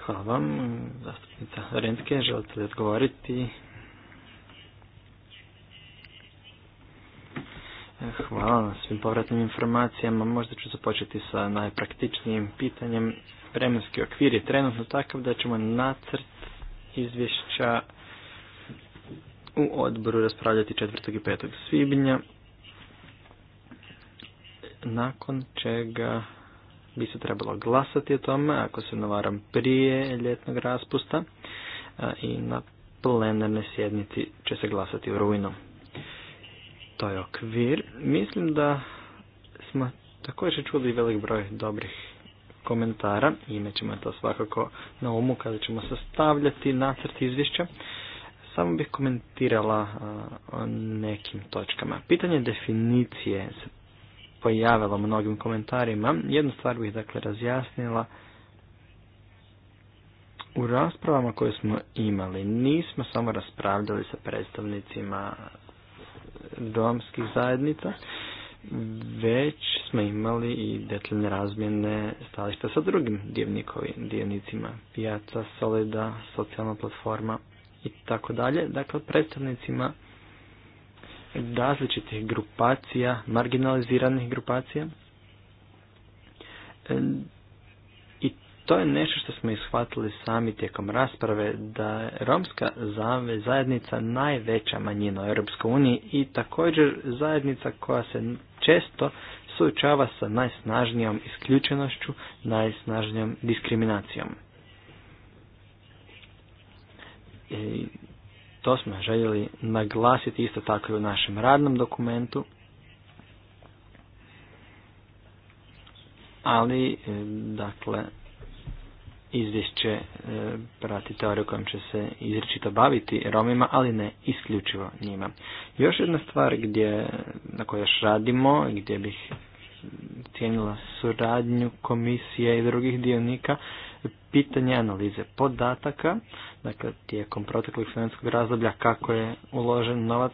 Hvala vam. Zastupnica Rentke, želite li odgovoriti? Hvala na svim povratnim informacijama. Možda ću započeti sa najpraktičnijim pitanjem. Vremenski okvir je trenutno takav da ćemo nacrt izvješća u odboru raspravljati 4. i 5. svibnja, nakon čega bi se trebalo glasati o tome, ako se navaram prije ljetnog raspusta e, i na plenarnoj sjednici će se glasati u rujnu. To je okvir. Mislim da smo također čuli velik broj dobrih komentara. Ime ćemo to svakako na umu kada ćemo sastavljati nacrt izvješća. Samo bih komentirala e, o nekim točkama. Pitanje definicije se pojavila u mnogim komentarima. Jednu stvar bih dakle razjasnila. U raspravama koje smo imali nismo samo raspravljali sa predstavnicima domskih zajednica, već smo imali i detaljne razmjene stališta sa drugim djevnicima pijaca, solida, socijalna platforma i tako dalje, dakle predstavnicima različitih grupacija, marginaliziranih grupacija. E, I to je nešto što smo ishvatili sami tijekom rasprave, da je romska zajednica najveća manjina u EU i također zajednica koja se često suočava sa najsnažnijom isključenošću, najsnažnijom diskriminacijom. I e, to smo željeli naglasiti isto tako i u našem radnom dokumentu. Ali, e, dakle, izvješće e, prati teoriju kojom će se izričito baviti Romima, ali ne isključivo njima. Još jedna stvar gdje, na kojoj još radimo, gdje bih cijenila suradnju komisije i drugih dionika, pitanje analize podataka, dakle tijekom proteklih financijskog razdoblja kako je uložen novac,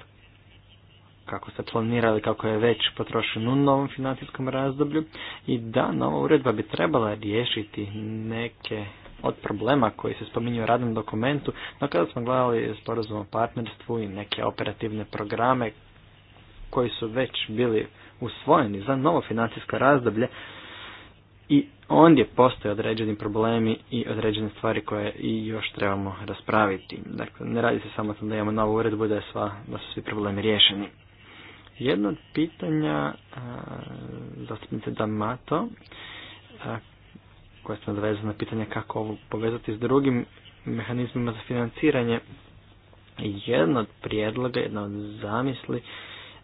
kako se planirali, kako je već potrošen u novom financijskom razdoblju i da nova uredba bi trebala riješiti neke od problema koji se spominju u radnom dokumentu, no kada smo gledali sporazum o partnerstvu i neke operativne programe koji su već bili usvojeni za novo financijsko razdoblje, i ondje postoje određeni problemi i određene stvari koje i još trebamo raspraviti. Dakle, ne radi se samo da imamo novu uredbu da, je sva, da su svi problemi riješeni. Jedno od pitanja zastupnice D'Amato, koje se nadveze na pitanje kako ovo povezati s drugim mehanizmima za financiranje, jedna od prijedloga, jedna od zamisli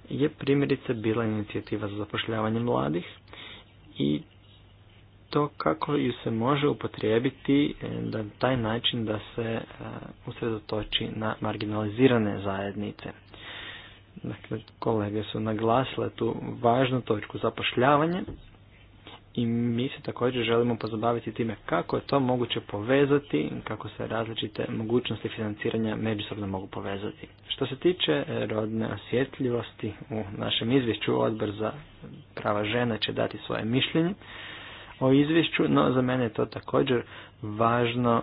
je primjerice bila inicijativa za zapošljavanje mladih i to kako ju se može upotrijebiti e, na taj način da se e, usredotoči na marginalizirane zajednice. Dakle, kolege su naglasile tu važnu točku zapošljavanje i mi se također želimo pozabaviti time kako je to moguće povezati, kako se različite mogućnosti financiranja međusobno mogu povezati. Što se tiče e, rodne osjetljivosti, u našem izvješću odbor za prava žena će dati svoje mišljenje o izvješću, no za mene je to također važno,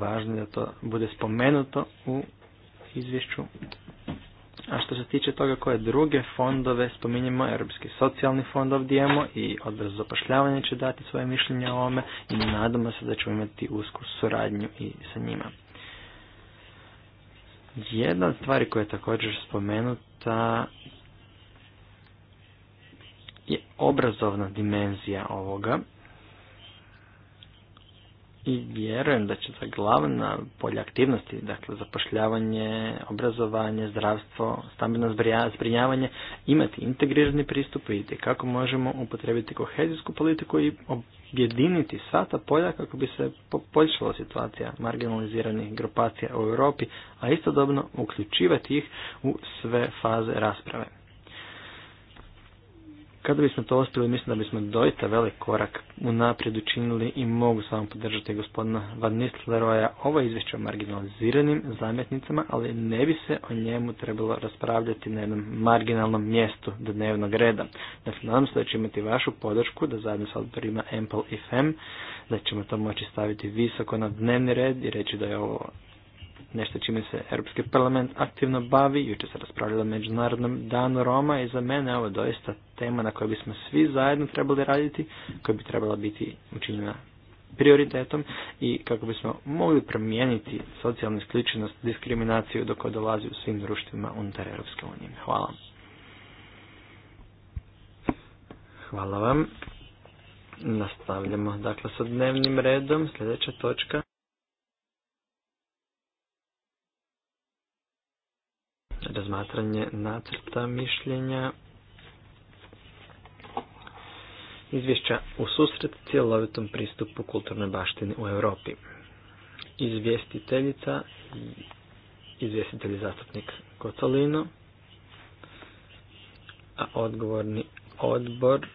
važno da to bude spomenuto u izvješću. A što se tiče toga koje druge fondove spominjemo, Europski socijalni fond ovdje imamo i odbor za zapošljavanje će dati svoje mišljenje o ovome i nadamo se da ćemo imati usku suradnju i sa njima. Jedna od stvari koja je također spomenuta je obrazovna dimenzija ovoga i vjerujem da će za glavna polja aktivnosti, dakle zapošljavanje, obrazovanje, zdravstvo, stambeno zbrinjavanje, imati integrirani pristup i kako možemo upotrebiti kohezijsku politiku i objediniti sva ta polja kako bi se poboljšala situacija marginaliziranih grupacija u Europi, a istodobno uključivati ih u sve faze rasprave. Kada bismo to uspjeli, mislim da bismo doista velik korak unaprijed učinili i mogu samo podržati gospodina Van Nistleroja ovo izvješće o marginaliziranim zametnicama, ali ne bi se o njemu trebalo raspravljati na jednom marginalnom mjestu do dnevnog reda. Dakle, nadam se da će imati vašu podršku, da zajedno sa odborima Ample i FEM, da ćemo to moći staviti visoko na dnevni red i reći da je ovo nešto čime se Europski parlament aktivno bavi. Jučer se raspravljalo Međunarodnom danu Roma i za mene ovo je doista tema na kojoj bismo svi zajedno trebali raditi, koja bi trebala biti učinjena prioritetom i kako bismo mogli promijeniti socijalnu isključenost, diskriminaciju do koje dolazi u svim društvima unutar Europske unije. Hvala. Hvala vam. Nastavljamo dakle sa dnevnim redom. Sljedeća točka. razmatranje nacrta mišljenja izvješća u susret cjelovitom pristupu kulturnoj baštini u Europi. Izvjestiteljica i izvjestitelj zastupnik Kocalino, a odgovorni odbor,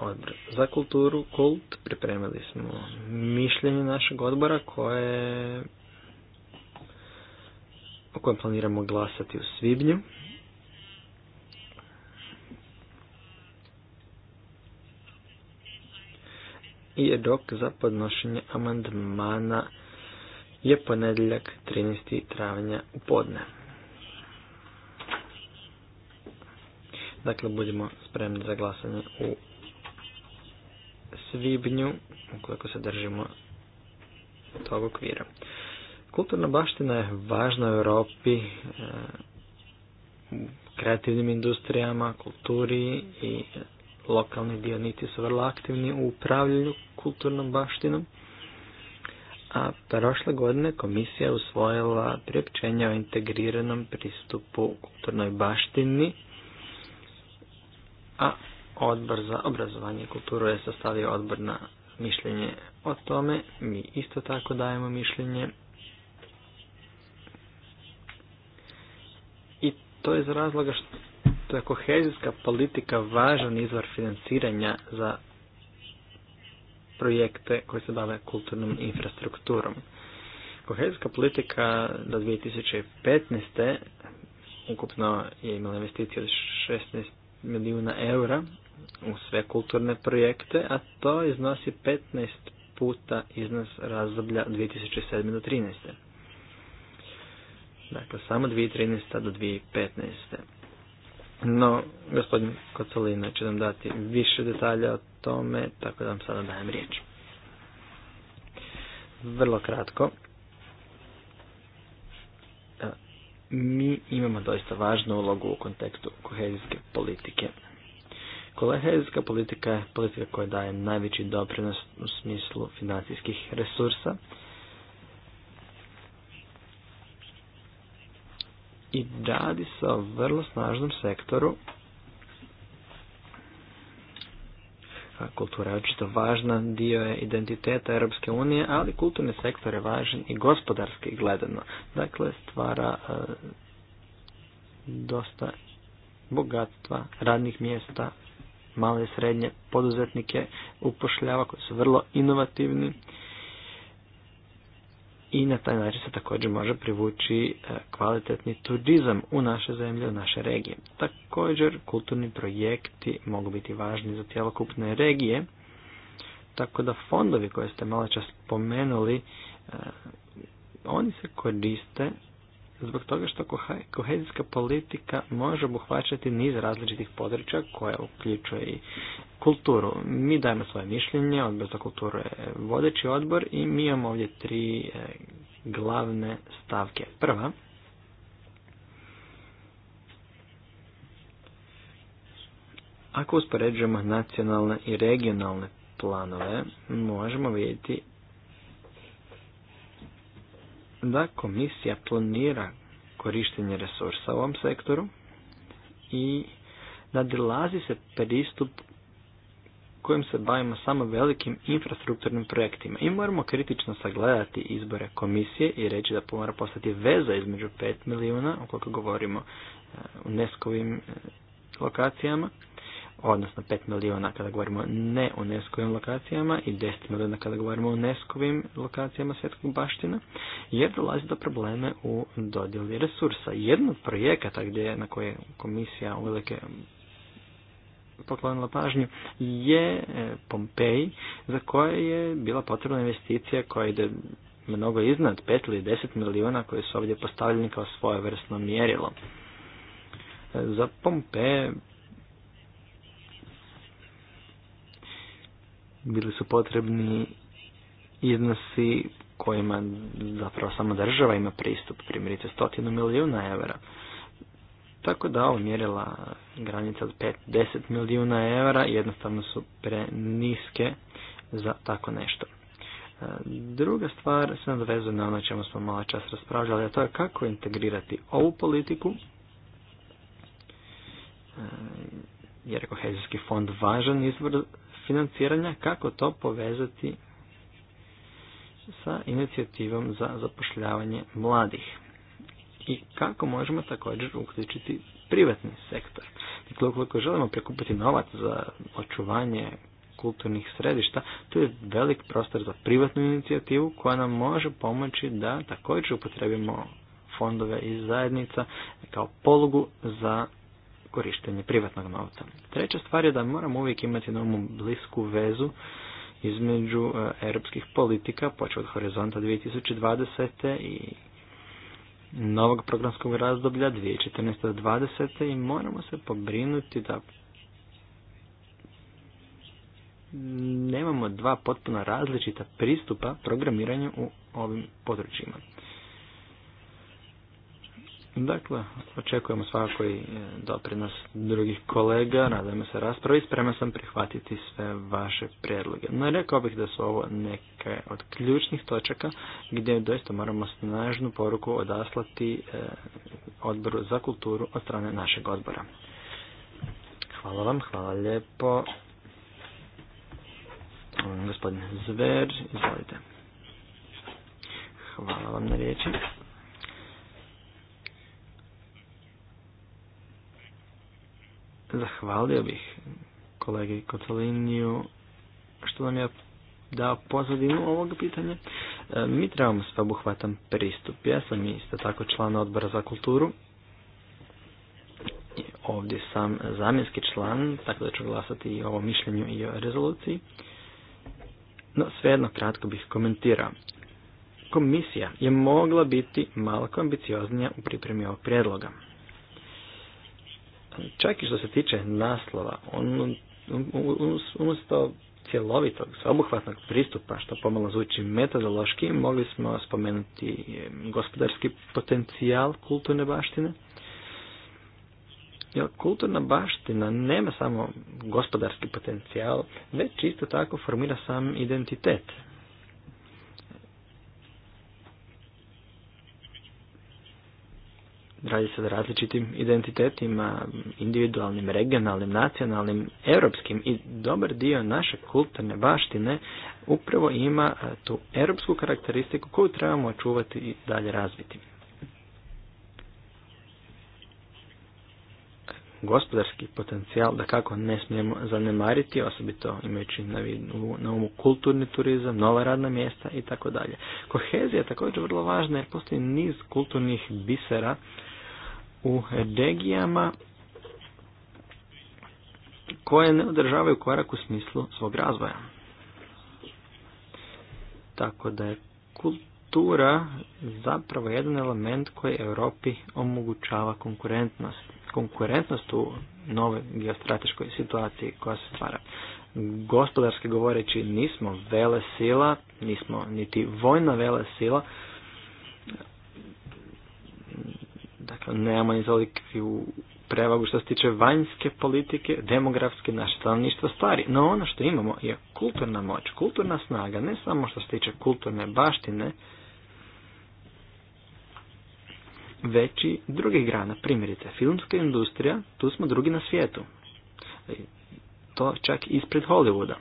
odbor za kulturu, kult, pripremili smo mišljenje našeg odbora koje o kojem planiramo glasati u svibnju. I rok za podnošenje amandmana je ponedjeljak 13. travnja u podne. Dakle, budimo spremni za glasanje u svibnju, ukoliko se držimo tog okvira. Kulturna baština je važna u Europi, e, kreativnim industrijama, kulturi i lokalni dionici su vrlo aktivni u upravljanju kulturnom baštinom. A prošle godine komisija usvojila priopćenje o integriranom pristupu kulturnoj baštini, a odbor za obrazovanje i kulturu je sastavio odbor na mišljenje o tome. Mi isto tako dajemo mišljenje to iz razloga što je kohezijska politika važan izvor financiranja za projekte koji se bave kulturnom infrastrukturom. Kohezijska politika do 2015. ukupno je imala investicije od 16 milijuna eura u sve kulturne projekte, a to iznosi 15 puta iznos razdoblja 2007. do 2013. Dakle, samo 2013. do 2015. No, gospodin Kocolina će nam dati više detalja o tome, tako da vam sada dajem riječ. Vrlo kratko. Mi imamo doista važnu ulogu u kontekstu kohezijske politike. Kohezijska politika je politika koja daje najveći doprinos u smislu financijskih resursa, I radi se o vrlo snažnom sektoru. Kultura je očito važna, dio je identiteta Europske unije, ali kulturni sektor je važan i gospodarski gledano. Dakle, stvara e, dosta bogatstva, radnih mjesta, male i srednje poduzetnike upošljava koji su vrlo inovativni i na taj način se također može privući e, kvalitetni turizam u naše zemlje, u naše regije. Također kulturni projekti mogu biti važni za cjelokupne regije, tako da fondovi koje ste malo čas spomenuli, e, oni se koriste zbog toga što kohezijska politika može obuhvaćati niz različitih područja koja uključuje i kulturu. Mi dajemo svoje mišljenje, odbor za kulturu je vodeći odbor i mi imamo ovdje tri e, glavne stavke. Prva, ako uspoređujemo nacionalne i regionalne planove, možemo vidjeti da komisija planira korištenje resursa u ovom sektoru i nadilazi se pristup kojim se bavimo samo velikim infrastrukturnim projektima i moramo kritično sagledati izbore komisije i reći da mora postati veza između 5 milijuna, ukoliko govorimo u eh, unesco eh, lokacijama, odnosno 5 milijuna kada govorimo ne unesco ovim lokacijama i 10 milijuna kada govorimo o unesco lokacijama svjetskog baština, jer dolazi do probleme u dodjeli resursa. Jedno od projekata gdje, na koje komisija uvelike poklonila pažnju je e, Pompeji za koje je bila potrebna investicija koja ide mnogo iznad 5 ili 10 milijuna koji su ovdje postavljeni kao svoje vrsno mjerilo. E, za Pompeje bili su potrebni iznosi kojima zapravo samo država ima pristup, primjerice stotinu milijuna evra. Tako da ovo mjerila granica od 5-10 milijuna evra jednostavno su preniske za tako nešto. E, druga stvar se nadvezuje na ono čemu smo malo čas raspravljali, a to je kako integrirati ovu politiku, e, jer je kohezijski fond važan izvor financiranja, kako to povezati sa inicijativom za zapošljavanje mladih i kako možemo također uključiti privatni sektor. Dakle, ukoliko želimo prekupiti novac za očuvanje kulturnih središta, tu je velik prostor za privatnu inicijativu koja nam može pomoći da također upotrebimo fondove iz zajednica kao polugu za korištenje privatnog novca. Treća stvar je da moramo uvijek imati na umu blisku vezu između e, europskih politika, počeo od horizonta 2020. i novog programskog razdoblja 2014-2020 i moramo se pobrinuti da nemamo dva potpuno različita pristupa programiranju u ovim područjima. Dakle, očekujemo svakako i e, doprinos drugih kolega, nadajmo se raspravi, spreman sam prihvatiti sve vaše prijedloge. No rekao bih da su ovo neke od ključnih točaka gdje doista moramo snažnu poruku odaslati e, odboru za kulturu od strane našeg odbora. Hvala vam, hvala lijepo. Gospodin Zver, izvolite. Hvala vam na riječi. Zahvalio bih kolegi Kotoliniju što nam je dao pozadinu ovog pitanja. E, mi trebamo sve obuhvatan pristup. Ja sam isto tako član odbora za kulturu. Ovdje sam zamjenski član, tako da ću glasati i o mišljenju i o rezoluciji. No, svejedno kratko bih komentirao. Komisija je mogla biti malo ambicioznija u pripremi ovog prijedloga. Čak i što se tiče naslova, on, umjesto cjelovitog, sveobuhvatnog pristupa, što pomalo zvuči metodološki, mogli smo spomenuti gospodarski potencijal kulturne baštine. Jer kulturna baština nema samo gospodarski potencijal, već isto tako formira sam identitet. Radi se o različitim identitetima, individualnim, regionalnim, nacionalnim, europskim i dobar dio naše kulturne baštine upravo ima e, tu europsku karakteristiku koju trebamo očuvati i dalje razviti. Gospodarski potencijal da kako ne smijemo zanemariti, osobito imajući na, vidu, na umu kulturni turizam, nova radna mjesta i tako dalje. Kohezija je također vrlo važna jer postoji niz kulturnih bisera u regijama koje ne održavaju korak u smislu svog razvoja. Tako da je kultura zapravo jedan element koji Europi omogućava konkurentnost. Konkurentnost u nove geostrateškoj situaciji koja se stvara. Gospodarski govoreći nismo vele sila, nismo niti vojna vele sila, Dakle, nemamo ni u prevagu što se tiče vanjske politike, demografske, naše stanovništvo stvari. No ono što imamo je kulturna moć, kulturna snaga, ne samo što se tiče kulturne baštine, već i drugih grana. Primjerice, filmska industrija, tu smo drugi na svijetu. E, to čak ispred Hollywooda.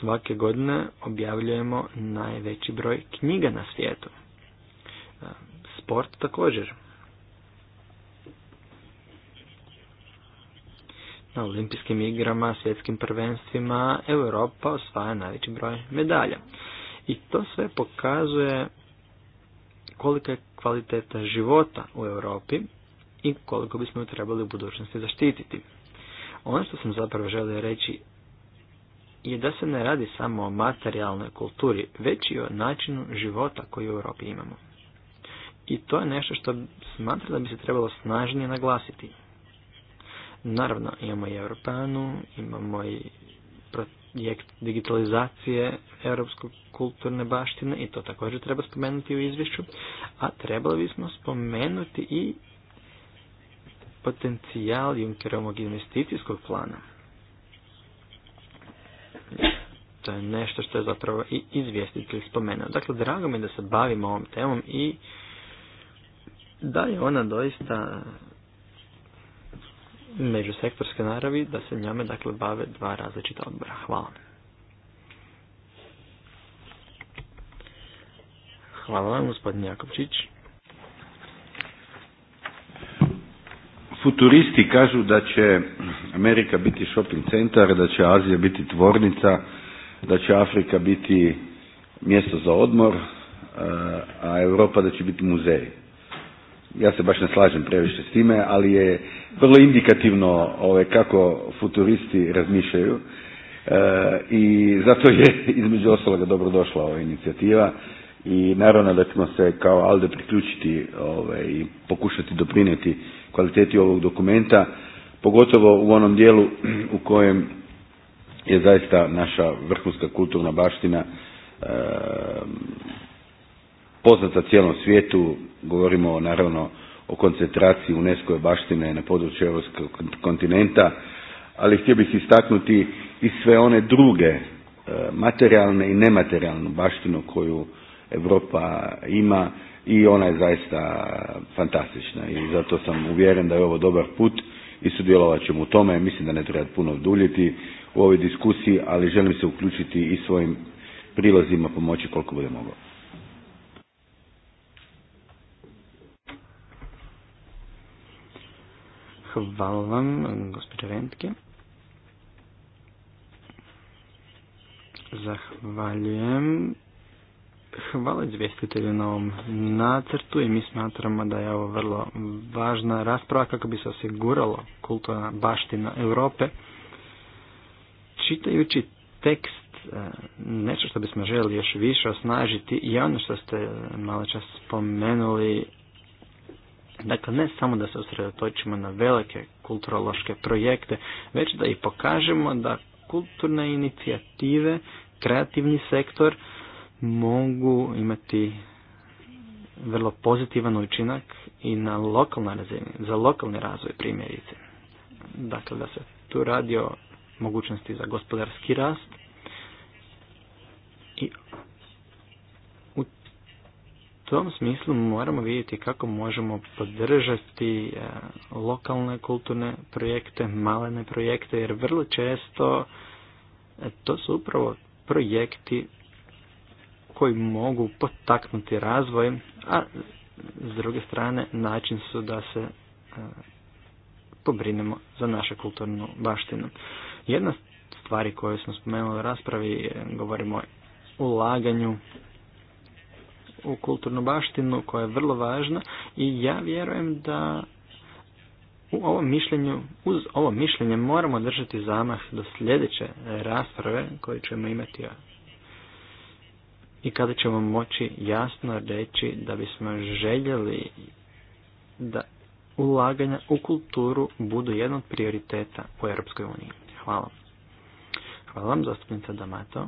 Svake godine objavljujemo najveći broj knjiga na svijetu. E, sport također. na olimpijskim igrama, svjetskim prvenstvima, Europa osvaja najveći broj medalja. I to sve pokazuje kolika je kvaliteta života u Europi i koliko bismo ju trebali u budućnosti zaštititi. Ono što sam zapravo želio reći je da se ne radi samo o materijalnoj kulturi, već i o načinu života koji u Europi imamo. I to je nešto što smatram da bi se trebalo snažnije naglasiti. Naravno, imamo i Europanu, imamo i projekt digitalizacije Europskog kulturne baštine i to također treba spomenuti u izvješću, a trebali bismo spomenuti i potencijal Junkerovog investicijskog plana. To je nešto što je zapravo i izvjestitelj spomenuo. Dakle, drago mi je da se bavimo ovom temom i da je ona doista međusektorske naravi da se njame dakle bave dva različita odbora. Hvala. Hvala vam, gospodin Jakovčić. Futuristi kažu da će Amerika biti shopping centar, da će Azija biti tvornica, da će Afrika biti mjesto za odmor, a Europa da će biti muzej ja se baš ne slažem previše s time, ali je vrlo indikativno ove, ovaj, kako futuristi razmišljaju eh, i zato je između ostaloga dobro došla ova inicijativa i naravno da ćemo se kao ALDE priključiti ove, ovaj, i pokušati doprinijeti kvaliteti ovog dokumenta, pogotovo u onom dijelu u kojem je zaista naša vrhunska kulturna baština e, poznata cijelom svijetu, govorimo naravno o koncentraciji UNESCO baštine na području europskog kontinenta, ali htio bih istaknuti i sve one druge e, materijalne i nematerijalnu baštinu koju Europa ima i ona je zaista fantastična i zato sam uvjeren da je ovo dobar put i sudjelovat ćemo u tome. Mislim da ne treba puno duljiti u ovoj diskusiji, ali želim se uključiti i svojim prilazima pomoći koliko bude mogao. Hvala vam, gospođa Rentke. Zahvaljujem. Hvala izvjestitelju na ovom nacrtu i mi smatramo da je ovo vrlo važna rasprava kako bi se osiguralo kulturna baština Europe. Čitajući tekst, e, nešto što bismo željeli još više osnažiti je ono što ste malo čas spomenuli, Dakle, ne samo da se usredotočimo na velike kulturološke projekte, već da i pokažemo da kulturne inicijative, kreativni sektor mogu imati vrlo pozitivan učinak i na lokalnoj razini, za lokalni razvoj primjerice. Dakle, da se tu radi o mogućnosti za gospodarski rast i tom smislu moramo vidjeti kako možemo podržati e, lokalne kulturne projekte, malene projekte, jer vrlo često e, to su upravo projekti koji mogu potaknuti razvoj, a s druge strane način su da se e, pobrinemo za našu kulturnu baštinu. Jedna stvari koju smo spomenuli u raspravi, govorimo o ulaganju u kulturnu baštinu koja je vrlo važna i ja vjerujem da u ovom mišljenju, uz ovo mišljenje moramo držati zamah do sljedeće rasprave koju ćemo imati i kada ćemo moći jasno reći da bismo željeli da ulaganja u kulturu budu jedan od prioriteta u Europskoj uniji. Hvala. Hvala vam, zastupnica Damato.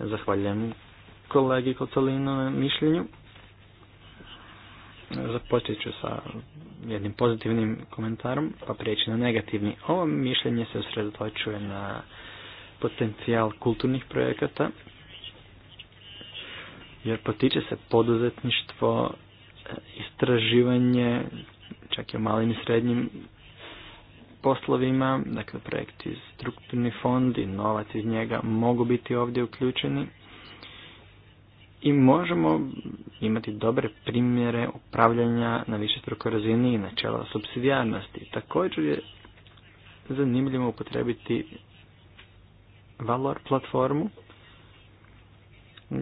Zahvaljujem kolegi na mišljenju. Započet ću sa jednim pozitivnim komentarom, pa prijeći na negativni. Ovo mišljenje se usredotočuje na potencijal kulturnih projekata, jer potiče se poduzetništvo, istraživanje, čak i u malim i srednjim poslovima, dakle projekti strukturni fond i novac iz njega mogu biti ovdje uključeni i možemo imati dobre primjere upravljanja na više razini i načela subsidijarnosti. Također je zanimljivo upotrebiti Valor platformu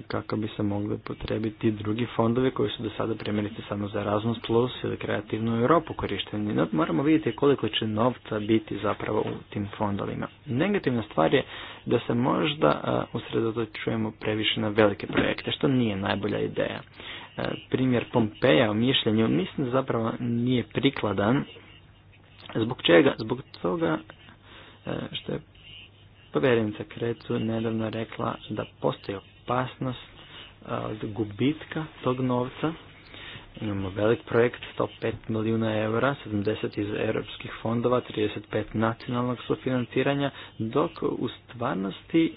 kako bi se mogli potrebiti drugi fondovi koji su do sada primjerice samo za Erasmus Plus ili Kreativnu Europu korišteni. No, moramo vidjeti koliko će novca biti zapravo u tim fondovima. Negativna stvar je da se možda usredotočujemo previše na velike projekte, što nije najbolja ideja. Primjer Pompeja o mišljenju mislim da zapravo nije prikladan. Zbog čega? Zbog toga što je povjerenica Krecu nedavno rekla da postoji opasnost eh, od gubitka tog novca. Imamo velik projekt, 105 milijuna eura, 70 iz europskih fondova, 35 nacionalnog sufinanciranja, dok u stvarnosti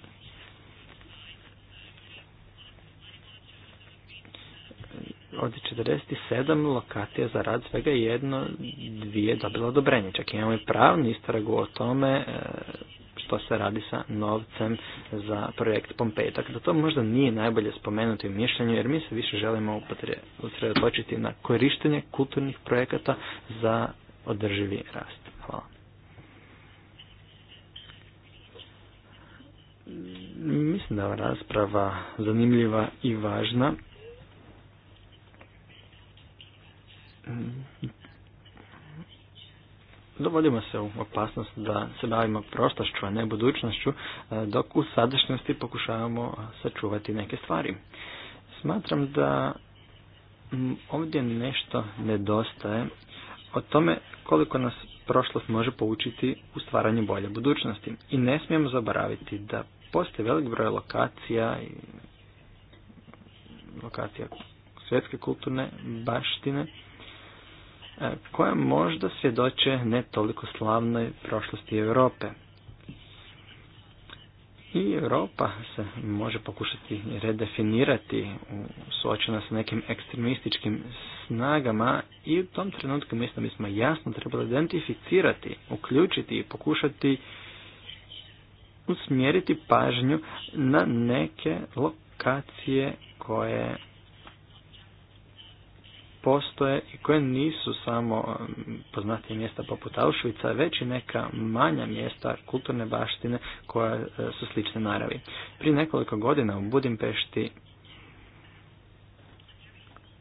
od 47 lokacija za rad svega jedno, dvije dobilo odobrenje. Čak imamo i pravnu istragu o tome eh, što pa se radi sa novcem za projekt Pompeji. Tako da to možda nije najbolje spomenuti u mišljenju jer mi se više želimo usredotočiti na korištenje kulturnih projekata za održivi rast. Hvala. Mislim da je ova rasprava zanimljiva i važna dovodimo se u opasnost da se bavimo prošlošću, a ne budućnošću, e, dok u sadašnjosti pokušavamo sačuvati neke stvari. Smatram da ovdje nešto nedostaje o tome koliko nas prošlost može poučiti u stvaranju bolje budućnosti. I ne smijemo zaboraviti da postoji velik broj lokacija i lokacija svjetske kulturne baštine E, koja možda svjedoče ne toliko slavnoj prošlosti Europe. I Europa se može pokušati redefinirati u suočena sa nekim ekstremističkim snagama i u tom trenutku mislim bismo jasno trebali identificirati, uključiti i pokušati usmjeriti pažnju na neke lokacije koje postoje i koje nisu samo um, poznatije mjesta poput Auschwitza, već i neka manja mjesta kulturne baštine koja uh, su slične naravi. Prije nekoliko godina u Budimpešti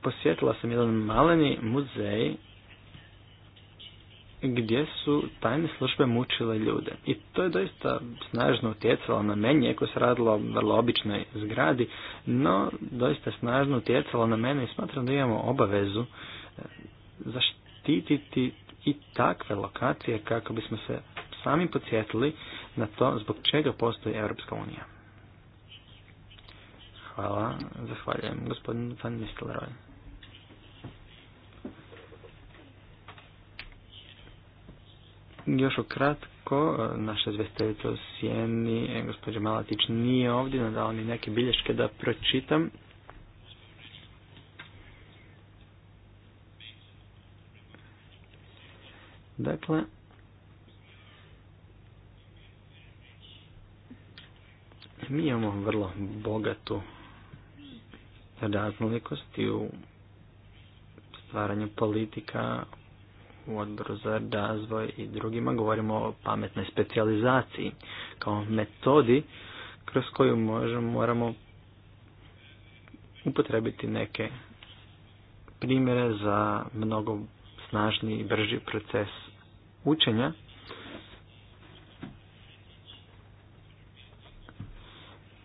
posjetila sam jedan maleni muzej gdje su tajne službe mučile ljude. I to je doista snažno utjecalo na meni, iako se radilo o vrlo običnoj zgradi, no doista snažno utjecalo na mene i smatram da imamo obavezu e, zaštititi i takve lokacije kako bismo se sami podsjetili na to zbog čega postoji Europska unija. Hvala, zahvaljujem gospodinu Van Još ukratko, e, naša zvesteljica u Sijeni, e, gospođa Malatić, nije ovdje, nadala mi neke bilješke da pročitam. Dakle, mi imamo vrlo bogatu raznolikost u stvaranju politika u odboru za razvoj i drugima govorimo o pametnoj specijalizaciji kao metodi kroz koju možemo, moramo upotrebiti neke primjere za mnogo snažni i brži proces učenja.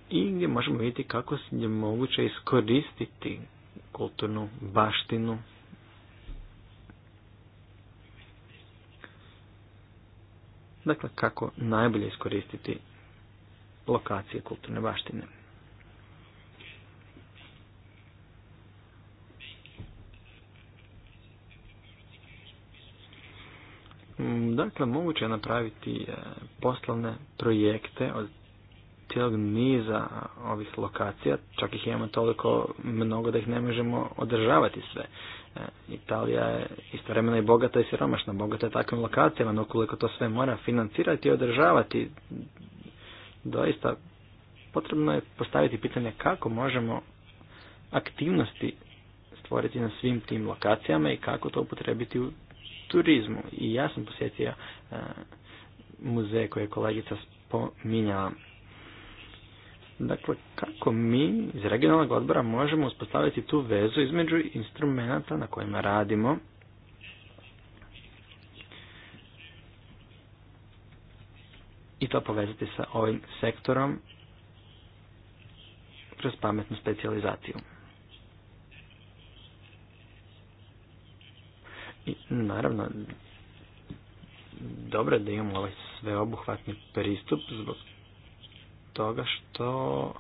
I gdje možemo vidjeti kako je moguće iskoristiti kulturnu baštinu Dakle, kako najbolje iskoristiti lokacije kulturne baštine. Mm, dakle, moguće je napraviti e, poslovne projekte od cijelog niza ovih lokacija, čak ih imamo toliko mnogo da ih ne možemo održavati sve. E, Italija je istovremeno i bogata i siromašna, bogata je takvim lokacijama, no ukoliko to sve mora financirati i održavati, doista potrebno je postaviti pitanje kako možemo aktivnosti stvoriti na svim tim lokacijama i kako to upotrebiti u turizmu. I ja sam posjetio e, muzej koji je kolegica spominjala. Dakle, kako mi iz regionalnog odbora možemo uspostaviti tu vezu između instrumenta na kojima radimo i to povezati sa ovim sektorom kroz pametnu specijalizaciju. I naravno, dobro je da imamo ovaj sveobuhvatni pristup zbog toga što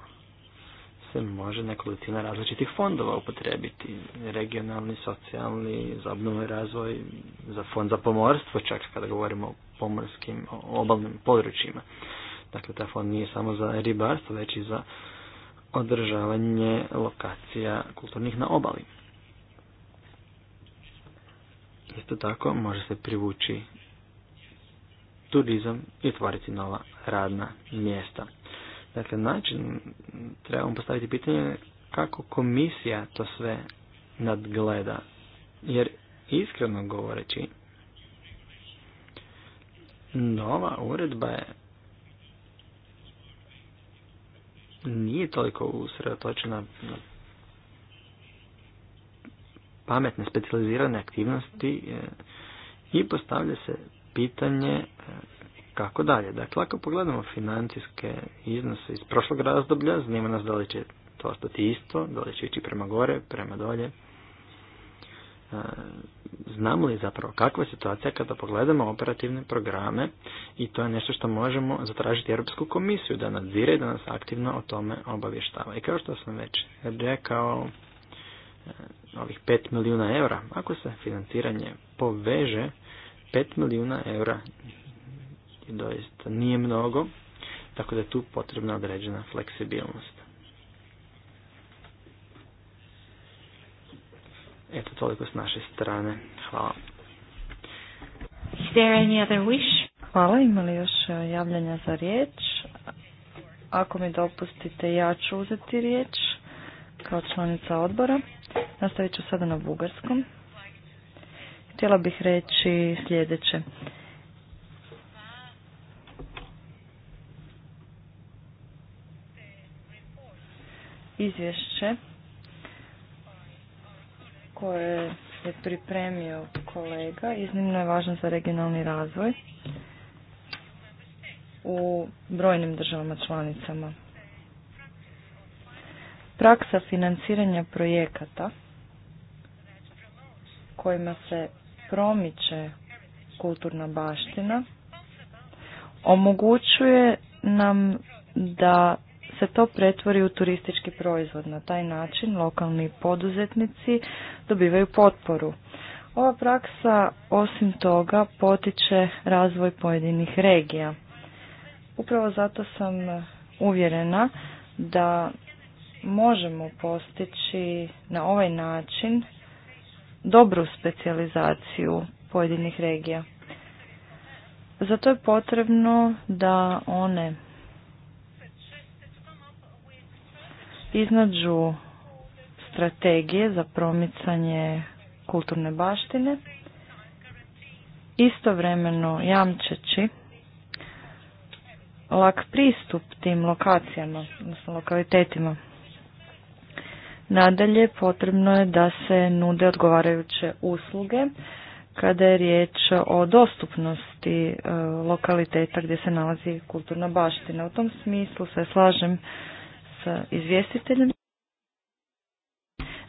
se može nekolicina različitih fondova upotrebiti. Regionalni, socijalni, za obnovu i razvoj, za fond za pomorstvo, čak kada govorimo o pomorskim, obalnim područjima. Dakle, taj fond nije samo za ribarstvo, već i za održavanje lokacija kulturnih na obali. Isto tako može se privući turizam i otvoriti nova radna mjesta. Dakle, način trebamo postaviti pitanje kako komisija to sve nadgleda. Jer iskreno govoreći, nova uredba je nije toliko usredotočena na pametne, specializirane aktivnosti e, i postavlja se pitanje e, kako dalje. Dakle, ako pogledamo financijske iznose iz prošlog razdoblja, zanima nas da li će to ostati isto, da li će ići prema gore, prema dolje. E, znamo li zapravo kakva je situacija kada pogledamo operativne programe i to je nešto što možemo zatražiti Europsku komisiju da nadzire i da nas aktivno o tome obavještava. I kao što sam već rekao, e, ovih 5 milijuna eura, ako se financiranje poveže, 5 milijuna eura doista nije mnogo, tako da je tu potrebna određena fleksibilnost. Eto toliko s naše strane. Hvala. Hvala, ima još e, javljanja za riječ? Ako mi dopustite, ja ću uzeti riječ kao članica odbora. Nastavit ću sada na bugarskom. Htjela bih reći sljedeće. izvješće koje je pripremio kolega iznimno je važan za regionalni razvoj u brojnim državama članicama. Praksa financiranja projekata kojima se promiče kulturna baština omogućuje nam da to pretvori u turistički proizvod. Na taj način lokalni poduzetnici dobivaju potporu. Ova praksa osim toga potiče razvoj pojedinih regija. Upravo zato sam uvjerena da možemo postići na ovaj način dobru specijalizaciju pojedinih regija. Zato je potrebno da one iznađu strategije za promicanje kulturne baštine, istovremeno jamčeći lak pristup tim lokacijama, odnosno lokalitetima. Nadalje, potrebno je da se nude odgovarajuće usluge kada je riječ o dostupnosti e, lokaliteta gdje se nalazi kulturna baština. U tom smislu se slažem sa izvjestiteljem.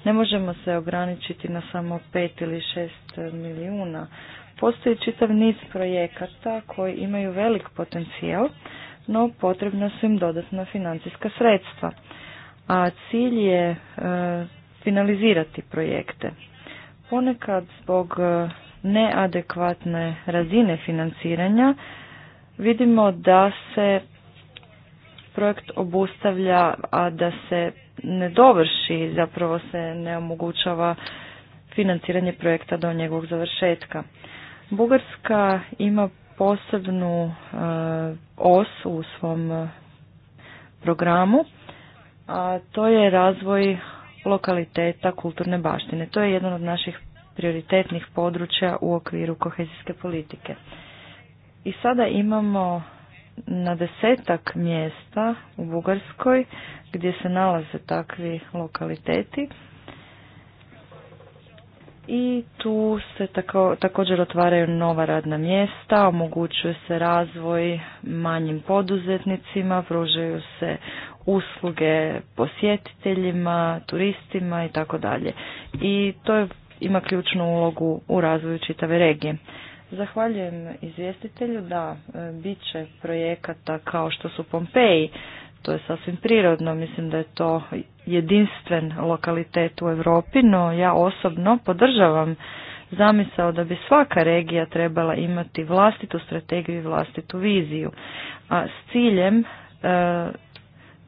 Ne možemo se ograničiti na samo 5 ili 6 milijuna. Postoji čitav niz projekata koji imaju velik potencijal, no potrebna su im dodatna financijska sredstva. A cilj je e, finalizirati projekte. Ponekad zbog e, neadekvatne razine financiranja vidimo da se projekt obustavlja, a da se ne dovrši, zapravo se ne omogućava financiranje projekta do njegovog završetka. Bugarska ima posebnu e, os u svom programu, a to je razvoj lokaliteta kulturne baštine. To je jedan od naših prioritetnih područja u okviru kohezijske politike. I sada imamo na desetak mjesta u Bugarskoj gdje se nalaze takvi lokaliteti i tu se tako, također otvaraju nova radna mjesta, omogućuje se razvoj manjim poduzetnicima, pružaju se usluge posjetiteljima, turistima i tako dalje. I to je, ima ključnu ulogu u razvoju čitave regije. Zahvaljujem izvjestitelju da e, bit će projekata kao što su Pompeji. To je sasvim prirodno, mislim da je to jedinstven lokalitet u Europi, no ja osobno podržavam zamisao da bi svaka regija trebala imati vlastitu strategiju i vlastitu viziju, a s ciljem e,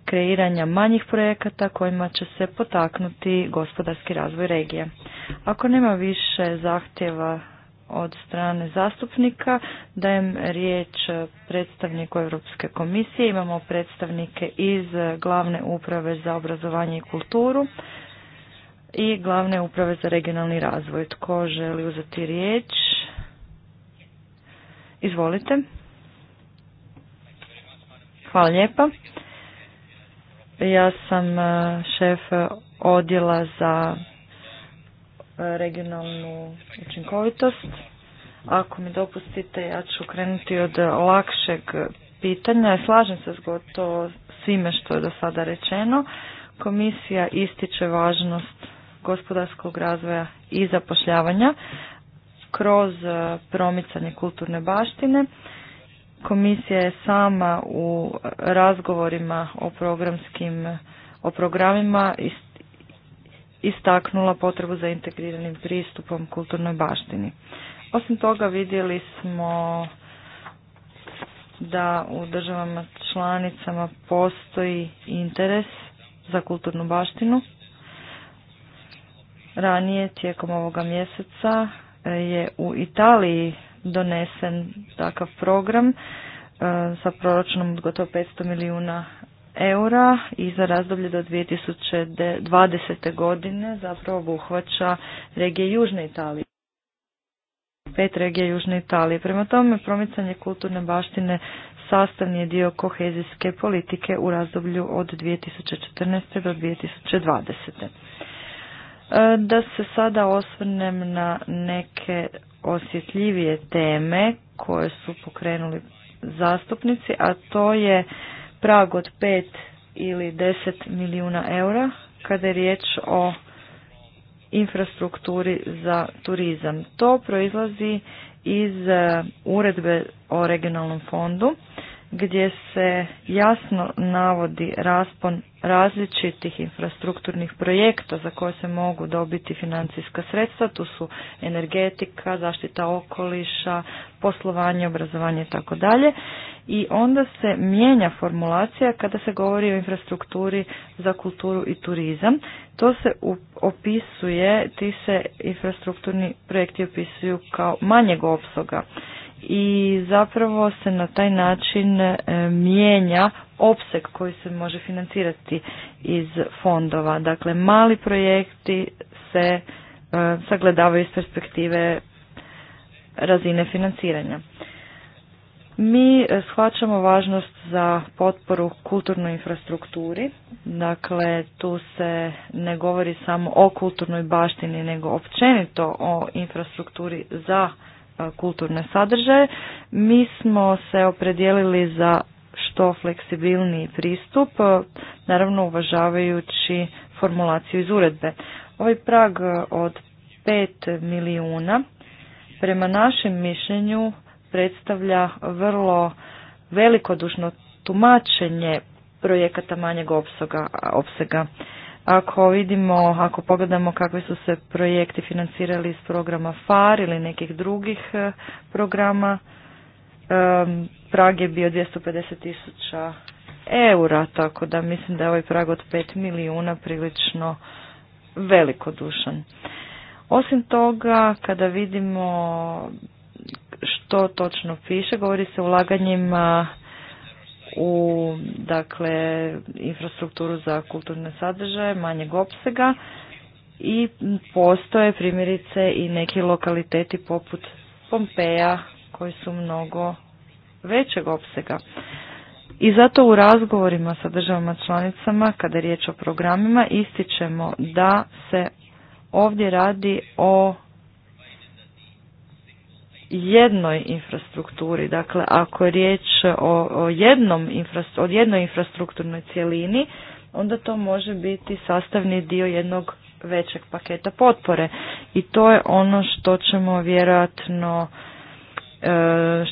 kreiranja manjih projekata kojima će se potaknuti gospodarski razvoj regije. Ako nema više zahtjeva od strane zastupnika. Dajem riječ predstavniku Europske komisije. Imamo predstavnike iz glavne uprave za obrazovanje i kulturu i glavne uprave za regionalni razvoj. Tko želi uzeti riječ? Izvolite. Hvala lijepa. Ja sam eh, šef odjela za regionalnu učinkovitost. Ako mi dopustite, ja ću krenuti od lakšeg pitanja. Slažem se s svime što je do sada rečeno. Komisija ističe važnost gospodarskog razvoja i zapošljavanja kroz e, promicanje kulturne baštine. Komisija je sama u razgovorima o programskim o programima istaknula potrebu za integriranim pristupom kulturnoj baštini. Osim toga vidjeli smo da u državama članicama postoji interes za kulturnu baštinu. Ranije tijekom ovoga mjeseca je u Italiji donesen takav program e, sa proračunom od gotovo 500 milijuna eura i za razdoblje do 2020. godine zapravo obuhvaća regije Južne Italije pet regije Južne Italije. Prema tome, promicanje kulturne baštine sastavni je dio kohezijske politike u razdoblju od 2014. do 2020. E, da se sada osvrnem na neke osjetljivije teme koje su pokrenuli zastupnici, a to je prag od 5 ili 10 milijuna eura kada je riječ o infrastrukturi za turizam. To proizlazi iz eh, uredbe o regionalnom fondu gdje se jasno navodi raspon različitih infrastrukturnih projekta za koje se mogu dobiti financijska sredstva. Tu su energetika, zaštita okoliša, poslovanje, obrazovanje i tako dalje. I onda se mijenja formulacija kada se govori o infrastrukturi za kulturu i turizam. To se opisuje, ti se infrastrukturni projekti opisuju kao manjeg opsoga i zapravo se na taj način e, mijenja opseg koji se može financirati iz fondova. Dakle, mali projekti se e, sagledavaju iz perspektive razine financiranja. Mi e, shvaćamo važnost za potporu kulturnoj infrastrukturi, dakle tu se ne govori samo o kulturnoj baštini, nego općenito o infrastrukturi za kulturne sadržaje. Mi smo se opredijelili za što fleksibilniji pristup, naravno uvažavajući formulaciju iz uredbe. Ovaj prag od 5 milijuna prema našem mišljenju predstavlja vrlo velikodušno tumačenje projekata manjeg opsega. Ako vidimo, ako pogledamo kakvi su se projekti financirali iz programa FAR ili nekih drugih e, programa, e, prag je bio 250 tisuća eura, tako da mislim da je ovaj prag od 5 milijuna prilično velikodušan. Osim toga, kada vidimo što točno piše, govori se o ulaganjima u dakle infrastrukturu za kulturne sadržaje manjeg opsega i postoje primjerice i neki lokaliteti poput Pompeja koji su mnogo većeg opsega. I zato u razgovorima sa državama članicama, kada je riječ o programima, ističemo da se ovdje radi o jednoj infrastrukturi. Dakle, ako je riječ o, o jednom jednoj infrastrukturnoj cjelini, onda to može biti sastavni dio jednog većeg paketa potpore. I to je ono što ćemo vjerojatno e,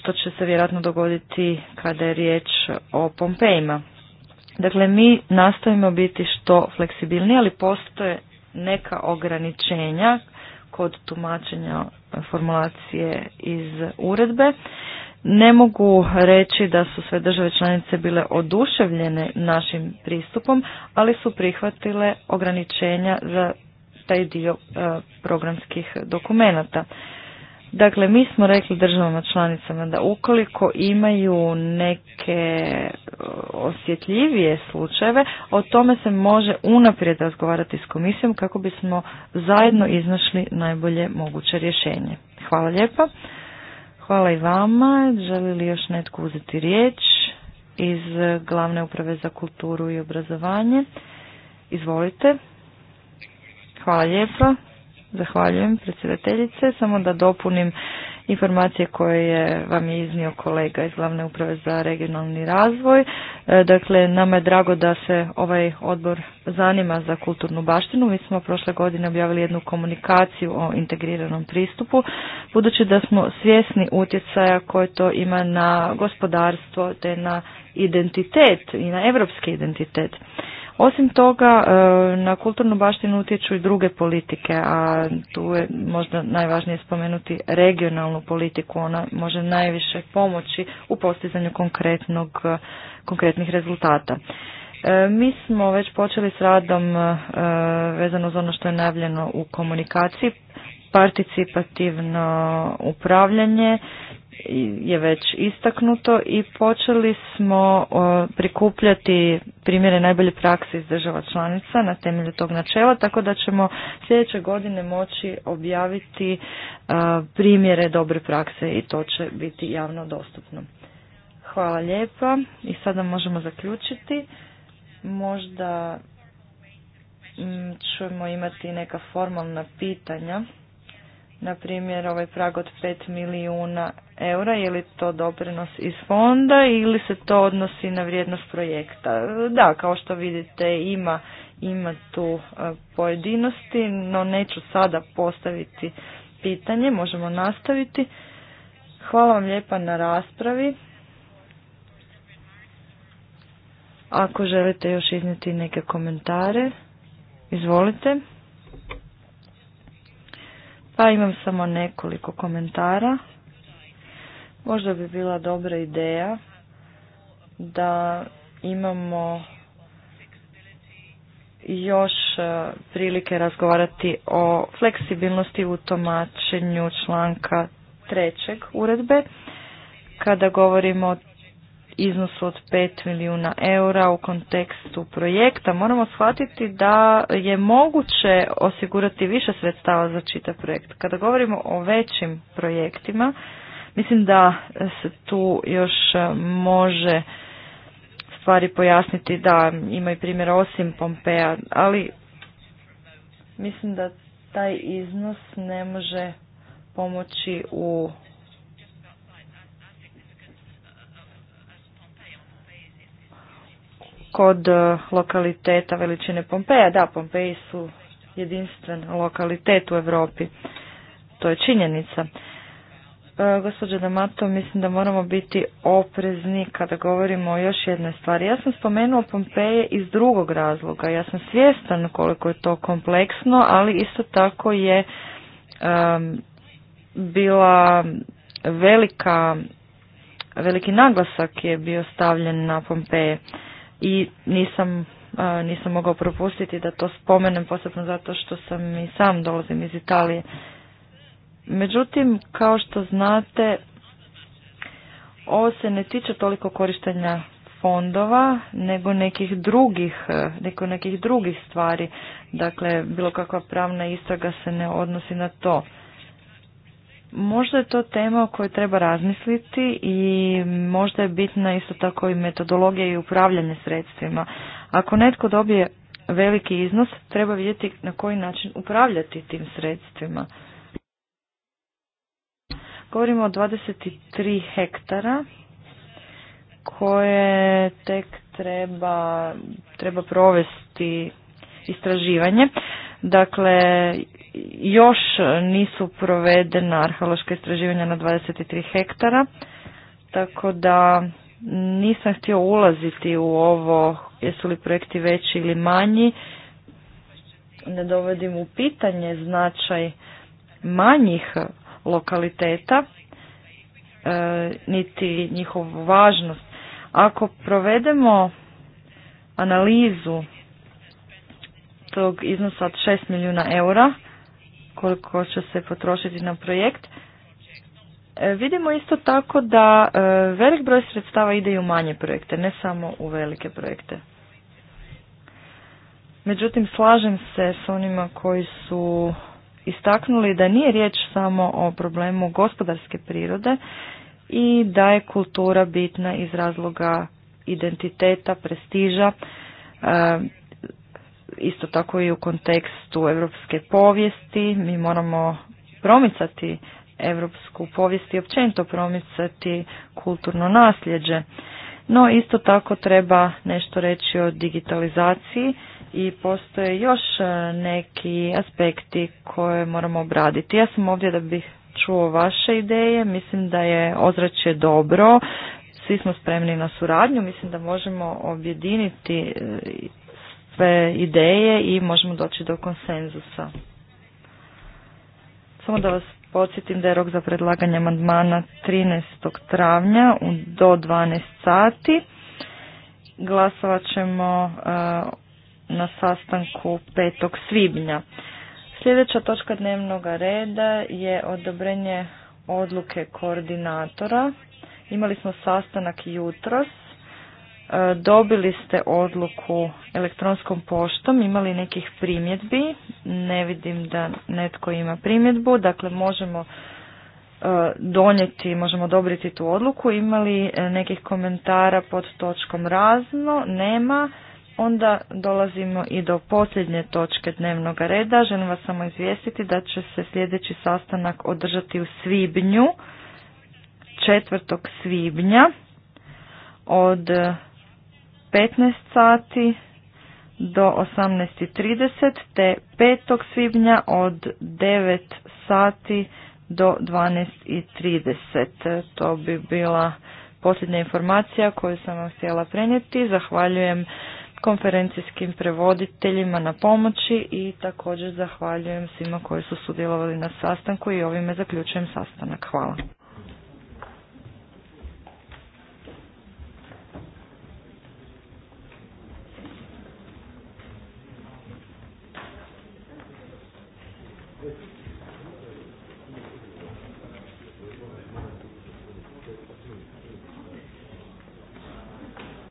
što će se vjerojatno dogoditi kada je riječ o Pompejima. Dakle, mi nastavimo biti što fleksibilniji, ali postoje neka ograničenja kod tumačenja formulacije iz uredbe. Ne mogu reći da su sve države članice bile oduševljene našim pristupom, ali su prihvatile ograničenja za taj dio e, programskih dokumenata. Dakle, mi smo rekli državama članicama da ukoliko imaju neke uh, osjetljivije slučajeve, o tome se može unaprijed razgovarati s komisijom kako bismo zajedno iznašli najbolje moguće rješenje. Hvala lijepa. Hvala i vama. Želi li još netko uzeti riječ iz Glavne uprave za kulturu i obrazovanje? Izvolite. Hvala lijepa. Zahvaljujem predsjedateljice. Samo da dopunim informacije koje je vam je iznio kolega iz Glavne uprave za regionalni razvoj. E, dakle, nama je drago da se ovaj odbor zanima za kulturnu baštinu. Mi smo prošle godine objavili jednu komunikaciju o integriranom pristupu, budući da smo svjesni utjecaja koje to ima na gospodarstvo te na identitet i na evropski identitet. Osim toga, e, na kulturnu baštinu utječu i druge politike, a tu je možda najvažnije spomenuti regionalnu politiku. Ona može najviše pomoći u postizanju konkretnog, e, konkretnih rezultata. E, mi smo već počeli s radom vezano za ono što je najavljeno u komunikaciji, participativno upravljanje, je već istaknuto i počeli smo prikupljati primjere najbolje prakse iz država članica na temelju tog načela, tako da ćemo sljedeće godine moći objaviti e, primjere dobre prakse i to će biti javno dostupno. Hvala lijepa i sada možemo zaključiti. Možda ćemo imati neka formalna pitanja na primjer ovaj prag od 5 milijuna eura, je li to doprinos iz fonda ili se to odnosi na vrijednost projekta? Da, kao što vidite ima, ima tu e, pojedinosti, no neću sada postaviti pitanje, možemo nastaviti. Hvala vam lijepa na raspravi. Ako želite još iznijeti neke komentare, izvolite. Pa imam samo nekoliko komentara. Možda bi bila dobra ideja da imamo još e, prilike razgovarati o fleksibilnosti u tomačenju članka trećeg uredbe kada govorimo o iznosu od 5 milijuna eura u kontekstu projekta, moramo shvatiti da je moguće osigurati više sredstava za čitav projekt. Kada govorimo o većim projektima, mislim da se tu još može stvari pojasniti da ima i primjera osim Pompeja, ali mislim da taj iznos ne može pomoći u kod e, lokaliteta veličine Pompeja. Da, Pompeji su jedinstven lokalitet u Europi. To je činjenica. E, Damato, mislim da moramo biti oprezni kada govorimo o još jednoj stvari. Ja sam spomenuo Pompeje iz drugog razloga. Ja sam svjestan koliko je to kompleksno, ali isto tako je bila velika, veliki naglasak je bio stavljen na Pompeje i nisam nisam mogao propustiti da to spomenem posebno zato što sam i sam dolazim iz Italije. Međutim, kao što znate, ovo se ne tiče toliko korištenja fondova, nego nekih drugih, e, neko nekih drugih stvari. Dakle, bilo kakva pravna istraga se ne odnosi na to. Možda je to tema o kojoj treba razmisliti i možda je bitna isto tako i metodologija i upravljanje sredstvima. Ako netko dobije veliki iznos, treba vidjeti na koji način upravljati tim sredstvima. Govorimo o 23 hektara koje tek treba, treba provesti istraživanje. Dakle, još nisu provedena arheološka istraživanja na 23 hektara, tako da nisam htio ulaziti u ovo jesu li projekti veći ili manji. Ne dovodim u pitanje značaj manjih lokaliteta, e, niti njihovu važnost. Ako provedemo analizu tog iznosa od 6 milijuna eura, koliko će se potrošiti na projekt. E, vidimo isto tako da e, velik broj sredstava ide i u manje projekte, ne samo u velike projekte. Međutim, slažem se s onima koji su istaknuli da nije riječ samo o problemu gospodarske prirode i da je kultura bitna iz razloga identiteta, prestiža, e, isto tako i u kontekstu europske povijesti. Mi moramo promicati europsku povijest i općenito promicati kulturno nasljeđe. No isto tako treba nešto reći o digitalizaciji i postoje još e, neki aspekti koje moramo obraditi. Ja sam ovdje da bih čuo vaše ideje, mislim da je ozračje dobro, svi smo spremni na suradnju, mislim da možemo objediniti e, nekakve ideje i možemo doći do konsenzusa. Samo da vas podsjetim da je rok za predlaganje amandmana 13. travnja do 12 sati. Glasovat ćemo e, na sastanku 5. svibnja. Sljedeća točka dnevnog reda je odobrenje odluke koordinatora. Imali smo sastanak jutros E, dobili ste odluku elektronskom poštom, imali nekih primjedbi, ne vidim da netko ima primjedbu, dakle možemo e, donijeti, možemo odobriti tu odluku, imali e, nekih komentara pod točkom razno, nema, onda dolazimo i do posljednje točke dnevnog reda, želim vas samo izvijestiti da će se sljedeći sastanak održati u svibnju, 4. svibnja, od 15 sati do 18.30 te 5. svibnja od 9 sati do 12.30. To bi bila posljednja informacija koju sam vam htjela prenijeti. Zahvaljujem konferencijskim prevoditeljima na pomoći i također zahvaljujem svima koji su sudjelovali na sastanku i ovime zaključujem sastanak. Hvala.